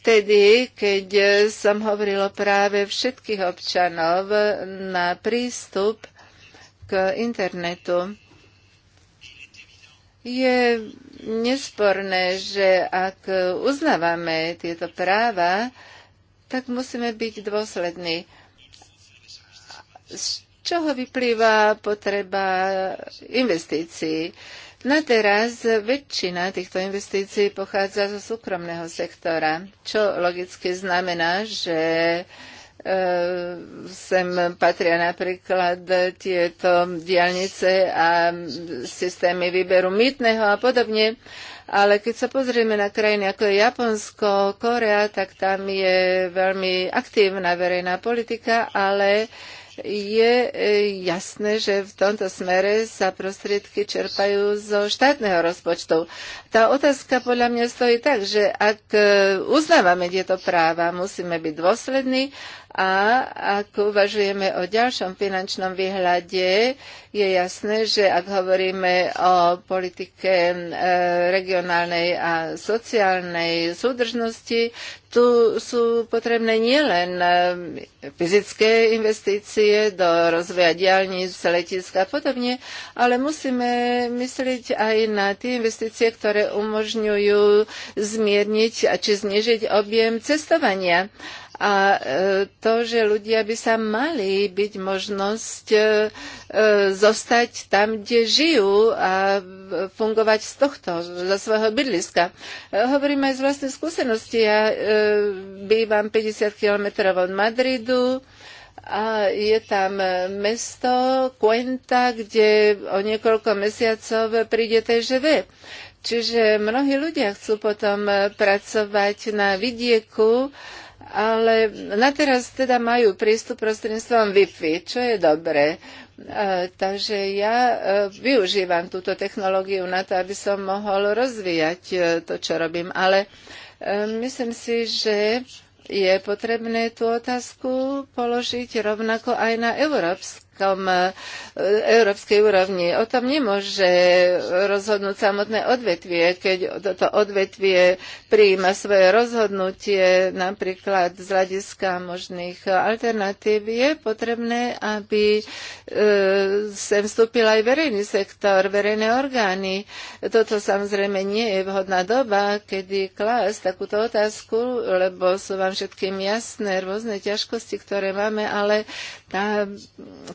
vtedy, keď som hovoril o práve všetkých občanov na prístup k internetu. Je nesporné, že ak uznávame tieto práva, tak musíme byť dôslední. Z čoho vyplýva potreba investícií? Na teraz väčšina týchto investícií pochádza zo súkromného sektora, čo logicky znamená, že E, sem patria napríklad tieto diálnice a systémy výberu mýtneho a podobne. Ale keď sa pozrieme na krajiny ako je Japonsko, Korea, tak tam je veľmi aktívna verejná politika, ale je e, jasné, že v tomto smere sa prostriedky čerpajú zo štátneho rozpočtu. Tá otázka podľa mňa stojí tak, že ak e, uznávame tieto práva, musíme byť dôslední a ak uvažujeme o ďalšom finančnom výhľade, je jasné, že ak hovoríme o politike e, regionálnej a sociálnej súdržnosti, tu sú potrebné nielen e, fyzické investície do rozvoja diálnic, letiska a podobne, ale musíme myslieť aj na tie investície, ktoré umožňujú zmierniť či znižiť objem cestovania. A e, to, že ľudia by sa mali byť možnosť e, e, zostať tam, kde žijú a fungovať z tohto, zo svojho bydliska. Hovorím aj z vlastnej skúsenosti. Ja bývam 50 kilometrov od Madridu. A je tam mesto Cuenta, kde o niekoľko mesiacov príde TGV. Čiže mnohí ľudia chcú potom pracovať na vidieku ale na teraz teda majú prístup prostredníctvom Wi-Fi, čo je dobré. E, takže ja e, využívam túto technológiu na to, aby som mohol rozvíjať e, to, čo robím. Ale myslím si, že je potrebné tú otázku položiť rovnako aj na európsku projektom e, európskej úrovni. O tom nemôže rozhodnúť samotné odvetvie, keď toto odvetvie prijíma svoje rozhodnutie napríklad z hľadiska možných alternatív. Je potrebné, aby e, sem vstúpil aj verejný sektor, verejné orgány. Toto samozrejme nie je vhodná doba, kedy klas takúto otázku, lebo sú vám všetkým jasné rôzne ťažkosti, ktoré máme, ale a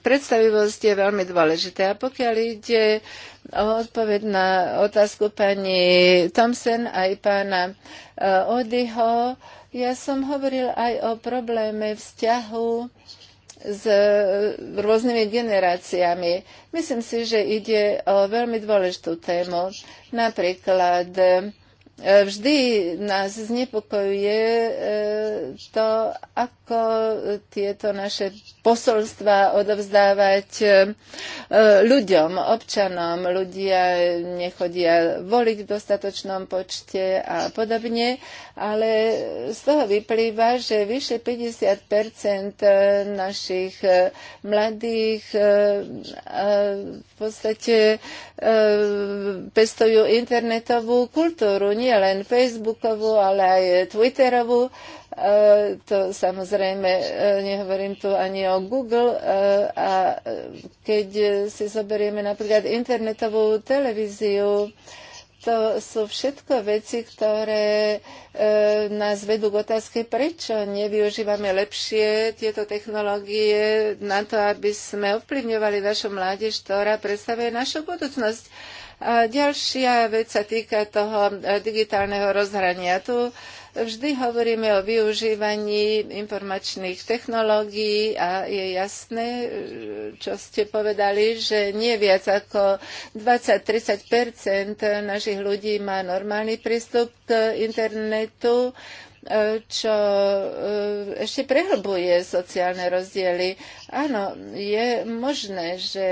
predstavivosť je veľmi dôležitá. A pokiaľ ide o odpoveď na otázku pani Thompson aj pána e, Odyho, ja som hovoril aj o probléme vzťahu s rôznymi generáciami. Myslím si, že ide o veľmi dôležitú tému. Napríklad e, vždy nás znepokojuje e, to, ako tieto naše posolstva odovzdávať e, e, ľuďom, občanom. Ľudia nechodia voliť v dostatočnom počte a podobne, ale z toho vyplýva, že vyše 50 našich e, mladých v podstate pestujú internetovú kultúru, nie len facebookovú, ale aj twitterovú E, to samozrejme, e, nehovorím tu ani o Google. E, a keď si zoberieme napríklad internetovú televíziu, to sú všetko veci, ktoré nás vedú k otázke, prečo nevyužívame lepšie tieto technológie na to, aby sme ovplyvňovali našu mládež, ktorá predstavuje našu budúcnosť a ďalšia vec sa týka toho e, digitálneho rozhrania. Tu vždy hovoríme o využívaní informačných technológií a je jasné, e, čo ste povedali, že nie viac ako 20-30 našich ľudí má normálny prístup k internetu e, čo ešte prehlbuje sociálne rozdiely. Áno, je možné, že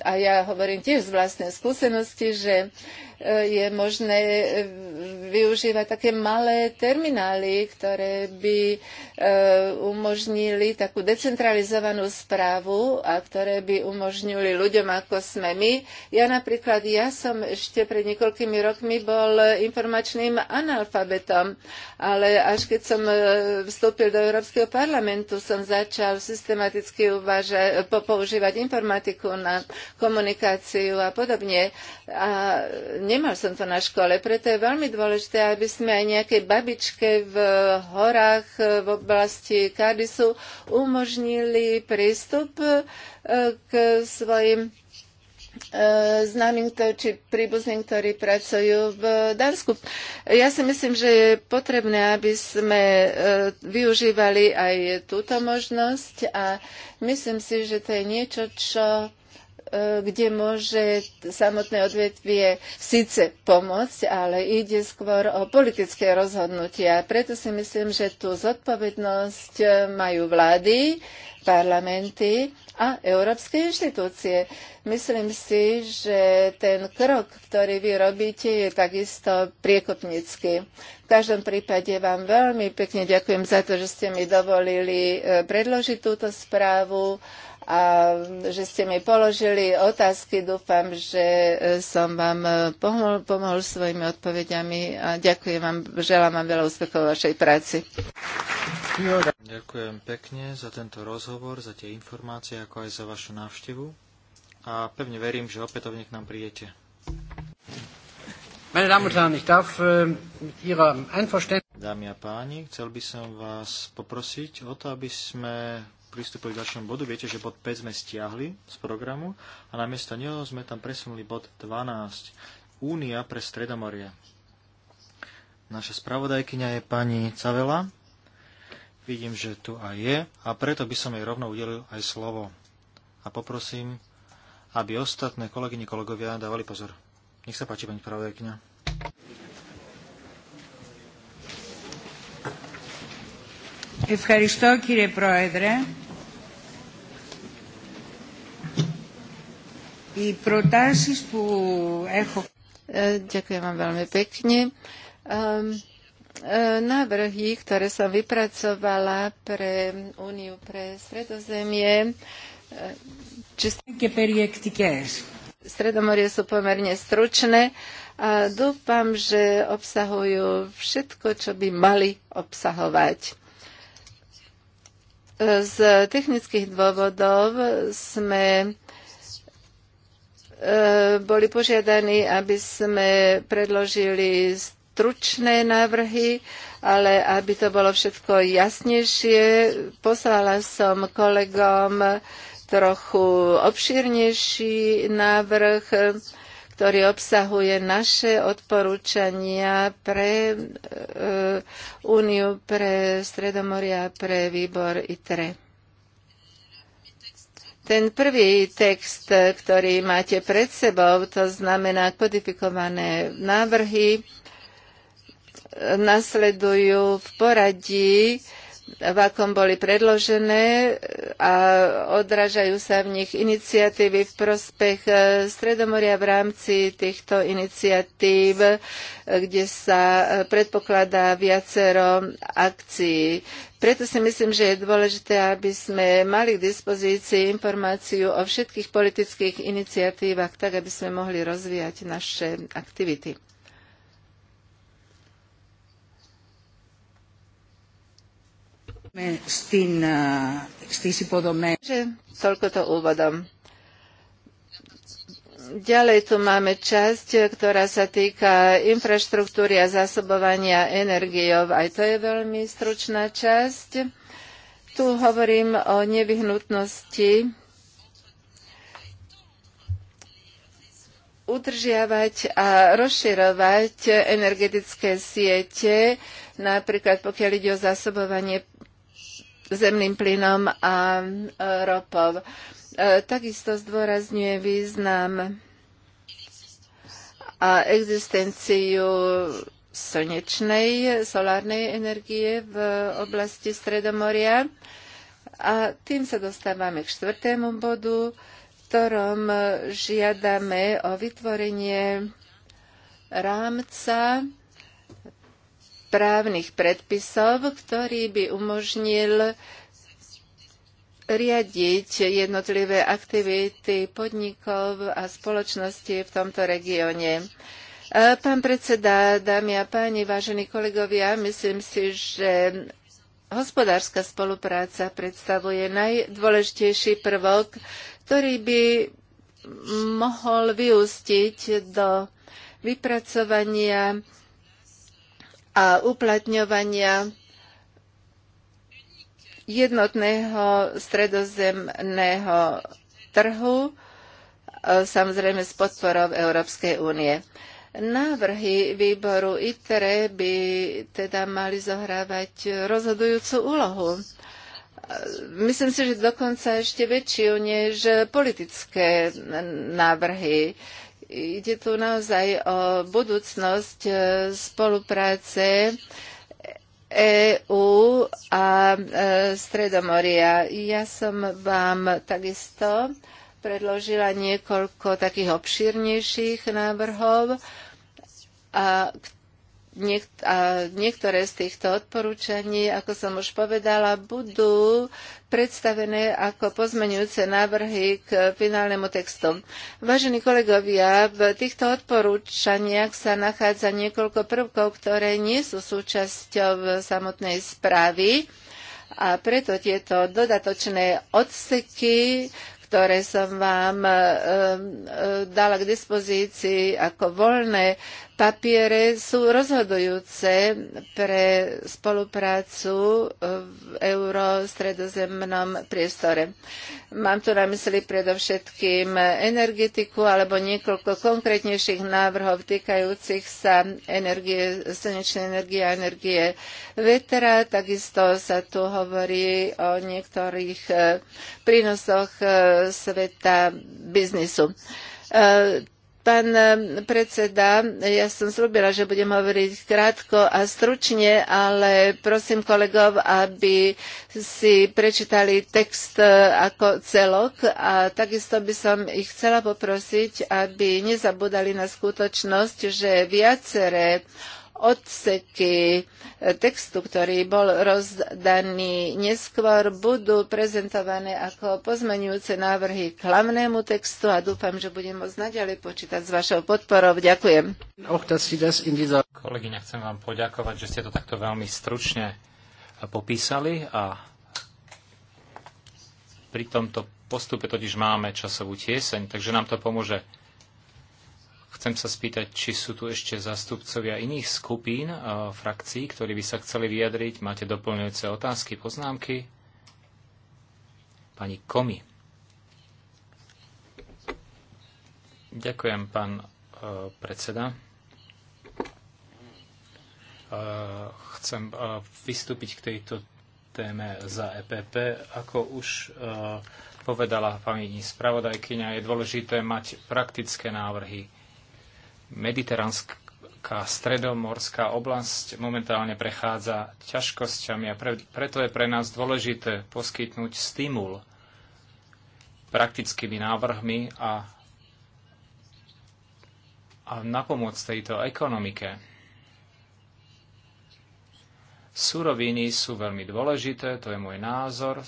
a ja hovorím tiež z vlastnej skúsenosti, že je možné e, využívať také malé terminály, ktoré by e, umožnili takú decentralizovanú správu a ktoré by umožnili ľuďom, ako sme my. Ja napríklad, ja som ešte pred niekoľkými rokmi bol informačným analfabetom, ale až keď som e, vstúpil do Európskeho parlamentu, som začal systematicky uvaža- používať informatiku na komunikáciu a podobne. A nemal som to na škole, preto je veľmi dôležité, aby sme aj nejakej babičke v horách v oblasti Kadisu umožnili prístup e, k svojim e, známym či príbuzným, ktorí pracujú v Dánsku. Ja si myslím, že je potrebné, aby sme e, využívali aj túto možnosť a myslím si, že to je niečo, čo E, kde môže samotné odvetvie síce pomôcť, ale ide skôr o politické rozhodnutia. Preto si myslím, že tú zodpovednosť e, majú vlády, parlamenty a európske inštitúcie. Myslím si, že ten krok, ktorý vy robíte, je takisto priekopnícky. V každom prípade vám veľmi pekne ďakujem za to, že ste mi dovolili e, predložiť túto správu a že ste mi položili otázky. Dúfam, že e, som vám e, pomohol, pomohol svojimi odpovediami a ďakujem vám, želám vám veľa úspechov vašej práci. Ďakujem pekne za tento rozhovor, za tie informácie, ako aj za vašu návštevu a pevne verím, že opätovne k nám prídete. Meine Damen und Herren, ich darf äh, mit Einverständnis... Dámy a páni, chcel by som vás poprosiť o to, aby sme pristúpili k ďalšiemu bodu. Viete, že bod 5 sme stiahli z programu a namiesto neho sme tam presunuli bod 12. Únia pre Stredomorie. Naša spravodajkyňa je pani Cavela. Vidím, že tu aj je a preto by som jej rovno udelil aj slovo. A poprosím, aby ostatné kolegyne kolegovia dávali pozor. Nech sa páči, pani spravodajkyňa. Ευχαριστώ κύριε Πρόεδρε. Οι προτάσεις που έχω... Ďakujem vám veľmi pekne. Um, návrhy, ktoré som vypracovala pre Úniu pre Stredozemie, e, či... Stredomorie sú pomerne stručné a dúfam, že obsahujú všetko, čo by mali obsahovať. E, z technických dôvodov sme E, boli požiadaní, aby sme predložili stručné návrhy, ale aby to bolo všetko jasnejšie, poslala som kolegom trochu obšírnejší návrh, ktorý obsahuje naše odporúčania pre e, Úniu, pre Stredomoria a pre výbor ITRE. Ten prvý text, ktorý máte pred sebou, to znamená kodifikované návrhy, nasledujú v poradí, v akom boli predložené a odrážajú sa v nich iniciatívy v prospech e, Stredomoria v rámci týchto iniciatív, e, kde sa e, predpokladá viacero akcií. Preto si myslím, že je dôležité, aby sme mali k dispozícii informáciu o všetkých politických iniciatívach, tak aby sme mohli rozvíjať naše aktivity. Eh, Že, toľko to úvodom. Ďalej tu máme časť, ktorá sa týka infraštruktúry a zásobovania energiou. Aj to je veľmi stručná časť. Tu hovorím o nevyhnutnosti udržiavať a rozširovať energetické siete, napríklad pokiaľ ide o zásobovanie zemným plynom a ropou. E, takisto zdôrazňuje význam a existenciu slnečnej, solárnej energie v oblasti Stredomoria. A tým sa dostávame k štvrtému bodu, v ktorom žiadame o vytvorenie rámca právnych predpisov, ktorý by umožnil riadiť jednotlivé aktivity podnikov a spoločnosti v tomto regióne. Pán predseda, dámy a páni, vážení kolegovia, myslím si, že hospodárska spolupráca predstavuje najdôležitejší prvok, ktorý by mohol vyústiť do vypracovania a uplatňovania jednotného stredozemného trhu, e, samozrejme s podporou Európskej únie. Návrhy výboru ITRE by teda mali zohrávať rozhodujúcu úlohu. E, myslím si, že dokonca ešte väčšiu než politické návrhy. Ide tu naozaj o budúcnosť e, spolupráce EÚ a e, Stredomoria. Ja som vám takisto predložila niekoľko takých obšírnejších návrhov, a Niek- a niektoré z týchto odporúčaní, ako som už povedala, budú predstavené ako pozmenujúce návrhy k finálnemu textu. Vážení kolegovia, v týchto odporúčaniach sa nachádza niekoľko prvkov, ktoré nie sú súčasťou samotnej správy a preto tieto dodatočné odseky ktoré som vám e, e, dala k dispozícii ako voľné papiere sú rozhodujúce pre spoluprácu v eurostredozemnom priestore. Mám tu na mysli predovšetkým energetiku alebo niekoľko konkrétnejších návrhov týkajúcich sa energie, slnečnej energie a energie vetra. Takisto sa tu hovorí o niektorých prínosoch eh, sveta biznisu eh, Pán eh, predseda, ja som slúbila, že budem hovoriť krátko a stručne, ale prosím kolegov, aby si prečítali text eh, ako celok a takisto by som ich chcela poprosiť, aby nezabudali na skutočnosť, že viaceré odseky textu, ktorý bol rozdaný neskôr, budú prezentované ako pozmenujúce návrhy k hlavnému textu a dúfam, že budem môcť naďalej počítať s vašou podporou. Ďakujem. Kolegyňa, chcem vám poďakovať, že ste to takto veľmi stručne popísali a pri tomto postupe totiž máme časovú tieseň, takže nám to pomôže Chcem sa spýtať, či sú tu ešte zastupcovia iných skupín, e, frakcií, ktorí by sa chceli vyjadriť. Máte doplňujúce otázky, poznámky? Pani Komi. Ďakujem, pán e, predseda. E, chcem vystúpiť k tejto téme za EPP. Ako už povedala pani spravodajkyňa, je dôležité mať praktické návrhy mediteránska stredomorská oblasť momentálne prechádza ťažkosťami a pre, preto je pre nás dôležité poskytnúť stimul praktickými návrhmi a, a na pomoc tejto ekonomike. Súroviny sú veľmi dôležité, to je môj názor.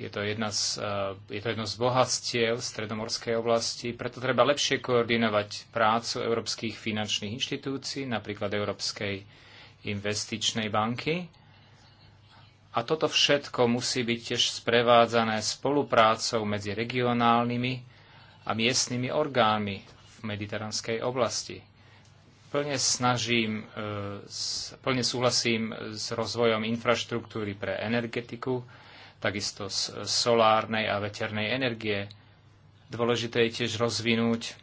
Je to, jedna z, eh, je to jedno z bohatstiev stredomorskej oblasti, preto treba lepšie koordinovať prácu európskych finančných inštitúcií, napríklad Európskej investičnej banky. A toto všetko musí byť tiež sprevádzané spoluprácou medzi regionálnymi a miestnymi orgánmi v mediteránskej oblasti. Plne, snažím, eh, plne súhlasím s rozvojom infraštruktúry pre energetiku, takisto z solárnej a veternej energie. Dôležité je tiež rozvinúť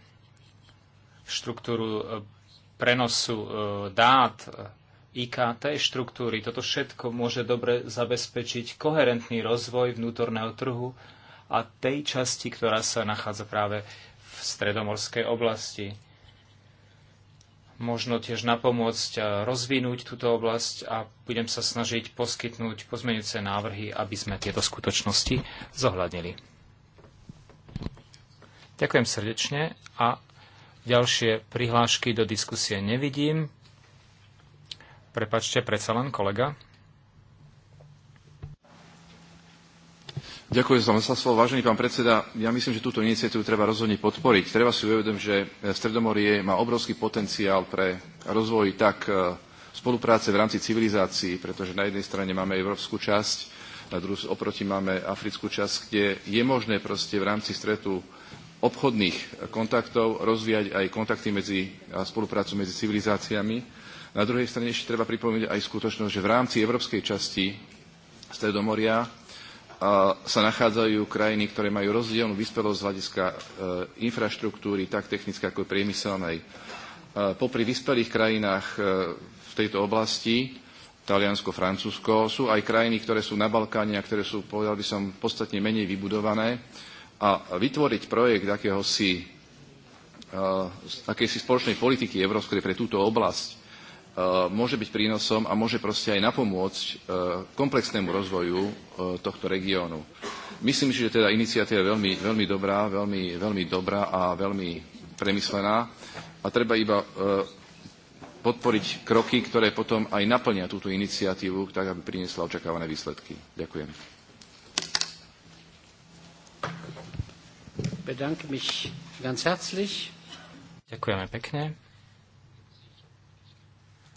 štruktúru e, prenosu e, dát, e, IKT štruktúry. Toto všetko môže dobre zabezpečiť koherentný rozvoj vnútorného trhu a tej časti, ktorá sa nachádza práve v stredomorskej oblasti možno tiež napomôcť eh, rozvinúť túto oblasť a budem sa snažiť poskytnúť pozmeňujúce návrhy, aby sme tieto skutočnosti zohľadnili. Ďakujem srdečne a ďalšie prihlášky do diskusie nevidím. Prepačte, predsa len kolega. Ďakujem za slovo. Vážený pán predseda, ja myslím, že túto iniciatívu treba rozhodne podporiť. Treba si uvedomiť, že Stredomorie má obrovský potenciál pre rozvoj tak e, spolupráce v rámci civilizácií, pretože na jednej strane máme európsku časť, na druhú oproti máme africkú časť, kde je možné proste v rámci stretu obchodných kontaktov rozvíjať aj kontakty medzi, a spoluprácu medzi civilizáciami. Na druhej strane ešte treba pripomínať aj skutočnosť, že v rámci európskej časti Stredomoria sa nachádzajú krajiny, ktoré majú rozdielnú vyspelosť z hľadiska e, infraštruktúry, tak technické ako aj priemyselnej. E, popri vyspelých krajinách e, v tejto oblasti, Taliansko, Francúzsko, sú aj krajiny, ktoré sú na Balkáne a ktoré sú, povedal by som, podstatne menej vybudované. A vytvoriť projekt akéhosi, akési spoločnej politiky európskej pre túto oblasť, E, môže byť prínosom a môže proste aj napomôcť e, komplexnému rozvoju e, tohto regiónu. Myslím si, že teda iniciatíva je veľmi, veľmi dobrá, veľmi, veľmi dobrá a veľmi premyslená a treba iba podporiť kroky, ktoré potom aj naplnia túto iniciatívu, tak aby priniesla očakávané výsledky. Ďakujem. Bedanke mich ganz herzlich. Ďakujeme pekne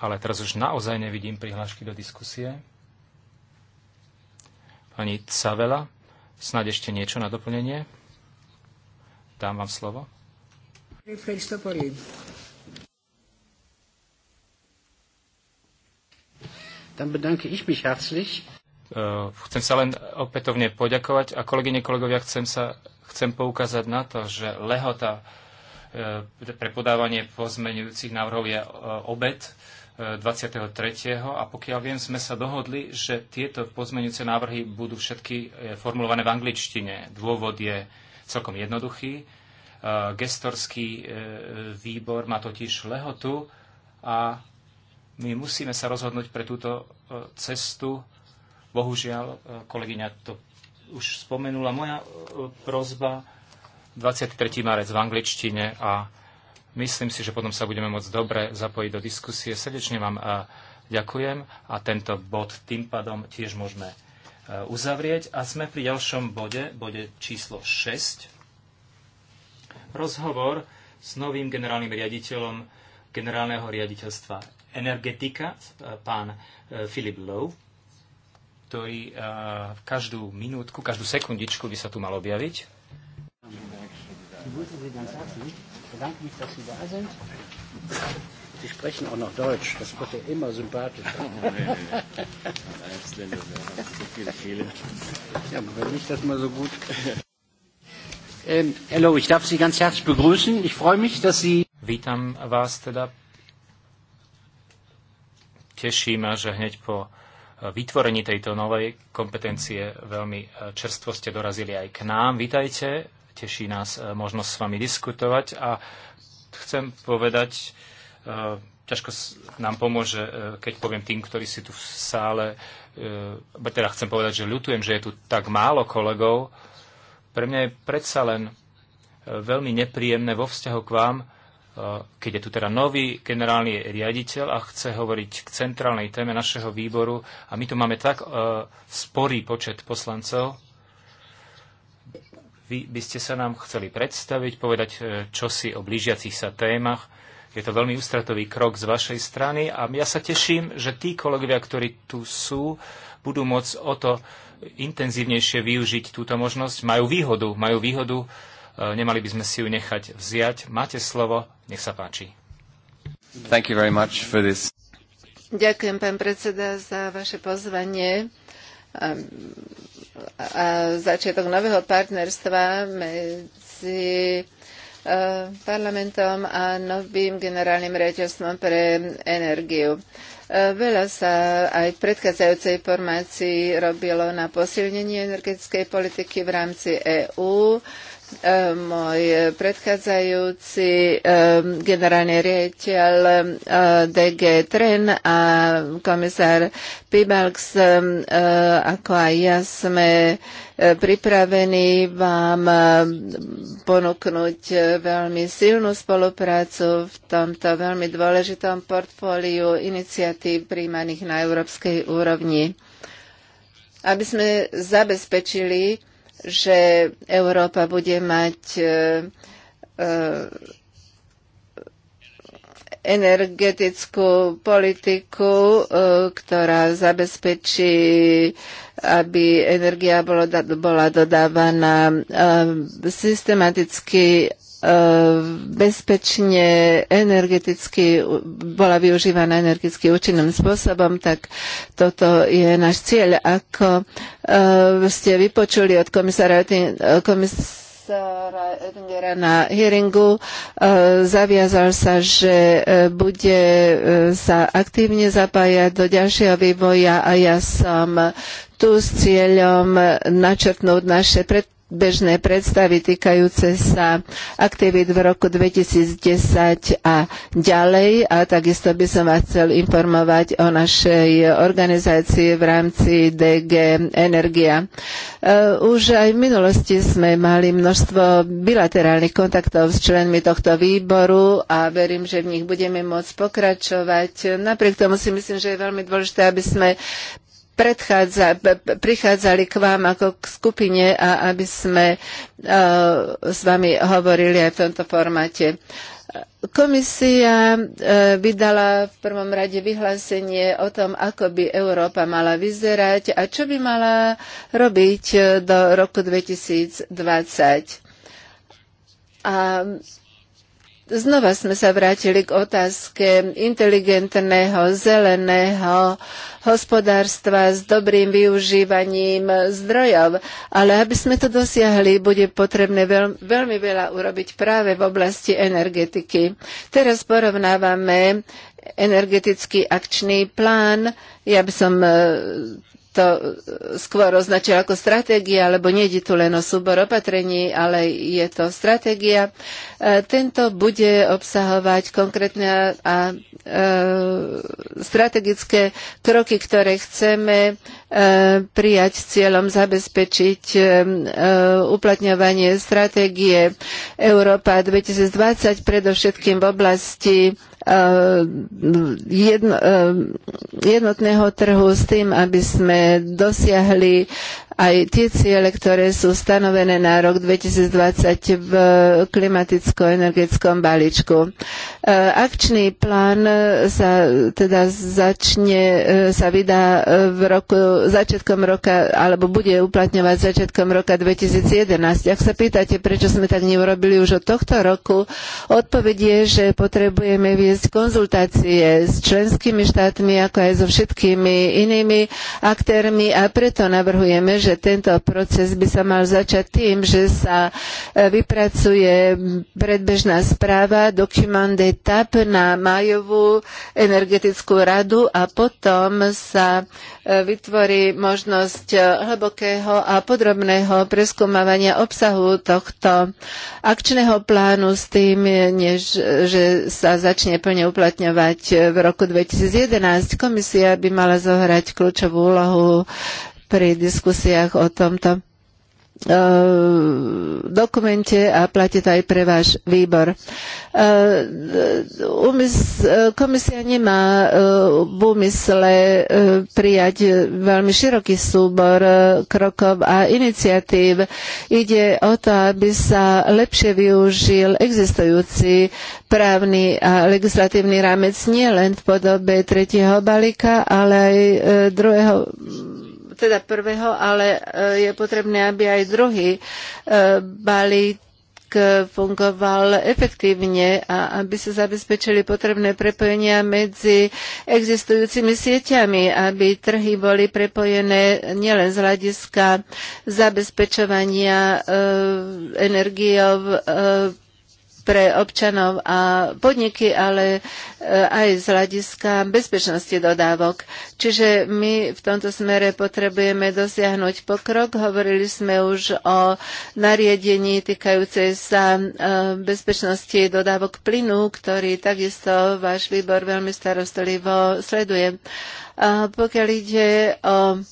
ale teraz už naozaj nevidím prihlášky do diskusie. Pani Cavela, snáď ešte niečo na doplnenie? Dám vám slovo. Eh, chcem sa len opätovne poďakovať a kolegyne, kolegovia, chcem, sa, chcem poukázať na to, že lehota eh, pre podávanie pozmenujúcich návrhov je eh, obed. 23. a pokiaľ viem, sme sa dohodli, že tieto pozmeňujúce návrhy budú všetky e, formulované v angličtine. Dôvod je celkom jednoduchý. E, gestorský e, výbor má totiž lehotu a my musíme sa rozhodnúť pre túto cestu. Bohužiaľ, kolegyňa to už spomenula, moja prozba 23. marec v angličtine a Myslím si, že potom sa budeme môcť dobre zapojiť do diskusie. Srdečne vám a ďakujem a tento bod tým pádom tiež môžeme e, uzavrieť. A sme pri ďalšom bode, bode číslo 6. Rozhovor s novým generálnym riaditeľom generálneho riaditeľstva energetika, e, pán e, Filip Lowe, ktorý každú minútku, každú sekundičku by sa tu mal objaviť bedanke mich, dass Sie da sind. Sie sprechen auch noch Deutsch. Das wird ja immer sympathischer. Oh, ja, aber wenn nicht das mal so gut. Ähm, hello, ich darf Sie ganz herzlich begrüßen. Ich freue mich, dass Sie. Vítam vás teda. Teší ma, že hneď po e, vytvorení tejto novej kompetencie veľmi e, čerstvo ste dorazili aj k nám. Vítajte Teší nás e, možnosť s vami diskutovať a chcem povedať, e, ťažko nám pomôže, e, keď poviem tým, ktorí si tu v sále, teda chcem povedať, že ľutujem, že je tu tak málo kolegov. Pre mňa je predsa len veľmi nepríjemné vo vzťahu k vám, keď je tu teda nový generálny riaditeľ a chce hovoriť k centrálnej téme našeho výboru a my tu máme tak sporý počet poslancov, vy by ste sa nám chceli predstaviť, povedať e, čosi o blížiacich sa témach. Je to veľmi ústratový krok z vašej strany a ja sa teším, že tí kolegovia, ktorí tu sú, budú môcť o to intenzívnejšie využiť túto možnosť. Majú výhodu, majú výhodu, e, nemali by sme si ju nechať vziať. Máte slovo, nech sa páči. Thank you very much for this. Ďakujem, pán predseda, za vaše pozvanie. Ehm, a začiatok nového partnerstva medzi e, parlamentom a novým generálnym reťazstvom pre energiu. E, veľa sa aj v predchádzajúcej formácii robilo na posilnenie energetickej politiky v rámci EÚ. EU E, môj predchádzajúci e, generálny riaditeľ e, DG Tren a komisár Pibalks, ako aj ja sme pripravení vám ponúknuť veľmi silnú spoluprácu v tomto veľmi dôležitom portfóliu iniciatív príjmaných na európskej úrovni. Aby sme zabezpečili, že Európa bude mať e, e, energetickú politiku, e, ktorá zabezpečí, aby energia bola dodávaná systematicky bezpečne energeticky bola využívaná energeticky účinným spôsobom, tak toto je náš cieľ. Ako eh, ste vypočuli od komisára, eh, komisára Oettingera na hearingu eh, zaviazal sa, že bude sa aktívne zapájať do ďalšieho vývoja a ja som tu s cieľom načrtnúť naše predpoklady bežné predstavy týkajúce sa aktivít v roku 2010 a ďalej. A takisto by som vás chcel informovať o našej organizácii v rámci DG Energia. E, už aj v minulosti sme mali množstvo bilaterálnych kontaktov s členmi tohto výboru a verím, že v nich budeme môcť pokračovať. Napriek tomu si myslím, že je veľmi dôležité, aby sme prichádzali k vám ako k skupine a aby sme e, s vami hovorili aj v tomto formáte. Komisia e, vydala v prvom rade vyhlásenie o tom, ako by Európa mala vyzerať a čo by mala robiť e, do roku 2020. A Znova sme sa vrátili k otázke inteligentného, zeleného hospodárstva s dobrým využívaním zdrojov. Ale aby sme to dosiahli, bude potrebné veľ, veľmi veľa urobiť práve v oblasti energetiky. Teraz porovnávame energetický akčný plán. Ja by som e, to skôr označil ako stratégia, lebo nie je tu len o súbor opatrení, ale je to stratégia. E, tento bude obsahovať konkrétne a e, strategické kroky, ktoré chceme e, prijať s cieľom zabezpečiť uplatňovanie stratégie Európa 2020, predovšetkým v oblasti Eh, jedno, eh, jednotného trhu s tým, aby sme dosiahli aj tie ciele, ktoré sú stanovené na rok 2020 v klimaticko-energetickom balíčku. Eh, akčný plán sa teda začne, sa vydá v roku, začiatkom roka, alebo bude uplatňovať začiatkom roka 2011. Ak sa pýtate, prečo sme tak neurobili už od tohto roku, odpoveď je, že potrebujeme viesť viesť konzultácie s členskými štátmi, ako aj so všetkými inými aktérmi a preto navrhujeme, že tento proces by sa mal začať tým, že sa e, vypracuje predbežná správa, dokument etap na majovú energetickú radu a potom sa vytvorí možnosť e, hlbokého a podrobného preskúmavania obsahu tohto akčného plánu s tým, než že sa začne plne uplatňovať v roku 2011. Komisia by mala zohrať kľúčovú úlohu pri diskusiách o tomto. Ehm, dokumente a platí to aj pre váš výbor. Ehm, komisia nemá ehm, v úmysle prijať veľmi široký súbor krokov a iniciatív. Ide o to, aby sa lepšie využil existujúci právny a legislatívny rámec nielen v podobe tretieho balíka, ale aj druhého teda prvého, ale e, je potrebné, aby aj druhý e, balík fungoval efektívne a aby sa zabezpečili potrebné prepojenia medzi existujúcimi sieťami, aby trhy boli prepojené nielen z hľadiska zabezpečovania e, energiou e, pre občanov a podniky, ale e, aj z hľadiska bezpečnosti dodávok. Čiže my v tomto smere potrebujeme dosiahnuť pokrok. Hovorili sme už o nariadení týkajúcej sa e, bezpečnosti dodávok plynu, ktorý takisto váš výbor veľmi starostlivo sleduje. A pokiaľ ide o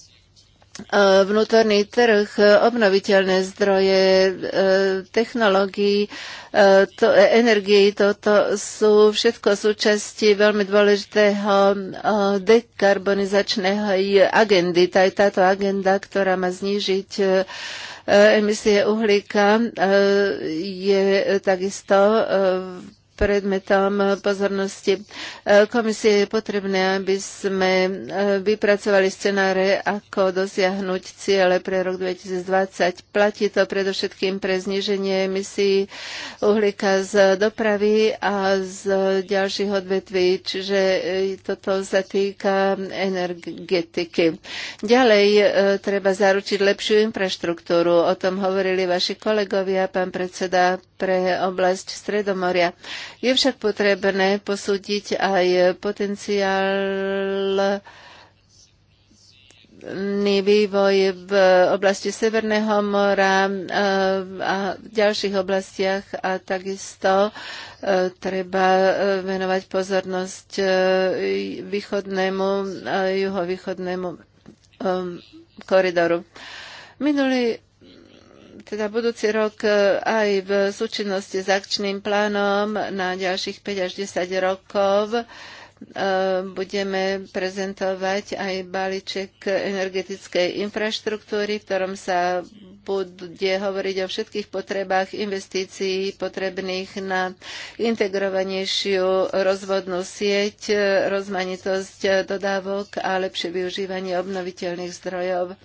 E, vnútorný trh, e, obnoviteľné zdroje, e, technológií, to, energii, toto sú všetko súčasti veľmi dôležitého dekarbonizačného agendy. Tá je táto agenda, ktorá má znížiť emisie uhlíka, je takisto predmetom pozornosti e, komisie je potrebné, aby sme e, vypracovali scenáre, ako dosiahnuť ciele pre rok 2020. Platí to predovšetkým pre zniženie emisí uhlíka z dopravy a z ďalších odvetví, čiže e, toto sa týka energetiky. Ďalej treba zaručiť lepšiu infraštruktúru. O tom hovorili vaši kolegovia, pán predseda pre oblasť Stredomoria. Je však potrebné posúdiť aj potenciál vývoj v oblasti Severného mora eh, a v ďalších oblastiach a takisto eh, treba eh, venovať pozornosť východnému, juhovýchodnému koridoru. Minulý teda budúci rok e, aj v súčinnosti s akčným plánom na ďalších 5 až 10 rokov e, budeme prezentovať aj balíček energetickej infraštruktúry, v ktorom sa bude hovoriť o všetkých potrebách investícií potrebných na integrovanejšiu rozvodnú sieť, e, rozmanitosť dodávok a lepšie využívanie obnoviteľných zdrojov.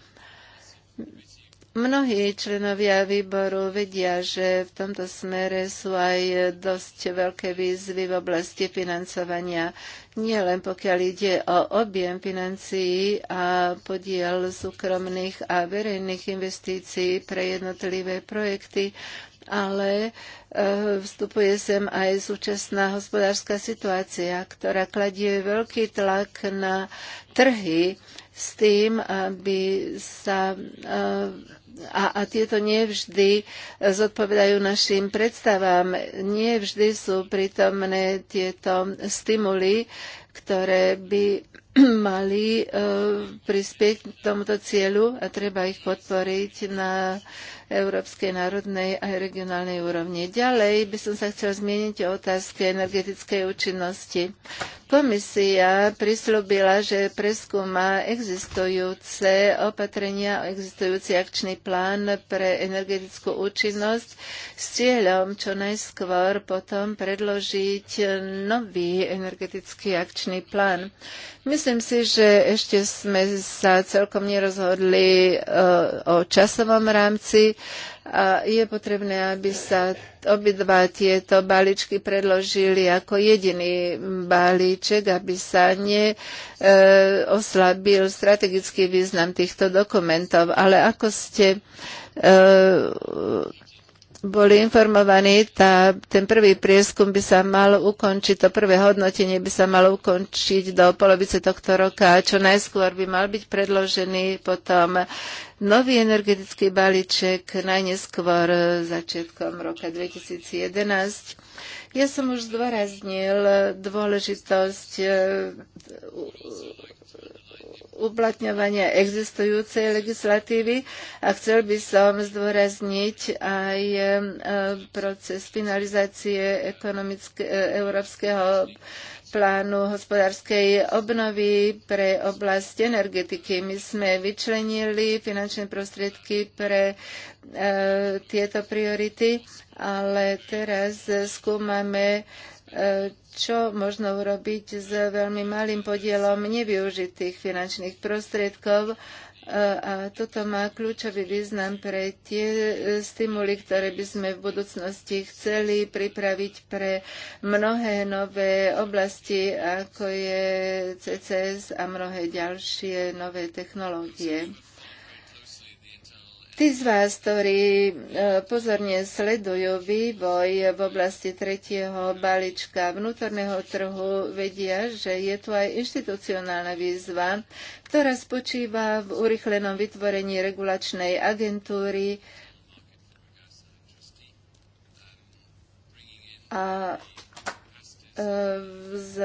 Mnohí členovia výboru vedia, že v tomto smere sú aj dosť veľké výzvy v oblasti financovania. Nie len pokiaľ ide o objem financií a podiel súkromných a verejných investícií pre jednotlivé projekty, ale e, vstupuje sem aj súčasná hospodárska situácia, ktorá kladie veľký tlak na trhy s tým, aby sa e, a, a tieto nevždy zodpovedajú našim predstavám. Nie vždy sú prítomné tieto stimuly, ktoré by [CLEARS THROAT] mali eh, prispieť k tomuto cieľu a treba ich podporiť na európskej národnej a regionálnej úrovni. Ďalej by som sa chcel zmieniť o otázke energetickej účinnosti. Komisia prislúbila, že preskúma existujúce opatrenia, existujúci akčný plán pre energetickú účinnosť s cieľom čo najskôr potom predložiť nový energetický akčný plán. Myslím si, že ešte sme sa celkom nerozhodli eh, o časovom rámci, a je potrebné, aby sa obidva tieto balíčky predložili ako jediný balíček, aby sa neoslabil e, strategický význam týchto dokumentov. Ale ako ste e, boli informovaní, tá, ten prvý prieskum by sa mal ukončiť, to prvé hodnotenie by sa malo ukončiť do polovice tohto roka čo najskôr by mal byť predložený potom nový energetický balíček najneskôr začiatkom roka 2011. Ja som už zdôraznil dôležitosť e, uplatňovania existujúcej legislatívy a chcel by som zdôrazniť aj e, proces finalizácie e, európskeho plánu hospodárskej obnovy pre oblasť energetiky. My sme vyčlenili finančné prostriedky pre e, tieto priority, ale teraz skúmame E, čo možno urobiť s veľmi malým podielom nevyužitých finančných prostriedkov. E, a toto má kľúčový význam pre tie stimuly, ktoré by sme v budúcnosti chceli pripraviť pre mnohé nové oblasti, ako je CCS a mnohé ďalšie nové technológie. Tí z vás, ktorí e, pozorne sledujú vývoj v oblasti tretieho balíčka vnútorného trhu, vedia, že je tu aj inštitucionálna výzva, ktorá spočíva v urychlenom vytvorení regulačnej agentúry a e, z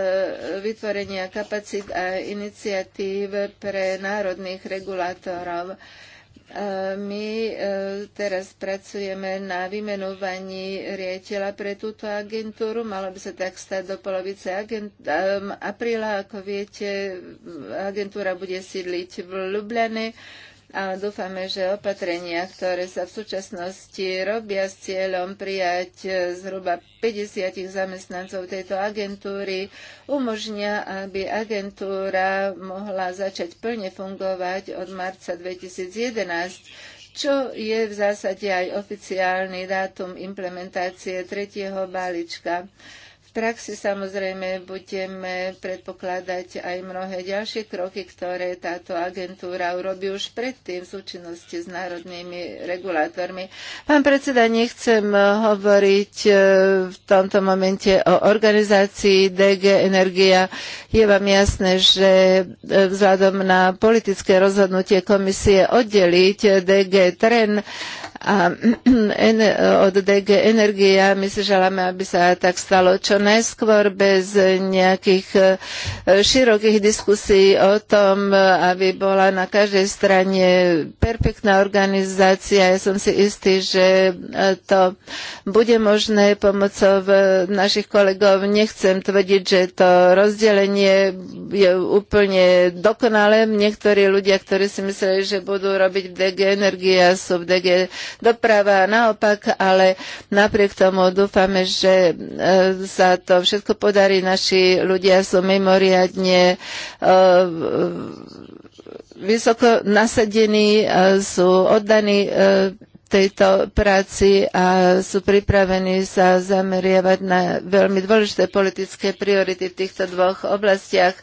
vytvorenia kapacít a iniciatív pre národných regulátorov. E, my e, teraz pracujeme na vymenovaní riaditeľa pre túto agentúru. Malo by sa tak stať do polovice agent- e, apríla. Ako viete, agentúra bude sídliť v Ljubljane a dúfame, že opatrenia, ktoré sa v súčasnosti robia s cieľom prijať e, zhruba 50 zamestnancov tejto agentúry, umožnia, aby agentúra mohla začať plne fungovať od marca 2011 čo je v zásade aj oficiálny dátum implementácie tretieho balíčka praxi samozrejme budeme predpokladať aj mnohé ďalšie kroky, ktoré táto agentúra urobí už predtým v súčinnosti s národnými regulátormi. Pán predseda, nechcem hovoriť e, v tomto momente o organizácii DG Energia. Je vám jasné, že e, vzhľadom na politické rozhodnutie komisie oddeliť DG Tren a [CLEARS THROAT] od DG Energia my si želáme, aby sa tak stalo čo najskôr bez nejakých e, širokých diskusí o tom, aby bola na každej strane perfektná organizácia. Ja som si istý, že e, to bude možné pomocou e, našich kolegov. Nechcem tvrdiť, že to rozdelenie je úplne dokonalé. Niektorí ľudia, ktorí si mysleli, že budú robiť v DG Energia, sú v DG doprava a naopak, ale napriek tomu dúfame, že e, sa to všetko podarí. Naši ľudia sú mimoriadne e, vysoko nasadení, e, sú oddaní tejto práci a sú pripravení sa zameriavať na veľmi dôležité politické priority v týchto dvoch oblastiach.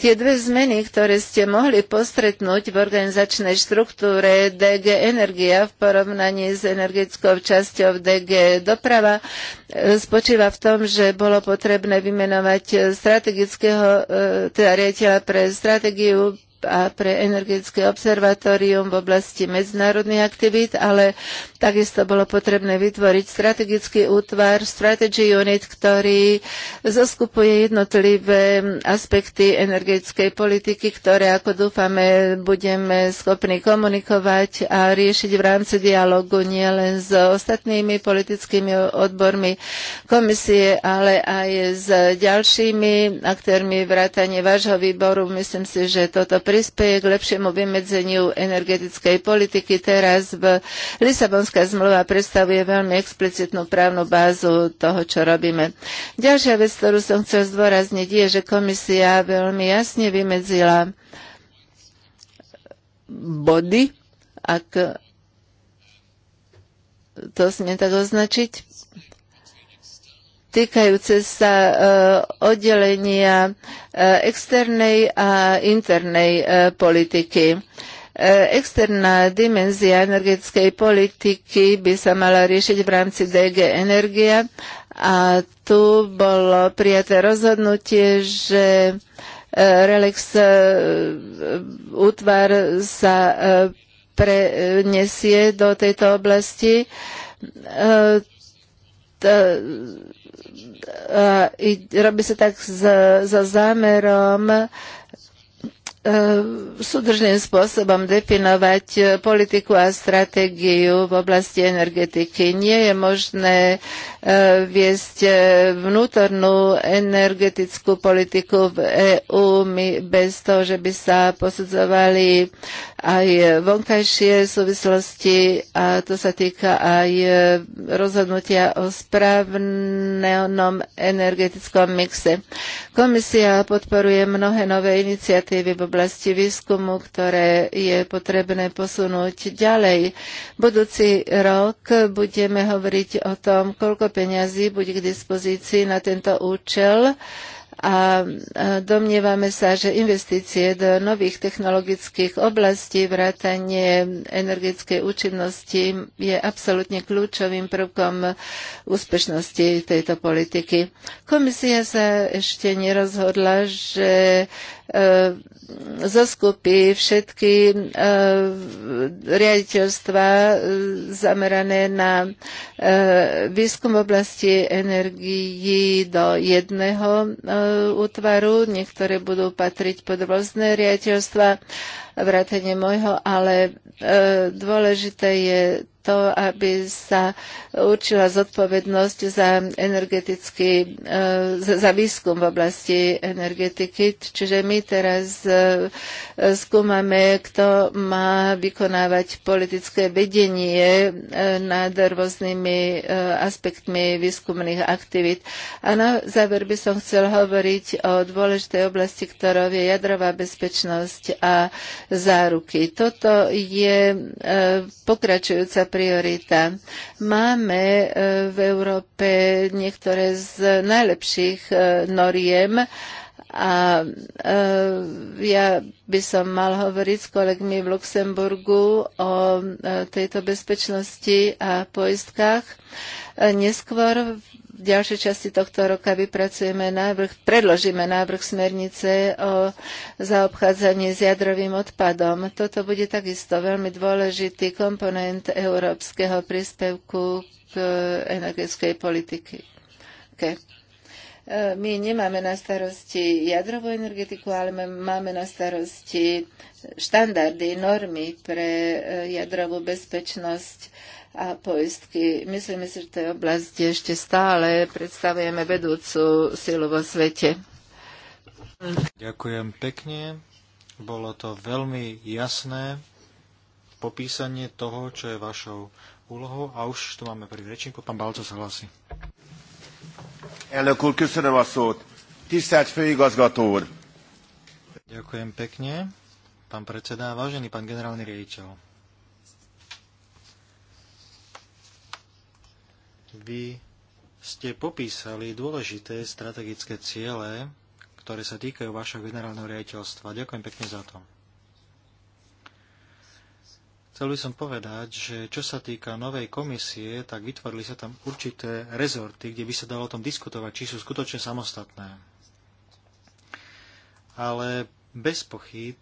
Tie dve zmeny, ktoré ste mohli postretnúť v organizačnej štruktúre DG Energia v porovnaní s energetickou časťou DG Doprava, e, spočíva v tom, že bolo potrebné vymenovať strategického, e, teda riaditeľa pre stratégiu a pre energetické observatórium v oblasti medzinárodných aktivít, ale takisto bolo potrebné vytvoriť strategický útvar, strategy unit, ktorý zoskupuje jednotlivé aspekty energetickej politiky, ktoré, ako dúfame, budeme schopní komunikovať a riešiť v rámci dialogu nielen s ostatnými politickými odbormi komisie, ale aj s ďalšími aktérmi vrátane vášho výboru. Myslím si, že toto prispieje k lepšiemu vymedzeniu energetickej politiky. Teraz v Lisabonská zmluva predstavuje veľmi explicitnú právnu bázu toho, čo robíme. Ďalšia vec, ktorú som chcel zdôrazniť, je, že komisia veľmi jasne vymedzila body, ak to smiem tak označiť, týkajúce sa eh, oddelenia eh, externej a internej eh, politiky externá dimenzia energetickej politiky by sa mala riešiť v rámci DG Energia a tu bolo prijaté rozhodnutie, že Relex útvar sa prenesie do tejto oblasti. Uh i robí sa tak za, za zámerom E, súdržným spôsobom definovať e, politiku a stratégiu v oblasti energetiky. Nie je možné e, viesť vnútornú energetickú politiku v EÚ bez toho, že by sa posudzovali aj vonkajšie súvislosti a to sa týka aj rozhodnutia o správnom energetickom mixe. Komisia podporuje mnohé nové iniciatívy v oblasti výskumu, ktoré je potrebné posunúť ďalej. Budúci rok budeme hovoriť o tom, koľko peňazí bude k dispozícii na tento účel a domnievame sa, že investície do nových technologických oblastí, vrátanie energetickej účinnosti je absolútne kľúčovým prvkom úspešnosti tejto politiky. Komisia sa ešte nerozhodla, že E, zoskupí všetky e, riaditeľstva e, zamerané na výskum oblasti energií do jedného útvaru. Niektoré budú patriť pod rôzne riaditeľstva vrátane môjho, ale dôležité je to, aby sa určila zodpovednosť za energetický, eh, za výskum v oblasti energetiky. Čiže my teraz eh, skúmame, kto má vykonávať politické vedenie eh, nad rôznymi aspektmi výskumných aktivít. A na záver by som chcel hovoriť o dôležitej oblasti, ktorou je jadrová bezpečnosť a záruky. Toto je pokračujúca priorita. Máme e, v Európe niektoré z najlepších e, noriem, a e, ja by som mal hovoriť s kolegmi v Luxemburgu o tejto bezpečnosti a poistkách. neskôr v ďalšej časti tohto roka vypracujeme návrh, predložíme návrh smernice o zaobchádzanie s jadrovým odpadom. Toto bude takisto veľmi dôležitý komponent európskeho príspevku k energetickej politike. Okay. My nemáme na starosti jadrovú energetiku, ale máme na starosti štandardy, normy pre jadrovú bezpečnosť a poistky. Myslíme si, že v tej oblasti ešte stále predstavujeme vedúcu silu vo svete. Ďakujem pekne. Bolo to veľmi jasné popísanie toho, čo je vašou úlohou. A už tu máme prvý rečníku. Pán Balco sa hlasí. Elnök úr, köszönöm a szót. Tisztelt főigazgató úr! Ďakujem pekne. Pán predseda, vážený pán generálny riaditeľ. Vy ste popísali dôležité strategické ciele, ktoré sa týkajú vašho generálneho riaditeľstva. Ďakujem pekne za to. Chcel by som povedať, že čo sa týka novej komisie, tak vytvorili sa tam určité rezorty, kde by sa dalo o tom diskutovať, či sú skutočne samostatné. Ale bez pochyb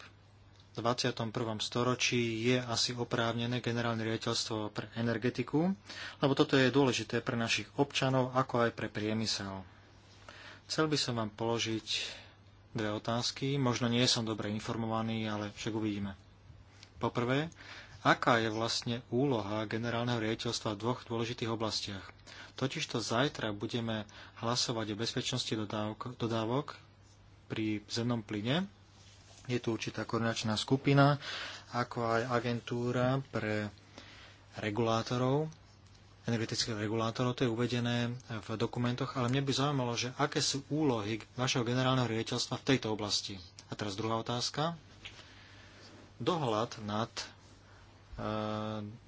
21. storočí je asi oprávnené generálne riaditeľstvo pre energetiku, lebo toto je dôležité pre našich občanov, ako aj pre priemysel. Chcel by som vám položiť dve otázky. Možno nie som dobre informovaný, ale však uvidíme. Poprvé, aká je vlastne úloha generálneho riaditeľstva v dvoch dôležitých oblastiach? Totižto zajtra budeme hlasovať o bezpečnosti dodávok pri zemnom plyne je tu určitá koordinačná skupina, ako aj agentúra pre regulátorov, energetických regulátorov, to je uvedené v dokumentoch, ale mne by zaujímalo, že aké sú úlohy vašeho generálneho riaditeľstva v tejto oblasti. A teraz druhá otázka. Dohľad nad e,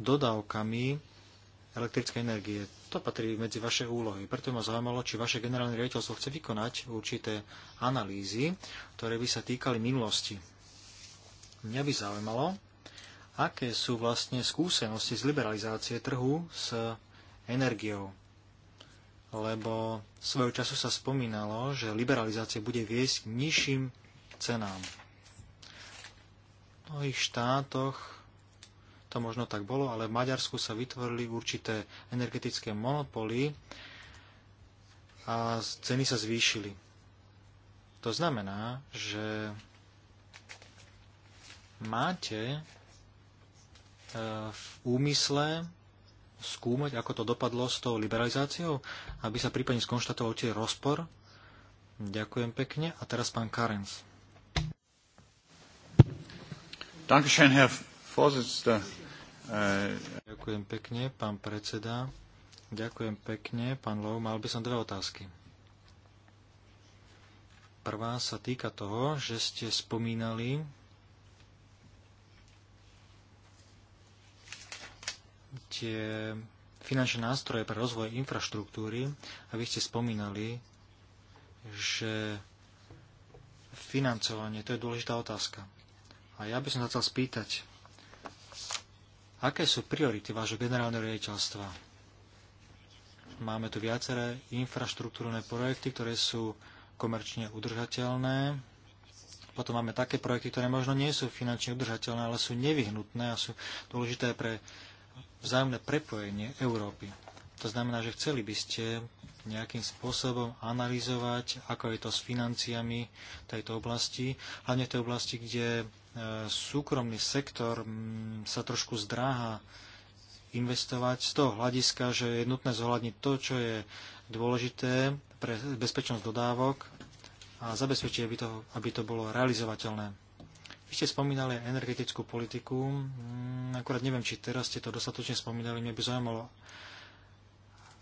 dodávkami elektrickej energie. To patrí medzi vaše úlohy. Preto ma zaujímalo, či vaše generálne riaditeľstvo chce vykonať určité analýzy, ktoré by sa týkali minulosti. Mňa by zaujímalo, aké sú vlastne skúsenosti z liberalizácie trhu s energiou. Lebo svojho času sa spomínalo, že liberalizácia bude viesť k nižším cenám. V mnohých štátoch to možno tak bolo, ale v Maďarsku sa vytvorili určité energetické monopoly a ceny sa zvýšili. To znamená, že máte e, v úmysle skúmať, ako to dopadlo s tou liberalizáciou, aby sa prípadne skonštatoval tie rozpor. Ďakujem pekne. A teraz pán Karens. Dankeschön, Herr Äh, Ďakujem pekne, pán predseda. Ďakujem pekne, pán Lov. Mal by som dve otázky. Prvá sa týka toho, že ste spomínali tie finančné nástroje pre rozvoj infraštruktúry a vy ste spomínali, že financovanie, to je dôležitá otázka. A ja by som sa chcel spýtať, Aké sú priority vášho generálneho riaditeľstva? Máme tu viaceré infraštruktúrne projekty, ktoré sú komerčne udržateľné. Potom máme také projekty, ktoré možno nie sú finančne udržateľné, ale sú nevyhnutné a sú dôležité pre vzájomné prepojenie Európy. To znamená, že chceli by ste nejakým spôsobom analyzovať, ako je to s financiami tejto oblasti, hlavne v tej oblasti, kde E, súkromný sektor sa trošku zdráha investovať z toho hľadiska, že je nutné zohľadniť to, čo je dôležité pre bezpečnosť dodávok a zabezpečiť, aby to, aby to bolo realizovateľné. Vy ste spomínali energetickú politiku, akurát neviem, či teraz ste to dostatočne spomínali, mne by zaujímalo,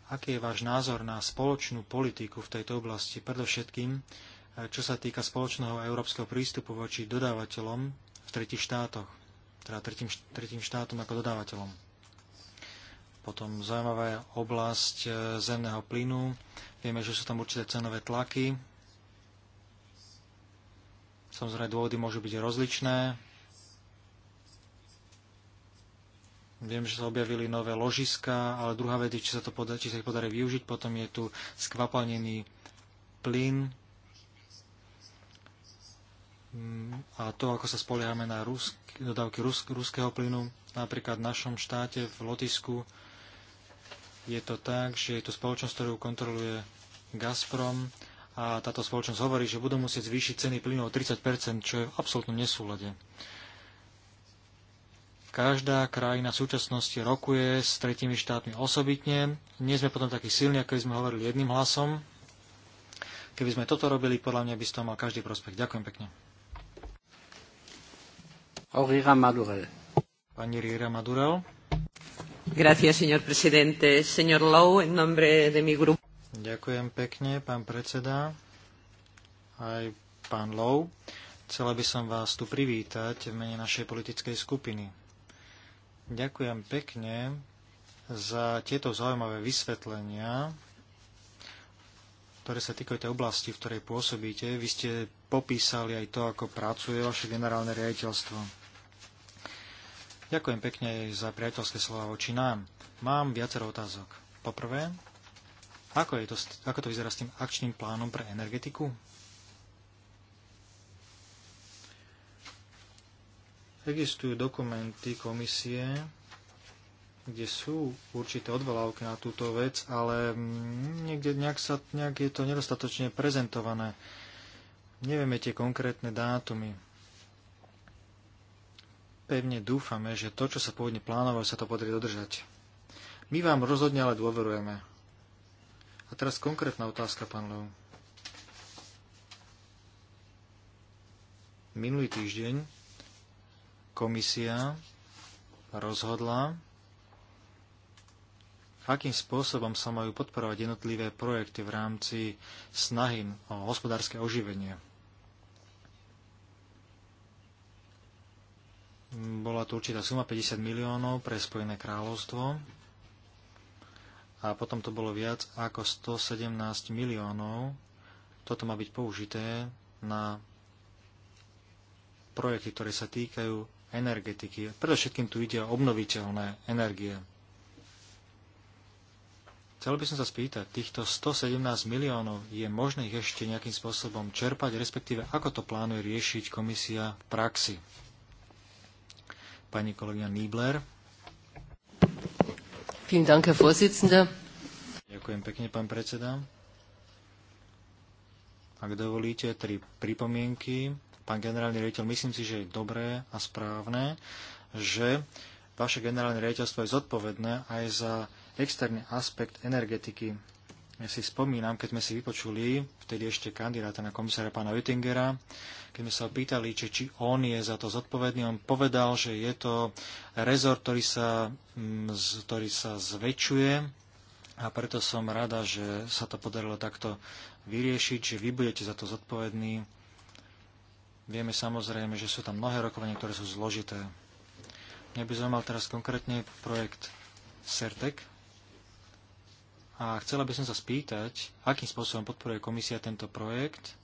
aký je váš názor na spoločnú politiku v tejto oblasti, predovšetkým čo sa týka spoločného európskeho prístupu voči dodávateľom v tretich štátoch, teda tretím, tretím štátom ako dodávateľom. Potom zaujímavá je oblasť e, zemného plynu. Vieme, že sú tam určité cenové tlaky. Samozrejme, dôvody môžu byť rozličné. Viem, že sa objavili nové ložiska, ale druhá vec či sa, to poda- či sa ich podarí využiť. Potom je tu skvapalnený plyn, a to, ako sa spoliehame na rusk, dodávky rusk, ruského plynu. Napríklad v našom štáte, v Lotisku, je to tak, že je to spoločnosť, ktorú kontroluje Gazprom a táto spoločnosť hovorí, že budú musieť zvýšiť ceny plynu o 30 čo je v absolútnom nesúlade. Každá krajina v súčasnosti rokuje s tretími štátmi osobitne. Nie sme potom takí silní, ako sme hovorili jedným hlasom. Keby sme toto robili, podľa mňa by z toho mal každý prospekt. Ďakujem pekne. Pani Ďakujem pekne, pán predseda, aj pán Lowe. Chcela by som vás tu privítať v mene našej politickej skupiny. Ďakujem pekne za tieto zaujímavé vysvetlenia, ktoré sa týkajú tej oblasti, v ktorej pôsobíte. Vy ste popísali aj to, ako pracuje vaše generálne riaditeľstvo. Ďakujem pekne za priateľské slova voči nám. Mám viacero otázok. Poprvé, ako, je to, ako to vyzerá s tým akčným plánom pre energetiku? Existujú dokumenty komisie, kde sú určité odvolávky na túto vec, ale niekde nejak, sa, nejak je to nedostatočne prezentované. Nevieme tie konkrétne dátumy pevne dúfame, že to, čo sa pôvodne plánovalo, sa to podarí dodržať. My vám rozhodne ale dôverujeme. A teraz konkrétna otázka, pán Leu. Minulý týždeň komisia rozhodla, akým spôsobom sa majú podporovať jednotlivé projekty v rámci snahy o hospodárske oživenie. bola to určitá suma 50 miliónov pre Spojené kráľovstvo a potom to bolo viac ako 117 miliónov. Toto má byť použité na projekty, ktoré sa týkajú energetiky. Predovšetkým tu ide o obnoviteľné energie. Chcel by som sa spýtať, týchto 117 miliónov je možné ich ešte nejakým spôsobom čerpať, respektíve ako to plánuje riešiť komisia v praxi? Pani kolegyňa Niebler. Ďakujem pekne, pán predseda. Ak dovolíte, tri pripomienky. Pán generálny riaditeľ, myslím si, že je dobré a správne, že vaše generálne riaditeľstvo je zodpovedné aj za externý aspekt energetiky ja si spomínam, keď sme si vypočuli vtedy ešte kandidáta na komisára pána Oettingera, keď sme sa pýtali, či, či on je za to zodpovedný, on povedal, že je to rezort, ktorý sa, mm, ktorý sa zväčšuje a preto som rada, že sa to podarilo takto vyriešiť, že vy budete za to zodpovední. Vieme samozrejme, že sú tam mnohé rokovania, ktoré sú zložité. Mňa by mal teraz konkrétne projekt SERTEC, a chcela by som sa spýtať, akým spôsobom podporuje komisia tento projekt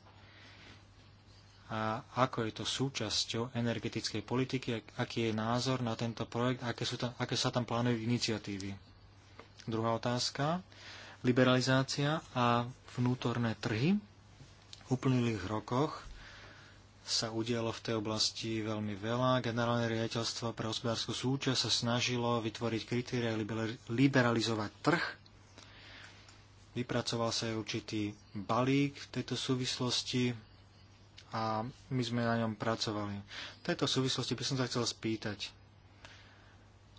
a ako je to súčasťou energetickej politiky, aký je názor na tento projekt, aké, sú tam, aké sa tam plánujú iniciatívy. Druhá otázka. Liberalizácia a vnútorné trhy. V uplynulých rokoch sa udialo v tej oblasti veľmi veľa. Generálne riaditeľstvo pre hospodárskú súčasť sa snažilo vytvoriť kritéria liberalizovať trh Vypracoval sa aj určitý balík v tejto súvislosti a my sme na ňom pracovali. V tejto súvislosti by som sa chcel spýtať,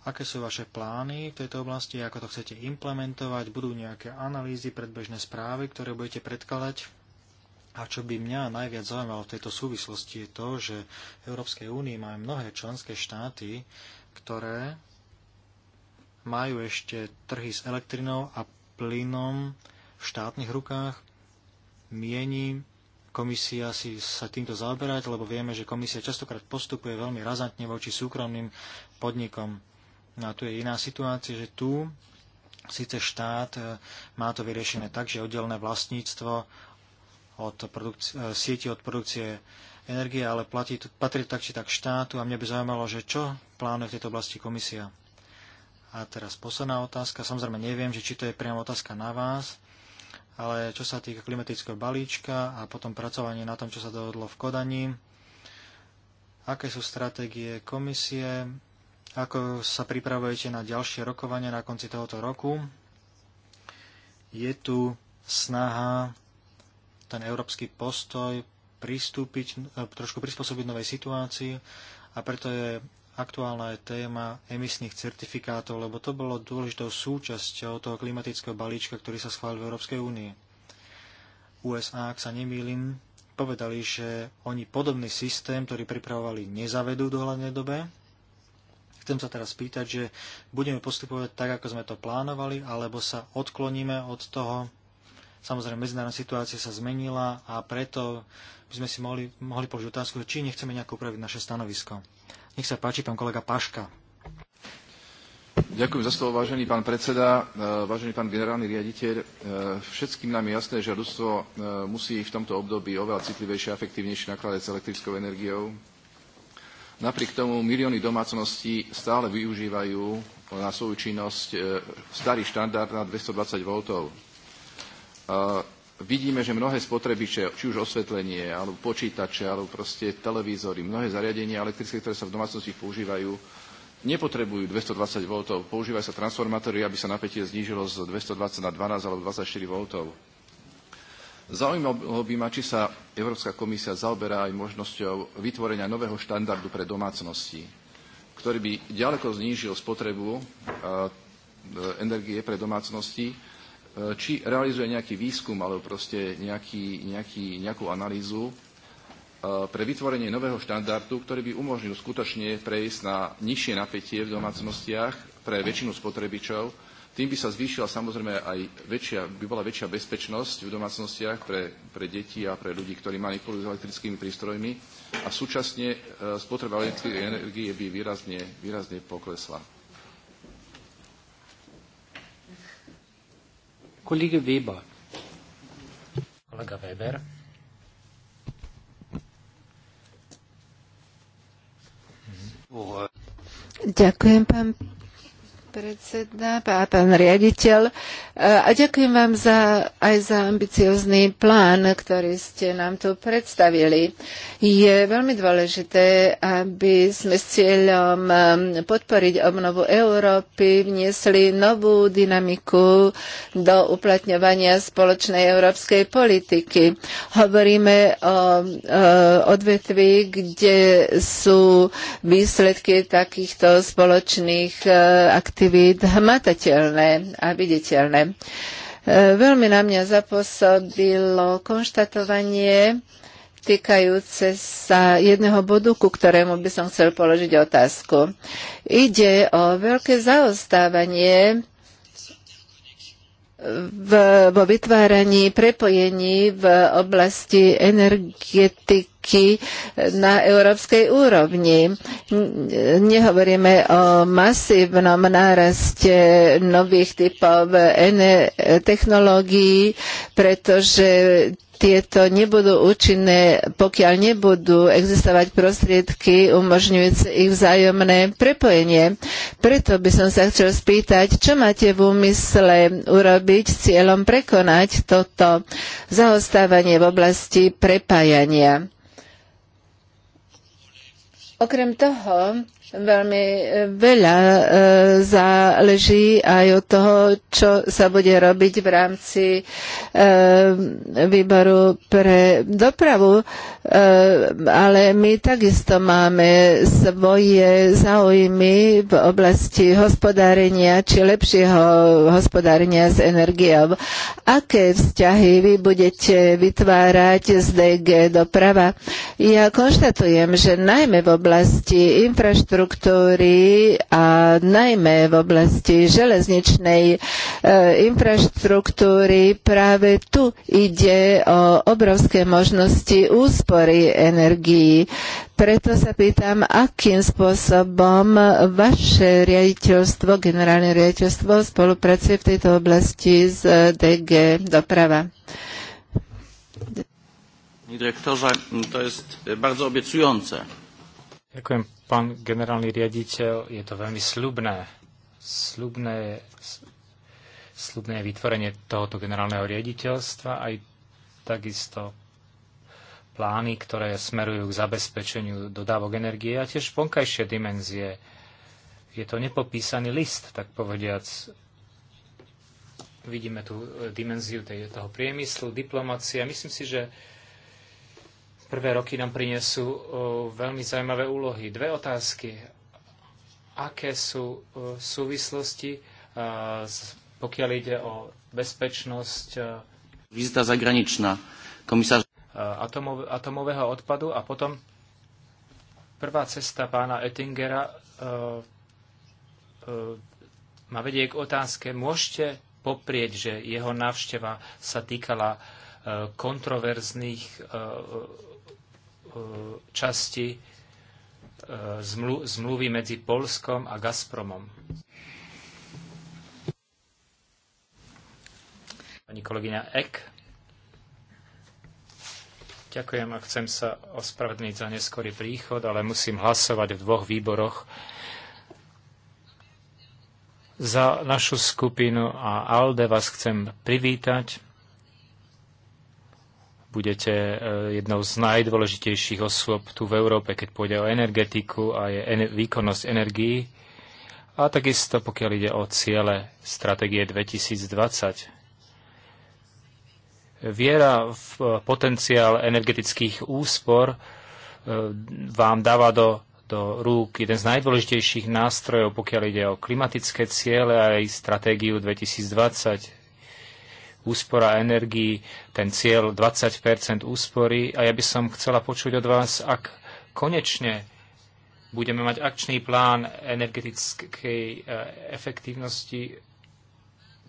aké sú vaše plány v tejto oblasti, ako to chcete implementovať, budú nejaké analýzy, predbežné správy, ktoré budete predkladať a čo by mňa najviac zaujímalo v tejto súvislosti je to, že v Európskej únii majú mnohé členské štáty, ktoré majú ešte trhy s elektrinou a plynom v štátnych rukách. Mieni komisia si sa týmto zaoberať, lebo vieme, že komisia častokrát postupuje veľmi razantne voči súkromným podnikom. No a tu je iná situácia, že tu síce štát e, má to vyriešené tak, že oddelené vlastníctvo od e, sieti od produkcie energie, ale platí, patrí tak či tak štátu a mne by zaujímalo, že čo plánuje v tejto oblasti komisia. A teraz posledná otázka. Samozrejme neviem, že či to je priamo otázka na vás, ale čo sa týka klimatického balíčka a potom pracovanie na tom, čo sa dohodlo v Kodani, aké sú stratégie komisie, ako sa pripravujete na ďalšie rokovanie na konci tohoto roku. Je tu snaha ten európsky postoj pristúpiť, eh, trošku prispôsobiť novej situácii a preto je aktuálna je téma emisných certifikátov, lebo to bolo dôležitou súčasťou toho klimatického balíčka, ktorý sa schválil v Európskej únii. USA, ak sa nemýlim, povedali, že oni podobný systém, ktorý pripravovali, nezavedú v dohľadnej dobe. Chcem sa teraz spýtať, že budeme postupovať tak, ako sme to plánovali, alebo sa odkloníme od toho Samozrejme, medzinárodná situácia sa zmenila a preto by sme si mohli, mohli položiť otázku, či nechceme nejako upraviť naše stanovisko. Nech sa páči, pán kolega Paška. Ďakujem za slovo, vážený pán predseda, e, vážený pán generálny riaditeľ. E, všetkým nám je jasné, že ľudstvo e, musí v tomto období oveľa citlivejšie a efektívnejšie nakladať s elektrickou energiou. Napriek tomu milióny domácností stále využívajú na svoju činnosť starý štandard na 220 V vidíme, že mnohé spotrebiče, či už osvetlenie, alebo počítače, alebo proste televízory, mnohé zariadenia elektrické, ktoré sa v domácnosti používajú, nepotrebujú 220 V, používajú sa transformátory, aby sa napätie znížilo z 220 na 12 alebo 24 V. Zaujímalo by ma, či sa Európska komisia zaoberá aj možnosťou vytvorenia nového štandardu pre domácnosti, ktorý by ďaleko znížil spotrebu e, energie pre domácnosti E, či realizuje nejaký výskum alebo proste nejaký, nejaký, nejakú analýzu e, pre vytvorenie nového štandardu, ktorý by umožnil skutočne prejsť na nižšie napätie v domácnostiach pre väčšinu spotrebičov. Tým by sa zvýšila samozrejme aj väčšia, by bola väčšia bezpečnosť v domácnostiach pre, pre deti a pre ľudí, ktorí manipulujú s elektrickými prístrojmi a súčasne e, spotreba elektrickej energie by výrazne, výrazne poklesla. Kolega Weber. Kolega Weber. Ďakujem, pán predseda, pán riaditeľ. E, a ďakujem vám za, aj za ambiciózny plán, ktorý ste nám tu predstavili. Je veľmi dôležité, aby sme s cieľom e, podporiť obnovu Európy vniesli novú dynamiku do uplatňovania spoločnej európskej politiky. Hovoríme o, o e, odvetví, kde sú výsledky takýchto spoločných aktivít aktivít hmatateľné a viditeľné. E, veľmi na mňa zapôsobilo konštatovanie týkajúce sa jedného bodu, ku ktorému by som chcel položiť otázku. Ide o veľké zaostávanie v, vo vytváraní prepojení v oblasti energetiky na európskej úrovni. Nehovoríme o masívnom náraste nových typov technológií, pretože tieto nebudú účinné, pokiaľ nebudú existovať prostriedky umožňujúce ich vzájomné prepojenie. Preto by som sa chcel spýtať, čo máte v úmysle urobiť s cieľom prekonať toto zaostávanie v oblasti prepájania. Okrem toho, veľmi e, veľa e, záleží aj od toho, čo sa bude robiť v rámci e, výboru pre dopravu, ale my takisto máme svoje záujmy v oblasti hospodárenia či lepšieho hospodárenia s energiou. Aké vzťahy vy budete vytvárať z DG doprava? Ja konštatujem, že najmä v oblasti infraštruktúry infraštruktúry a najmä v oblasti železničnej e, infraštruktúry práve tu ide o obrovské možnosti úspory energií. Preto sa pýtam, akým spôsobom vaše riaditeľstvo, generálne riaditeľstvo spolupracuje v tejto oblasti s e, DG Doprava. direktorze, to jest bardzo obiecujące. Ďakujem Pán generálny riaditeľ, je to veľmi slubné. Slubné, slubné vytvorenie tohoto generálneho riaditeľstva aj takisto plány, ktoré smerujú k zabezpečeniu dodávok energie a tiež vonkajšie dimenzie. Je to nepopísaný list, tak povediac. Vidíme tu dimenziu tej, toho priemyslu, diplomácie. Myslím si, že Prvé roky nám prinesú veľmi zaujímavé úlohy. Dve otázky. Aké sú súvislosti, pokiaľ ide o bezpečnosť? Vizita zagraničná. Komisár... Atomov, atomového odpadu a potom prvá cesta pána Ettingera ma vedie k otázke, môžete poprieť, že jeho návšteva sa týkala e, kontroverzných e, E, časti e, zmluvy medzi Polskom a Gazpromom. Pani kolegyňa Ek. Ďakujem a chcem sa ospravedlniť za neskorý príchod, ale musím hlasovať v dvoch výboroch za našu skupinu a ALDE vás chcem privítať budete e, jednou z najdôležitejších osôb tu v Európe, keď pôjde o energetiku a je ener- výkonnosť energií. A takisto, pokiaľ ide o ciele stratégie 2020. Viera v e, potenciál energetických úspor e, vám dáva do, do rúk jeden z najdôležitejších nástrojov, pokiaľ ide o klimatické ciele a aj stratégiu 2020 úspora energií, ten cieľ 20 úspory. A ja by som chcela počuť od vás, ak konečne budeme mať akčný plán energetickej e, efektívnosti,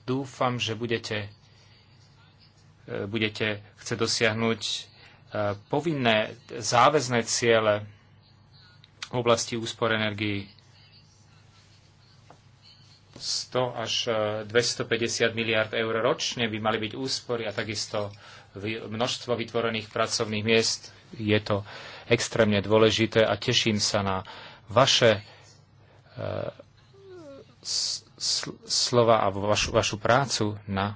dúfam, že budete, e, budete chce dosiahnuť e, povinné záväzné ciele v oblasti úspor energii. 100 až 250 e, miliard eur ročne by mali byť úspory a takisto množstvo vytvorených pracovných miest. Je to extrémne dôležité a teším sa na vaše e, slova a vašu, vašu prácu na e,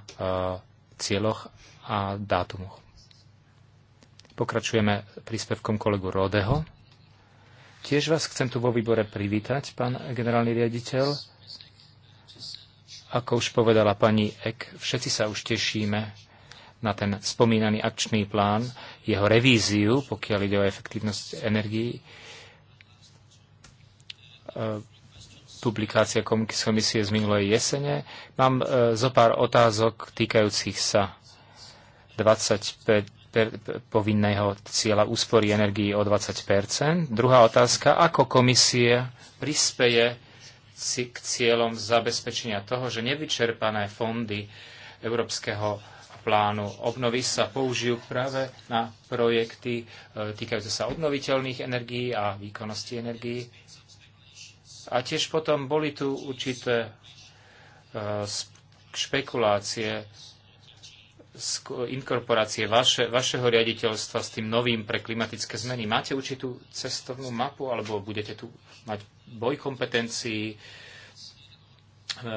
cieľoch a dátumoch. Pokračujeme príspevkom kolegu Rodeho. Tiež vás chcem tu vo výbore privítať, pán generálny riaditeľ. Ako už povedala pani Ek, všetci sa už tešíme na ten spomínaný akčný plán, jeho revíziu, pokiaľ ide o efektívnosť energii. E, publikácia komisie z minulej jesene. Mám e, zo pár otázok týkajúcich sa 25 povinného cieľa úspory energii o 20 Druhá otázka, ako komisie prispeje si k cieľom zabezpečenia toho, že nevyčerpané fondy Európskeho plánu obnovy sa použijú práve na projekty e, týkajúce sa obnoviteľných energií a výkonnosti energií. A tiež potom boli tu určité e, špekulácie z inkorporácie vaše, vašeho riaditeľstva s tým novým pre klimatické zmeny. Máte určitú cestovnú mapu alebo budete tu mať boj kompetencií e,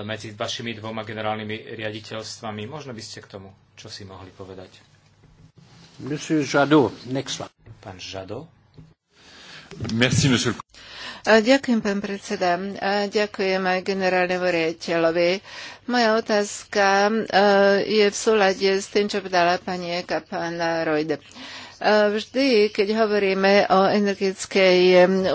medzi vašimi dvoma generálnymi riaditeľstvami. Možno by ste k tomu čo si mohli povedať. Pán Žado. Merci, monsieur. Ďakujem, pán predseda. ďakujem aj generálnemu riaditeľovi. Moja otázka e, je v súlade s tým, čo podala pani Eka, pán Rojde. E, vždy, keď hovoríme o energetickej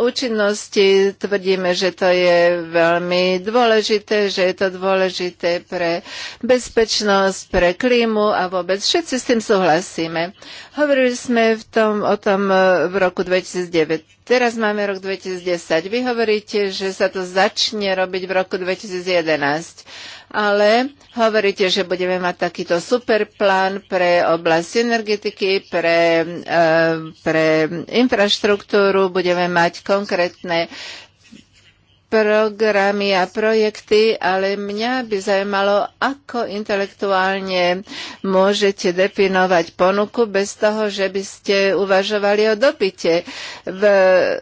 účinnosti, tvrdíme, že to je veľmi dôležité, že je to dôležité pre bezpečnosť, pre klímu a vôbec všetci s tým súhlasíme. Hovorili sme v tom, o tom e, v roku 2009. Teraz máme rok 2010. Vy hovoríte, že sa to začne robiť v roku 2011 ale hovoríte, že budeme mať takýto super plán pre oblasť energetiky, pre, eh, pre infraštruktúru, budeme mať konkrétne programy a projekty, ale mňa by zajímalo, ako intelektuálne môžete definovať ponuku bez toho, že by ste uvažovali o dopite. V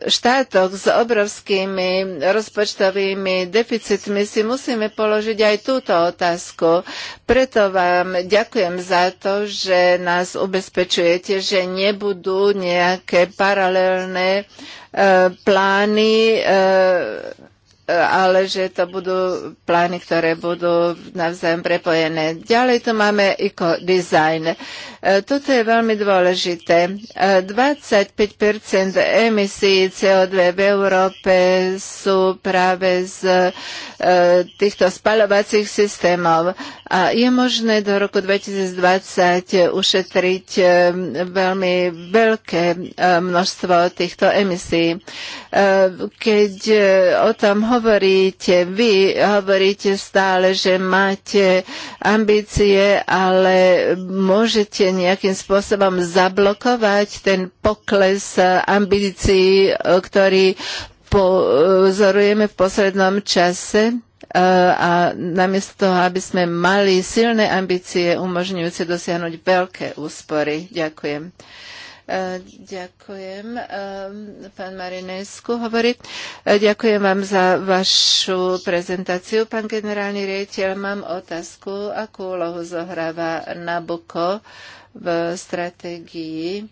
štátoch s obrovskými rozpočtovými deficitmi si musíme položiť aj túto otázku. Preto vám ďakujem za to, že nás ubezpečujete, že nebudú nejaké paralelné e, plány e, ale že to budú plány, ktoré budú navzájom prepojené. Ďalej tu máme eco-design. E, toto je veľmi dôležité. 25 e, emisí CO2 v Európe sú práve z e, týchto spalovacích systémov a je možné do roku 2020 ušetriť veľmi veľké množstvo týchto emisí. Keď o tom hovoríme, hovoríte. Vy hovoríte stále, že máte ambície, ale môžete nejakým spôsobom zablokovať ten pokles ambícií, ktorý pozorujeme v poslednom čase? E, a namiesto toho, aby sme mali silné ambície umožňujúce dosiahnuť veľké úspory. Ďakujem. Ďakujem, eh, pán Marinesku hovorí. Eh, ďakujem vám za vašu prezentáciu, pán generálny riaditeľ. Mám otázku, akú úlohu zohráva Nabuko v stratégii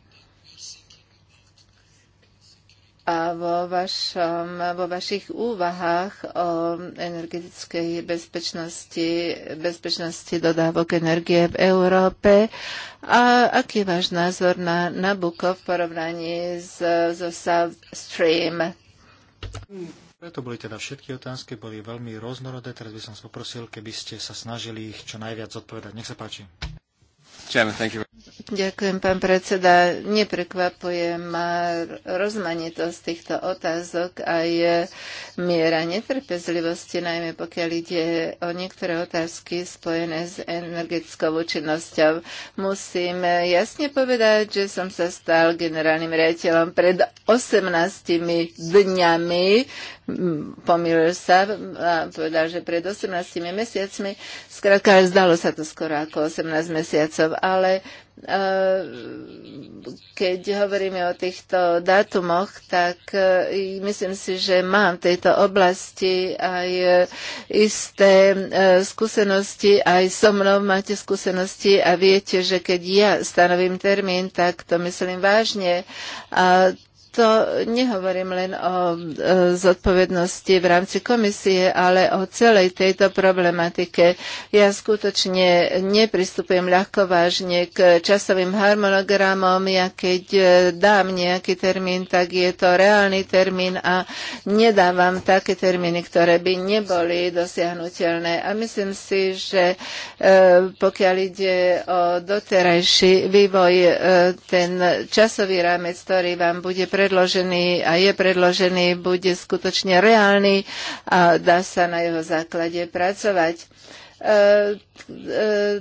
a vo, vašom, vo vašich úvahách o energetickej bezpečnosti, bezpečnosti dodávok energie v Európe a aký je váš názor na Nabucco v porovnaní s, so South Stream? Preto boli teda všetky otázky, boli veľmi rôznorodé. Teraz by som poprosil, keby ste sa snažili ich čo najviac odpovedať. Nech sa páči. Chairman, thank you. Ďakujem, pán predseda. Neprekvapuje ma rozmanitosť týchto otázok aj miera netrpezlivosti, najmä pokiaľ ide o niektoré otázky spojené s energetickou účinnosťou. Musím jasne povedať, že som sa stal generálnym riaditeľom pred 18 dňami. Pomýlil sa a povedal, že pred 18 mesiacmi. Skrátka, zdalo sa to skoro ako 18 mesiacov, ale Eh, keď hovoríme o týchto dátumoch, tak eh, myslím si, že mám v tejto oblasti aj eh, isté skúsenosti, aj so mnou máte skúsenosti a viete, že keď ja stanovím termín, tak to myslím vážne. A to nehovorím len o e, zodpovednosti v rámci komisie, ale o celej tejto problematike. Ja skutočne nepristupujem ľahko vážne k časovým harmonogramom. Ja keď e, dám nejaký termín, tak je to reálny termín a nedávam také termíny, ktoré by neboli dosiahnutelné. A myslím si, že e, pokiaľ ide o doterajší vývoj, ten časový rámec, ktorý vám bude pre predložený a je predložený, bude skutočne reálny a dá sa na jeho základe pracovať e, e,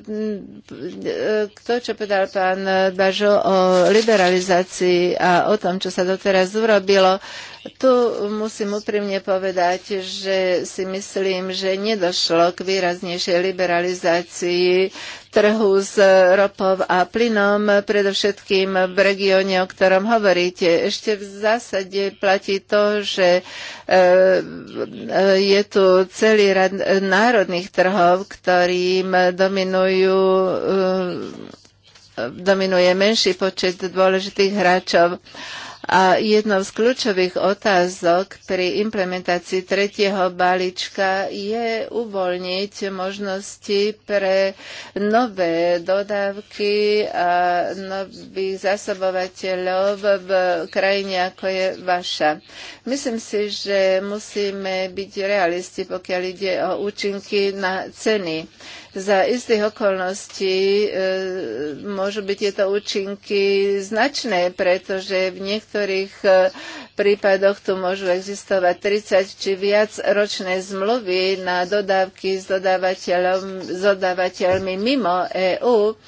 e, to, čo povedal pán Bažo o liberalizácii a o tom, čo sa doteraz urobilo, tu musím úprimne povedať, že si myslím, že nedošlo k výraznejšej liberalizácii trhu s ropou a plynom, predovšetkým v regióne, o ktorom hovoríte. Ešte v zásade platí to, že e, e, je tu celý rad národných trhov, ktorým dominujú e, dominuje menší počet dôležitých hráčov. A jednou z kľúčových otázok pri implementácii tretieho balíčka je uvoľniť možnosti pre nové dodávky a nových zasobovateľov v krajine, ako je vaša. Myslím si, že musíme byť realisti, pokiaľ ide o účinky na ceny za istých okolností e, môžu byť tieto účinky značné, pretože v niektorých e, prípadoch tu môžu existovať 30 či viac ročné zmluvy na dodávky s, s dodávateľmi mimo EÚ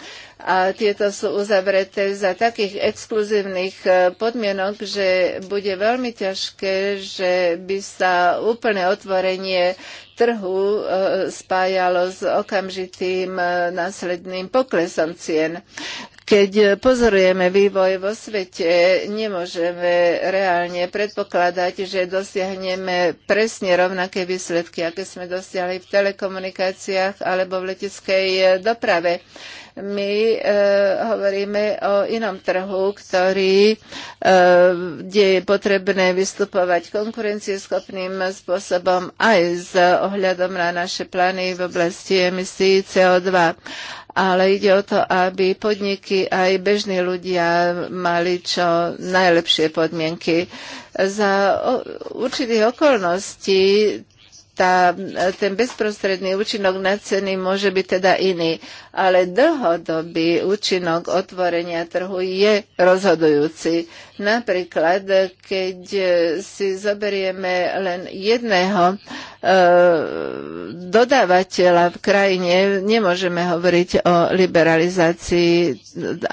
a tieto sú uzavreté za takých exkluzívnych e, podmienok, že bude veľmi ťažké, že by sa úplné otvorenie trhu e, spájalo s okamžitým e, následným poklesom cien. Keď pozorujeme vývoj vo svete, nemôžeme reálne predpokladať, že dosiahneme presne rovnaké výsledky, aké sme dosiahli v telekomunikáciách alebo v leteckej doprave. My e, hovoríme o inom trhu, ktorý, e, kde je potrebné vystupovať konkurencieschopným spôsobom aj s ohľadom na naše plány v oblasti emisí CO2 ale ide o to, aby podniky aj bežní ľudia mali čo najlepšie podmienky. Za určitých okolností tá, ten bezprostredný účinok na ceny môže byť teda iný, ale dlhodobý účinok otvorenia trhu je rozhodujúci. Napríklad, keď si zoberieme len jedného e, dodávateľa v krajine, nemôžeme hovoriť o liberalizácii.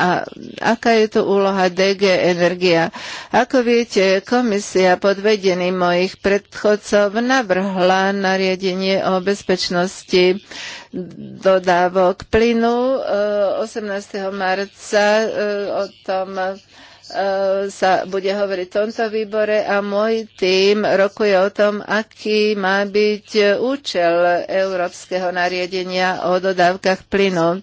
A aká je tu úloha DG Energia? Ako viete, komisia pod vedením mojich predchodcov navrhla nariadenie o bezpečnosti dodávok plynu 18. E, marca e, o tom E, sa bude hovoriť v tomto výbore a môj tým rokuje o tom, aký má byť účel európskeho nariadenia o dodávkach plynu.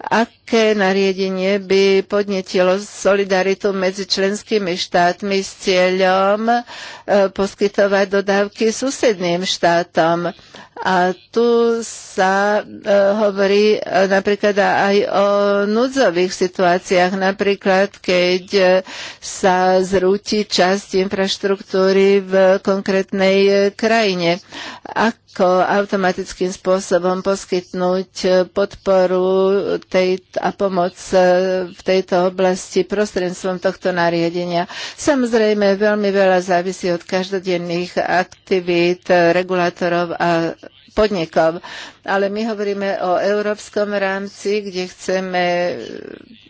Ak Také nariadenie by podnetilo solidaritu medzi členskými štátmi s cieľom e, poskytovať dodávky susedným štátom. A tu sa e, hovorí e, napríklad aj o núdzových situáciách, napríklad keď sa zrúti časť infraštruktúry v konkrétnej krajine. Ako automatickým spôsobom poskytnúť podporu tej, a pomoc e, v tejto oblasti prostredstvom tohto nariadenia. Samozrejme, veľmi veľa závisí od každodenných aktivít e, regulátorov a podnikov. Ale my hovoríme o európskom rámci, kde chceme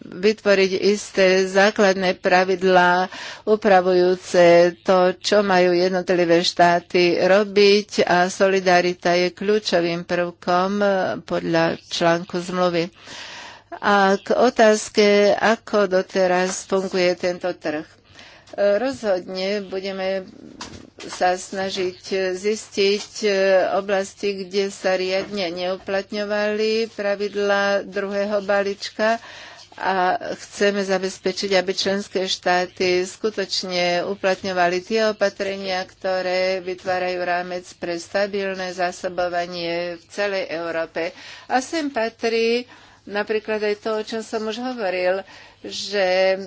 vytvoriť isté základné pravidlá upravujúce to, čo majú jednotlivé štáty robiť a solidarita je kľúčovým prvkom podľa článku zmluvy. A k otázke, ako doteraz funguje tento trh. E, rozhodne budeme sa snažiť zistiť e, oblasti, kde sa riadne neuplatňovali pravidla druhého balíčka a chceme zabezpečiť, aby členské štáty skutočne uplatňovali tie opatrenia, ktoré vytvárajú rámec pre stabilné zásobovanie v celej Európe. A sem patrí Napríklad aj to, o čom som už hovoril, že e,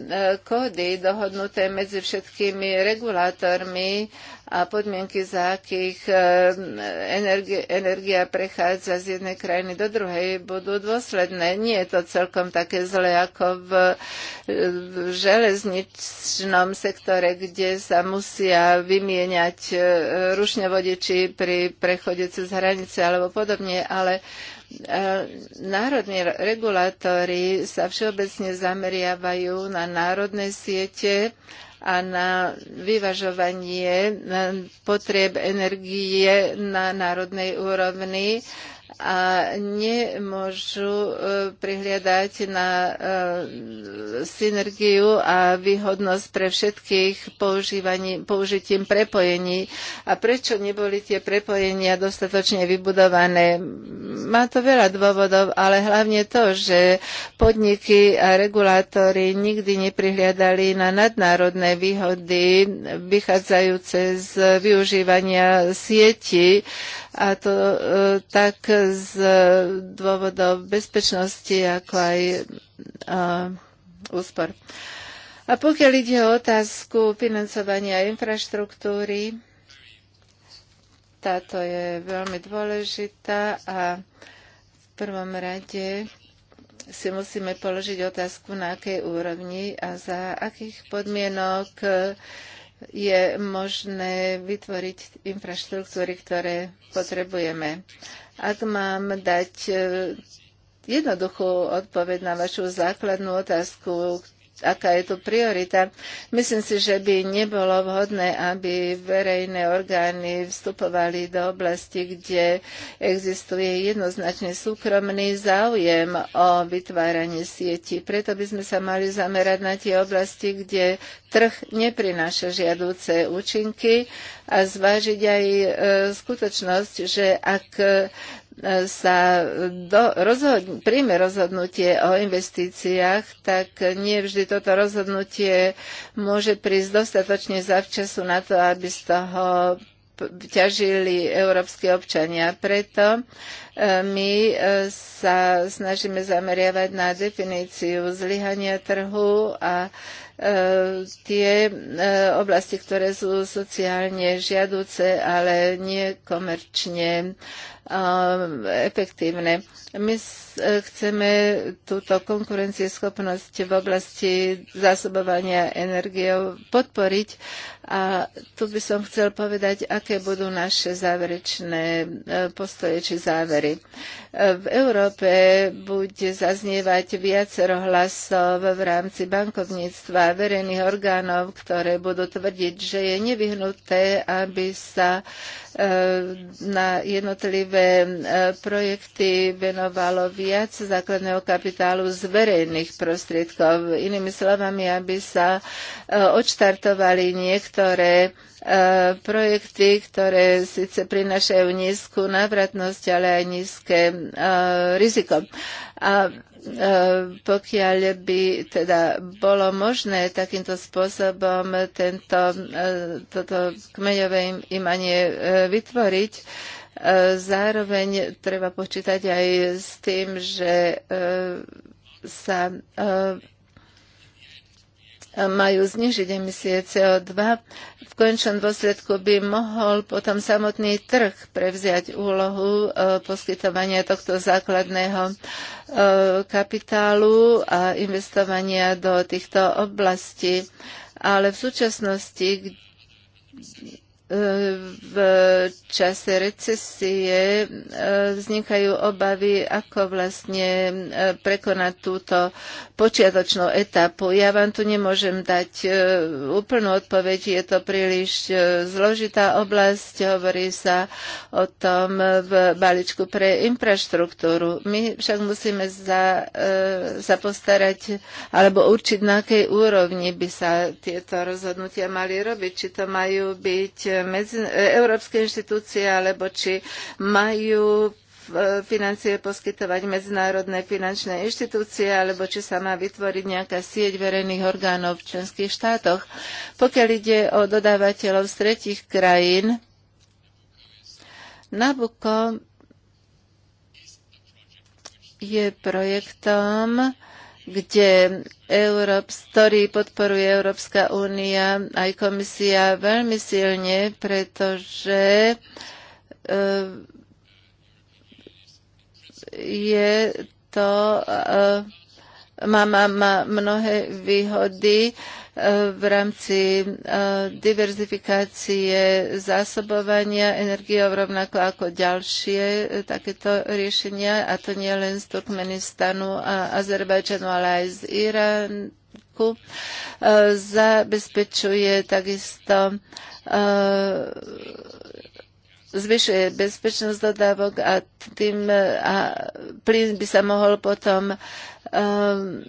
kódy dohodnuté medzi všetkými regulátormi a podmienky, za akých e, energia prechádza z jednej krajiny do druhej, budú dôsledné. Nie je to celkom také zlé ako v, e, železničnom sektore, kde sa musia vymieňať vodiči pri prechode cez hranice alebo podobne, ale E, národní regulátory sa všeobecne zameriavajú na národné siete a na vyvažovanie e, potrieb energie na národnej úrovni a nemôžu e, prihliadať na e, synergiu a výhodnosť pre všetkých použitím prepojení. A prečo neboli tie prepojenia dostatočne vybudované? Má to veľa dôvodov, ale hlavne to, že podniky a regulátory nikdy neprihliadali na nadnárodné výhody vychádzajúce z využívania sieti a to e, tak z dôvodov bezpečnosti, ako aj e, úspor. A pokiaľ ide o otázku financovania infraštruktúry, táto je veľmi dôležitá a v prvom rade si musíme položiť otázku, na akej úrovni a za akých podmienok je možné vytvoriť infraštruktúry, ktoré potrebujeme. Ak mám dať eh, jednoduchú odpoveď na vašu základnú otázku, aká je tu priorita. Myslím si, že by nebolo vhodné, aby verejné orgány vstupovali do oblasti, kde existuje jednoznačne súkromný záujem o vytváranie sieti. Preto by sme sa mali zamerať na tie oblasti, kde trh neprináša žiadúce účinky a zvážiť aj e, skutočnosť, že ak sa do, rozhod, príjme rozhodnutie o investíciách, tak nie vždy toto rozhodnutie môže prísť dostatočne zavčasu na to, aby z toho ťažili európsky občania. Preto my e, sa snažíme zameriavať na definíciu zlyhania trhu a e, tie e, oblasti, ktoré sú sociálne žiaduce, ale nie komerčne efektívne. My chceme túto konkurencieschopnosť v oblasti zásobovania energiou podporiť a tu by som chcel povedať, aké budú naše záverečné postoje či závery. V Európe bude zaznievať viacero hlasov v rámci bankovníctva verejných orgánov, ktoré budú tvrdiť, že je nevyhnuté, aby sa e, na jednotlivé e, projekty venovalo viac základného kapitálu z verejných prostriedkov. Inými slovami, aby sa e, odštartovali niektoré E, projekty, ktoré síce prinašajú nízku návratnosť, ale aj nízke e, riziko. A e, pokiaľ by teda bolo možné takýmto spôsobom tento, toto kmeňové imanie vytvoriť, zároveň treba počítať aj s tým, že sa majú znižiť emisie CO2. V končnom dôsledku by mohol potom samotný trh prevziať úlohu e, poskytovania tohto základného e, kapitálu a investovania do týchto oblastí. Ale v súčasnosti, v čase recesie e, vznikajú obavy, ako vlastne e, prekonať túto počiatočnú etapu. Ja vám tu nemôžem dať e, úplnú odpoveď, je to príliš zložitá oblasť, hovorí sa o tom v balíčku pre infraštruktúru. My však musíme za, za postarať alebo určiť, na akej úrovni by sa tieto rozhodnutia mali robiť, či to majú byť medzi, e, európske inštitúcie alebo či majú e, financie poskytovať medzinárodné finančné inštitúcie, alebo či sa má vytvoriť nejaká sieť verejných orgánov v členských štátoch. Pokiaľ ide o dodávateľov z tretich krajín, Nabucco je projektom, kde Európs, ktorý podporuje Európska únia aj komisia veľmi silne, pretože eh, je to eh, Mama má mnohé výhody e, v rámci e, diverzifikácie zásobovania energiou rovnako ako ďalšie e, takéto riešenia, a to nie len z Turkmenistanu a Azerbajdžanu, ale aj z Iránku. Zabezpečuje takisto zvyšuje bezpečnosť dodávok a tým a plyn by sa mohol potom Ehm,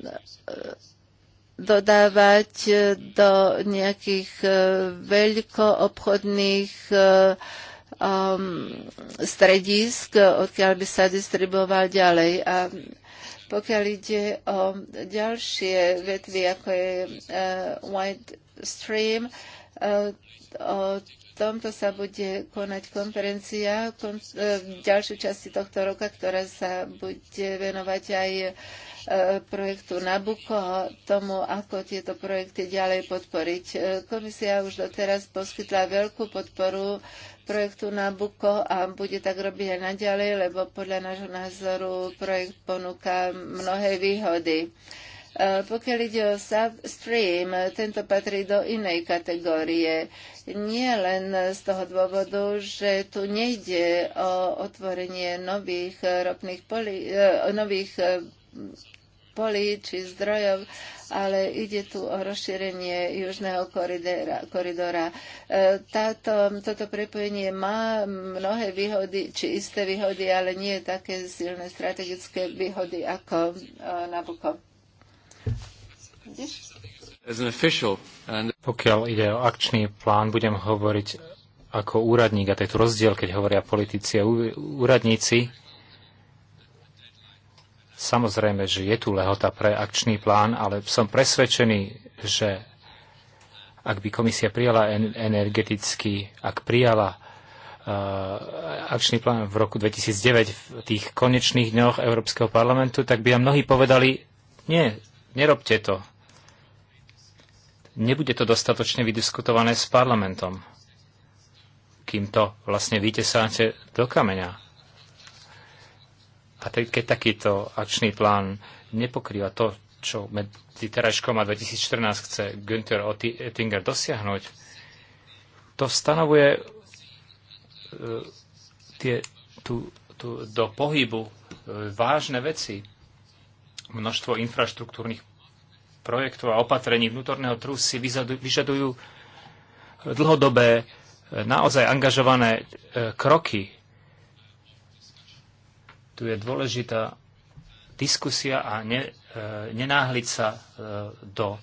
dodávať eh, do nejakých eh, veľkoobchodných um, stredisk, odkiaľ by sa distribuoval ďalej. A pokiaľ ide o ďalšie vetvy, ako je uh, White Stream, uh, o tomto sa bude konať konferencia e, v ďalšej časti tohto roka, ktorá sa bude venovať aj e, projektu Nabuko, tomu, ako tieto projekty ďalej podporiť. E, komisia už doteraz poskytla veľkú podporu projektu Nabuko a bude tak robiť aj naďalej, lebo podľa nášho názoru projekt ponúka mnohé výhody. E, pokiaľ ide o substream, tento patrí do inej kategórie. Nie len z toho dôvodu, že tu nejde o otvorenie nových ropných polí, e, nových e, polí či zdrojov, ale ide tu o rozšírenie južného koridora. koridora. Táto, toto prepojenie má mnohé výhody, či isté výhody, ale nie také silné strategické výhody ako Nabucco. Pokiaľ ide o akčný plán, budem hovoriť ako úradník, a to je tu rozdiel, keď hovoria politici a úradníci. Samozrejme, že je tu lehota pre akčný plán, ale som presvedčený, že ak by komisia prijala energetický, ak prijala uh, akčný plán v roku 2009 v tých konečných dňoch Európskeho parlamentu, tak by nám mnohí povedali, nie, nerobte to nebude to dostatočne vydiskutované s parlamentom, kým to vlastne vytesáte do kameňa. A te, keď takýto akčný plán nepokrýva to, čo medzi terajškom a 2014 chce Günther Oettinger dosiahnuť, to stanovuje uh, tie, tu, tu, do pohybu uh, vážne veci. Množstvo infraštruktúrnych projektov a opatrení vnútorného trhu si vyžadujú dlhodobé, e, naozaj angažované e, kroky. Tu je dôležitá diskusia a ne, e, nenáhliť sa do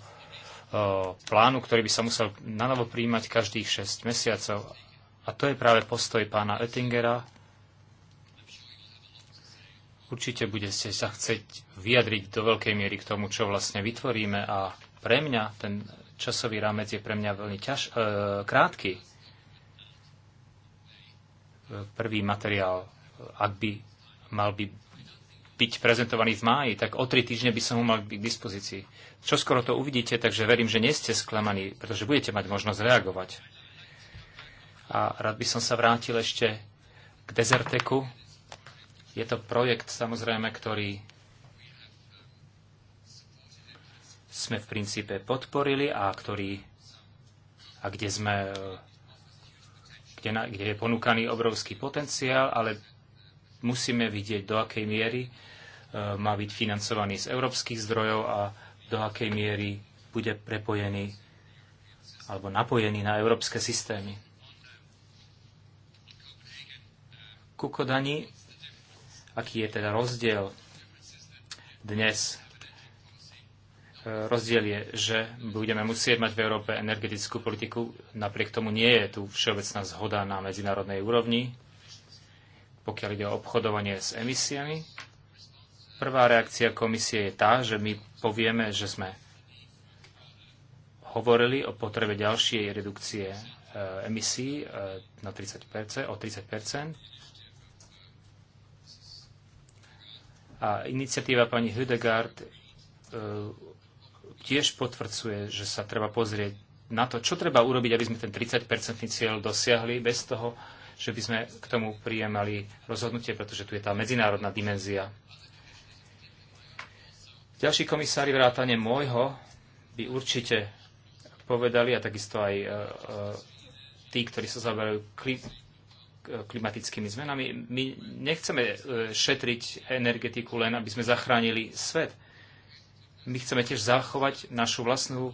plánu, ktorý by sa musel nanovo príjmať každých 6 mesiacov. A to je práve postoj pána Oettingera Určite budete sa chcieť vyjadriť do veľkej miery k tomu, čo vlastne vytvoríme a pre mňa ten časový rámec je pre mňa veľmi ťaž, e, krátky. Prvý materiál, ak by mal by byť prezentovaný v máji, tak o tri týždne by som ho mal byť k dispozícii. Čo skoro to uvidíte, takže verím, že nie ste sklamaní, pretože budete mať možnosť reagovať. A rád by som sa vrátil ešte k Deserteku je to projekt samozrejme, ktorý sme v princípe podporili a ktorý a kde sme kde, na, kde je ponúkaný obrovský potenciál, ale musíme vidieť, do akej miery e, má byť financovaný z európskych zdrojov a do akej miery bude prepojený alebo napojený na európske systémy. Kukodani aký je teda rozdiel dnes. E, rozdiel je, že budeme musieť mať v Európe energetickú politiku, napriek tomu nie je tu všeobecná zhoda na medzinárodnej úrovni, pokiaľ ide o obchodovanie s emisiami. Prvá reakcia komisie je tá, že my povieme, že sme hovorili o potrebe ďalšej redukcie e, emisí e, na 30%, o 30%, A iniciatíva pani Hüdegard e, tiež potvrdzuje, že sa treba pozrieť na to, čo treba urobiť, aby sme ten 30-percentný cieľ dosiahli bez toho, že by sme k tomu prijemali rozhodnutie, pretože tu je tá medzinárodná dimenzia. Ďalší komisári vrátane môjho by určite povedali, a takisto aj e, e, tí, ktorí sa zaberajú klimatickými zmenami. My nechceme e, šetriť energetiku len, aby sme zachránili svet. My chceme tiež zachovať našu vlastnú e,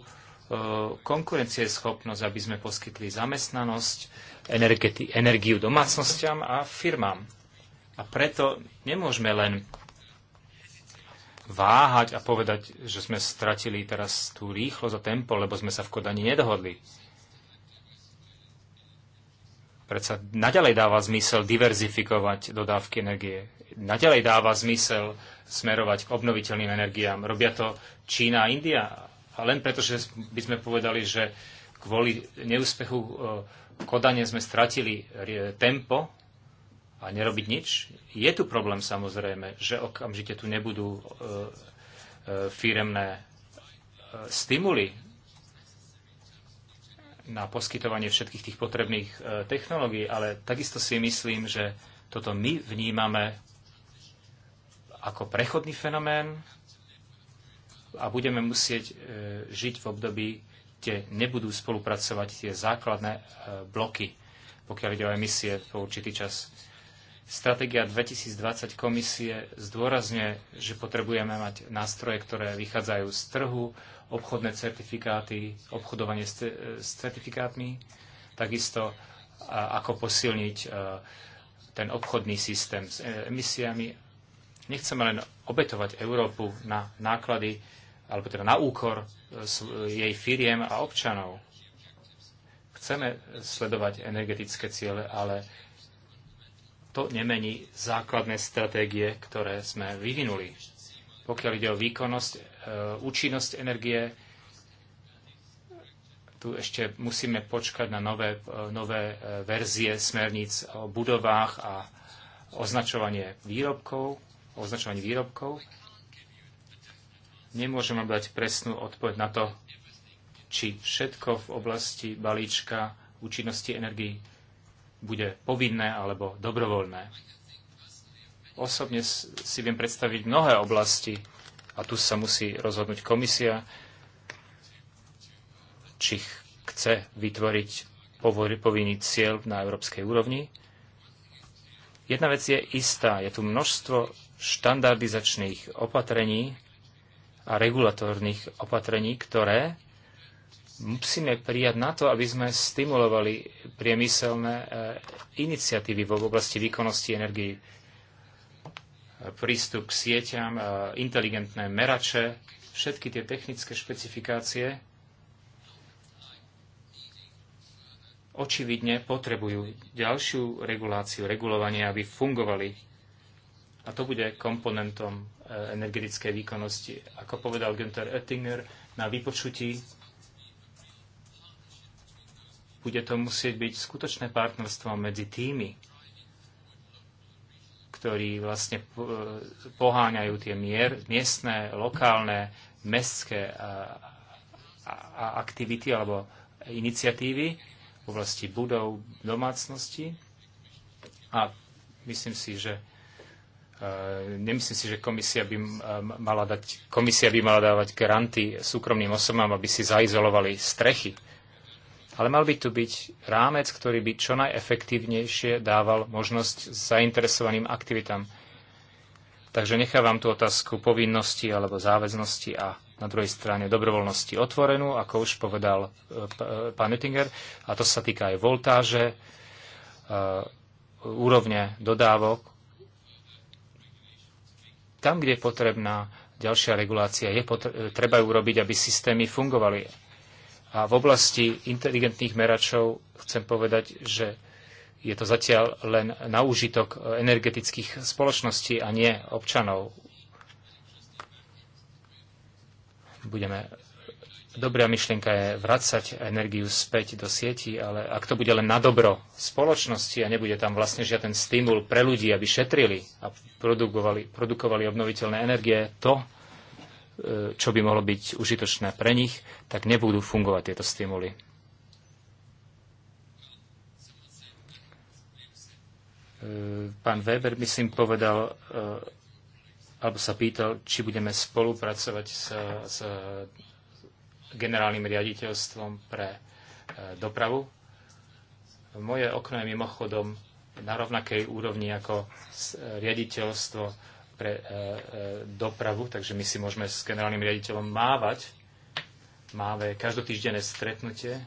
konkurencieschopnosť, aby sme poskytli zamestnanosť, energiu domácnostiam a firmám. A preto nemôžeme len váhať a povedať, že sme stratili teraz tú rýchlosť a tempo, lebo sme sa v Kodani nedohodli Predsa naďalej dáva zmysel diverzifikovať dodávky energie. Naďalej dáva zmysel smerovať k obnoviteľným energiám. Robia to Čína a India. A len preto, že by sme povedali, že kvôli neúspechu e, Kodane sme stratili e, tempo a nerobiť nič. Je tu problém samozrejme, že okamžite tu nebudú e, firemné stimuly na poskytovanie všetkých tých potrebných e, technológií, ale takisto si myslím, že toto my vnímame ako prechodný fenomén a budeme musieť e, žiť v období, kde nebudú spolupracovať tie základné e, bloky, pokiaľ ide o emisie po určitý čas. Stratégia 2020 komisie zdôrazňuje, že potrebujeme mať nástroje, ktoré vychádzajú z trhu, obchodné certifikáty, obchodovanie s, s certifikátmi, takisto ako posilniť e, ten obchodný systém s e, emisiami. Nechceme len obetovať Európu na náklady, alebo teda na úkor e, jej firiem a občanov. Chceme sledovať energetické ciele, ale to nemení základné stratégie, ktoré sme vyvinuli. Pokiaľ ide o výkonnosť, E, účinnosť energie. Tu ešte musíme počkať na nové, e, nové e, verzie smerníc o budovách a označovanie výrobkov. Označovanie výrobkov. Nemôžem vám dať presnú odpoveď na to, či všetko v oblasti balíčka účinnosti energii bude povinné alebo dobrovoľné. Osobne si viem predstaviť mnohé oblasti, a tu sa musí rozhodnúť komisia, či chce vytvoriť povinný cieľ na európskej úrovni. Jedna vec je istá, je tu množstvo štandardizačných opatrení a regulatórnych opatrení, ktoré musíme prijať na to, aby sme stimulovali priemyselné e, iniciatívy v oblasti výkonnosti energii prístup k sieťam, inteligentné merače, všetky tie technické špecifikácie očividne potrebujú ďalšiu reguláciu, regulovanie, aby fungovali. A to bude komponentom e, energetickej výkonnosti. Ako povedal Günther Oettinger na vypočutí, bude to musieť byť skutočné partnerstvo medzi tými, ktorí vlastne e, poháňajú tie mier, miestne, lokálne, mestské a, a, a aktivity alebo iniciatívy v oblasti budov, domácnosti. A myslím si, že e, nemyslím si, že komisia by mala dať, komisia by mala dávať granty súkromným osobám, aby si zaizolovali strechy ale mal by tu byť rámec, ktorý by čo najefektívnejšie dával možnosť zainteresovaným aktivitám. Takže nechávam tú otázku povinnosti alebo záväznosti a na druhej strane dobrovoľnosti otvorenú, ako už povedal e, e, pán Oettinger, a to sa týka aj voltáže, e, úrovne dodávok. Tam, kde je potrebná ďalšia regulácia, je potre- treba ju urobiť, aby systémy fungovali a v oblasti inteligentných meračov chcem povedať, že je to zatiaľ len na úžitok energetických spoločností a nie občanov. Budeme Dobrá myšlienka je vracať energiu späť do sieti, ale ak to bude len na dobro spoločnosti a nebude tam vlastne žiaden stimul pre ľudí, aby šetrili a produkovali, produkovali obnoviteľné energie, to E, čo by mohlo byť užitočné pre nich, tak nebudú fungovať tieto stimuly. E, pán Weber, myslím, povedal, e, alebo sa pýtal, či budeme spolupracovať s, s generálnym riaditeľstvom pre dopravu. Moje okno je mimochodom na rovnakej úrovni ako riaditeľstvo pre e, e, dopravu, takže my si môžeme s generálnym riaditeľom mávať. Máme každotýždenné stretnutie.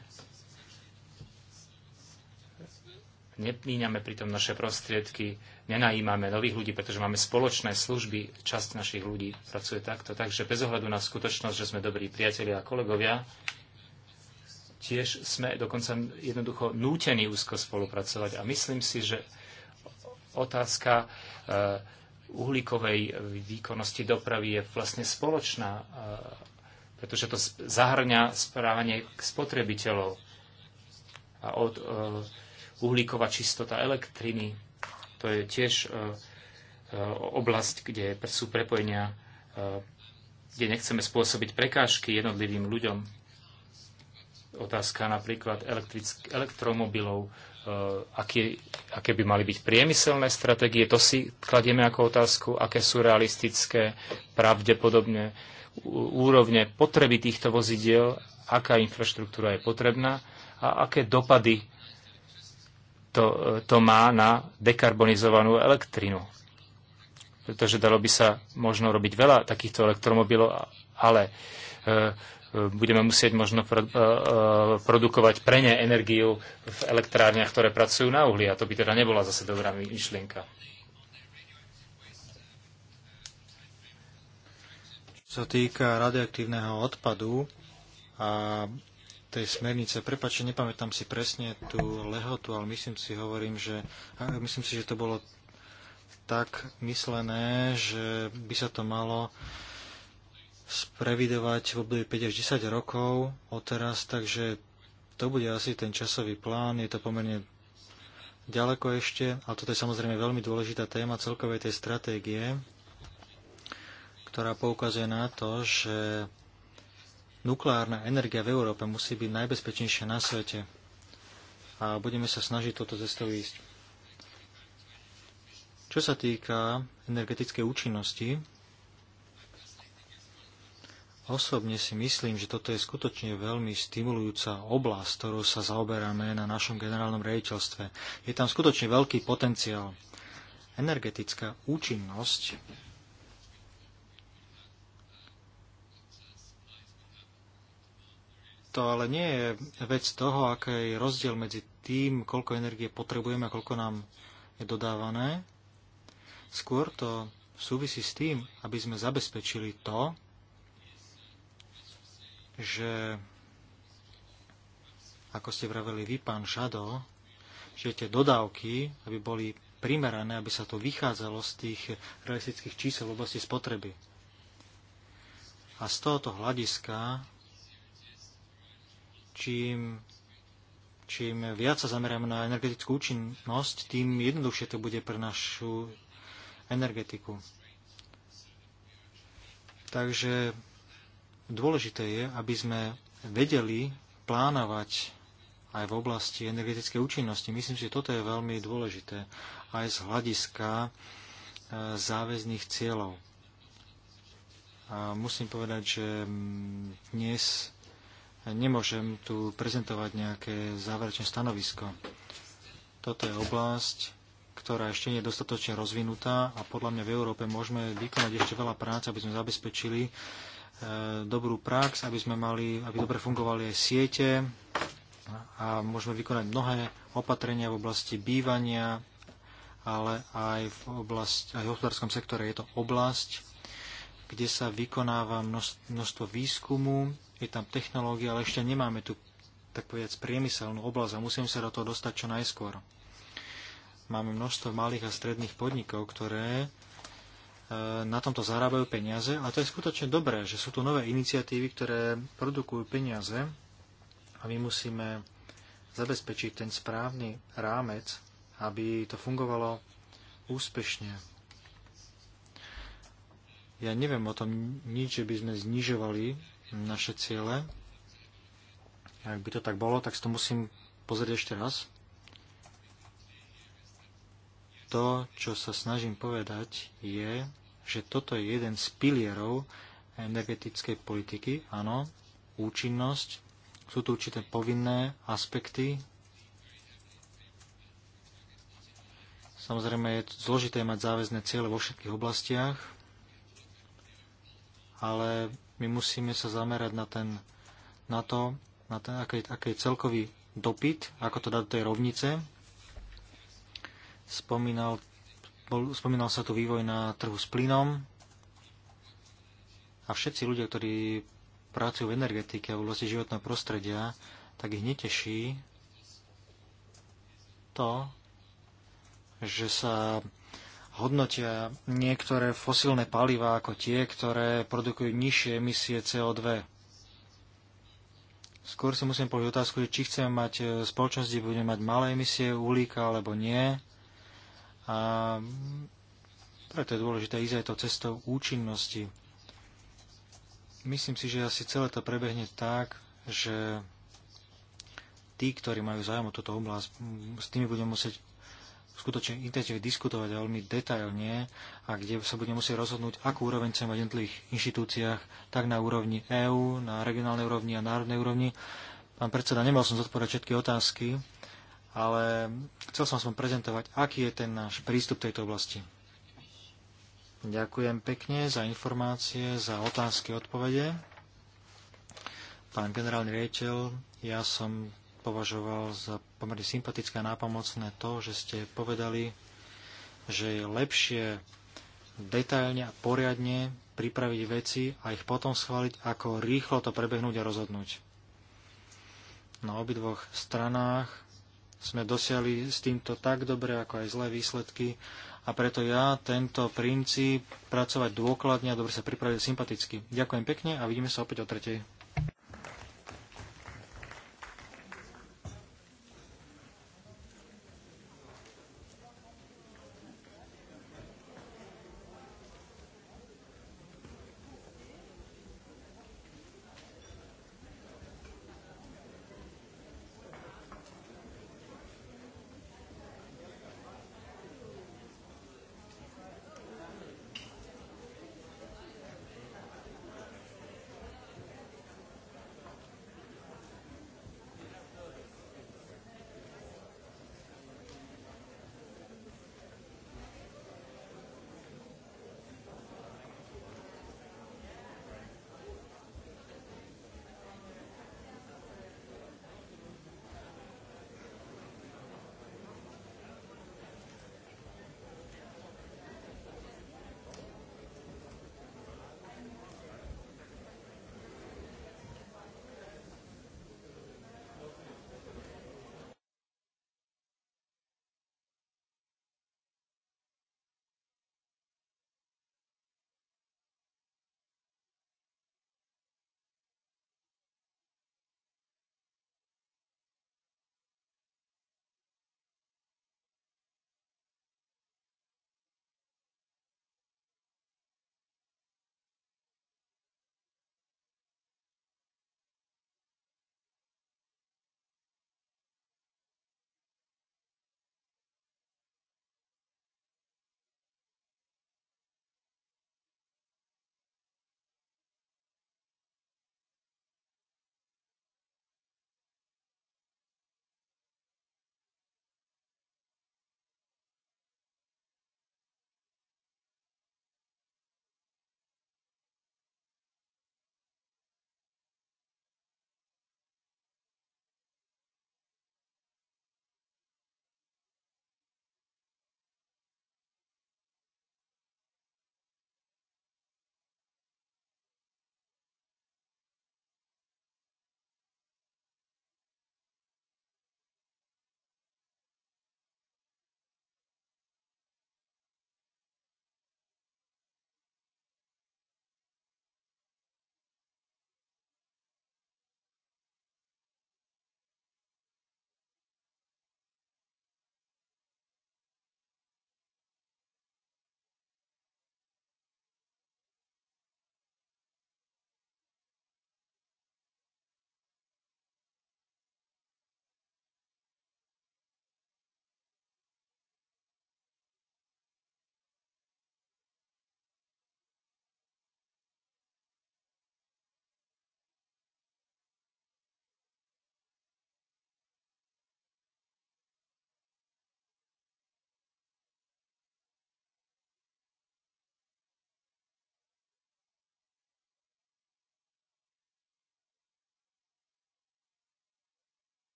Nepmíňame pritom naše prostriedky, nenajímame nových ľudí, pretože máme spoločné služby, časť našich ľudí pracuje takto. Takže bez ohľadu na skutočnosť, že sme dobrí priatelia a kolegovia, tiež sme dokonca jednoducho nútení úzko spolupracovať. A myslím si, že otázka e, uhlíkovej výkonnosti dopravy je vlastne spoločná, e, pretože to zahrňa správanie spotrebiteľov a od e, uhlíková čistota elektriny. To je tiež e, oblasť, kde sú prepojenia, kde nechceme spôsobiť prekážky jednotlivým ľuďom. Otázka napríklad elektromobilov, Eh, aké, aké by mali byť priemyselné stratégie, to si kladieme ako otázku, aké sú realistické, pravdepodobne úrovne potreby týchto vozidiel, aká infraštruktúra je potrebná a aké dopady to, eh, to má na dekarbonizovanú elektrinu. Pretože dalo by sa možno robiť veľa takýchto elektromobilov, ale eh, budeme musieť možno e, e, produkovať pre ne energiu v elektrárniach, ktoré pracujú na uhli. A to by teda nebola zase dobrá myšlienka. Čo sa týka radioaktívneho odpadu a tej smernice, prepáčte, nepamätám si presne tú lehotu, ale myslím si, hovorím, že, myslím si, že to bolo tak myslené, že by sa to malo uh, sprevidovať v období 5 až 10 rokov od teraz, takže to bude asi ten časový plán, je to pomerne ďaleko ešte, ale toto je samozrejme veľmi dôležitá téma celkovej tej stratégie, ktorá poukazuje na to, že nukleárna energia v Európe musí byť najbezpečnejšia na svete. A budeme sa snažiť toto cestou ísť. Čo sa týka energetickej účinnosti, Osobne si myslím, že toto je skutočne veľmi stimulujúca oblasť, ktorou sa zaoberáme na našom generálnom rejiteľstve. Je tam skutočne veľký potenciál. Energetická účinnosť to ale nie je vec toho, aký je rozdiel medzi tým, koľko energie potrebujeme a koľko nám je dodávané. Skôr to súvisí s tým, aby sme zabezpečili to, že ako ste vraveli vy, pán Šado, že tie dodávky, aby boli primerané, aby sa to vychádzalo z tých realistických čísel v oblasti spotreby. A z tohoto hľadiska, čím, čím viac sa zameriame na energetickú účinnosť, tým jednoduchšie to bude pre našu energetiku. Takže Dôležité je, aby sme vedeli plánovať aj v oblasti energetickej účinnosti. Myslím si, že toto je veľmi dôležité aj z hľadiska e, záväzných cieľov. A musím povedať, že mm, dnes nemôžem tu prezentovať nejaké záverečné stanovisko. Toto je oblasť, ktorá ešte nie je dostatočne rozvinutá a podľa mňa v Európe môžeme vykonať ešte veľa prác, aby sme zabezpečili Eh, dobrú prax, aby sme mali, aby dobre fungovali aj siete a môžeme vykonať mnohé opatrenia v oblasti bývania, ale aj v, oblasti, aj v hospodárskom sektore je to oblasť, kde sa vykonáva množstvo výskumu, je tam technológia, ale ešte nemáme tu tak povedať priemyselnú oblasť a musíme sa do toho dostať čo najskôr. Máme množstvo malých a stredných podnikov, ktoré E, na tomto zarábajú peniaze a to je skutočne dobré, že sú tu nové iniciatívy, ktoré produkujú peniaze a my musíme zabezpečiť ten správny rámec, aby to fungovalo úspešne. Ja neviem o tom nič, že by sme znižovali naše ciele. Ak by to tak bolo, tak si to musím pozrieť ešte raz. To, čo sa snažím povedať, je, že toto je jeden z pilierov energetickej politiky. Áno, účinnosť, sú tu určité povinné aspekty. Samozrejme je zložité mať záväzné ciele vo všetkých oblastiach, ale my musíme sa zamerať na, ten, na to, na ten, aký, aký je celkový dopyt, ako to dá do tej rovnice. Spomínal bol, spomínal sa tu vývoj na trhu s plynom a všetci ľudia, ktorí pracujú v energetike a v oblasti životného prostredia, tak ich neteší to, že sa hodnotia niektoré fosílne palivá ako tie, ktoré produkujú nižšie emisie CO2. Skôr si musím povedať otázku, či chceme mať e, spoločnosti, kde budeme mať malé emisie uhlíka alebo nie a preto je dôležité ísť aj to cestou účinnosti. Myslím si, že asi celé to prebehne tak, že tí, ktorí majú záujem o túto oblasť, s tými budem musieť skutočne intenzívne diskutovať veľmi detailne a kde sa bude musieť rozhodnúť, akú úroveň chcem v jednotlivých inštitúciách, tak na úrovni EÚ, na regionálnej úrovni a národnej úrovni. Pán predseda, nemal som zodpovedať všetky otázky, ale chcel som som prezentovať, aký je ten náš prístup tejto oblasti. Ďakujem pekne za informácie, za otázky, odpovede. Pán generálny riaditeľ, ja som považoval za pomerne sympatické a nápomocné to, že ste povedali, že je lepšie detailne a poriadne pripraviť veci a ich potom schváliť, ako rýchlo to prebehnúť a rozhodnúť. Na obidvoch stranách sme dosiali s týmto tak dobre, ako aj zlé výsledky. A preto ja tento princíp pracovať dôkladne a dobre sa pripraviť sympaticky. Ďakujem pekne a vidíme sa opäť o tretej.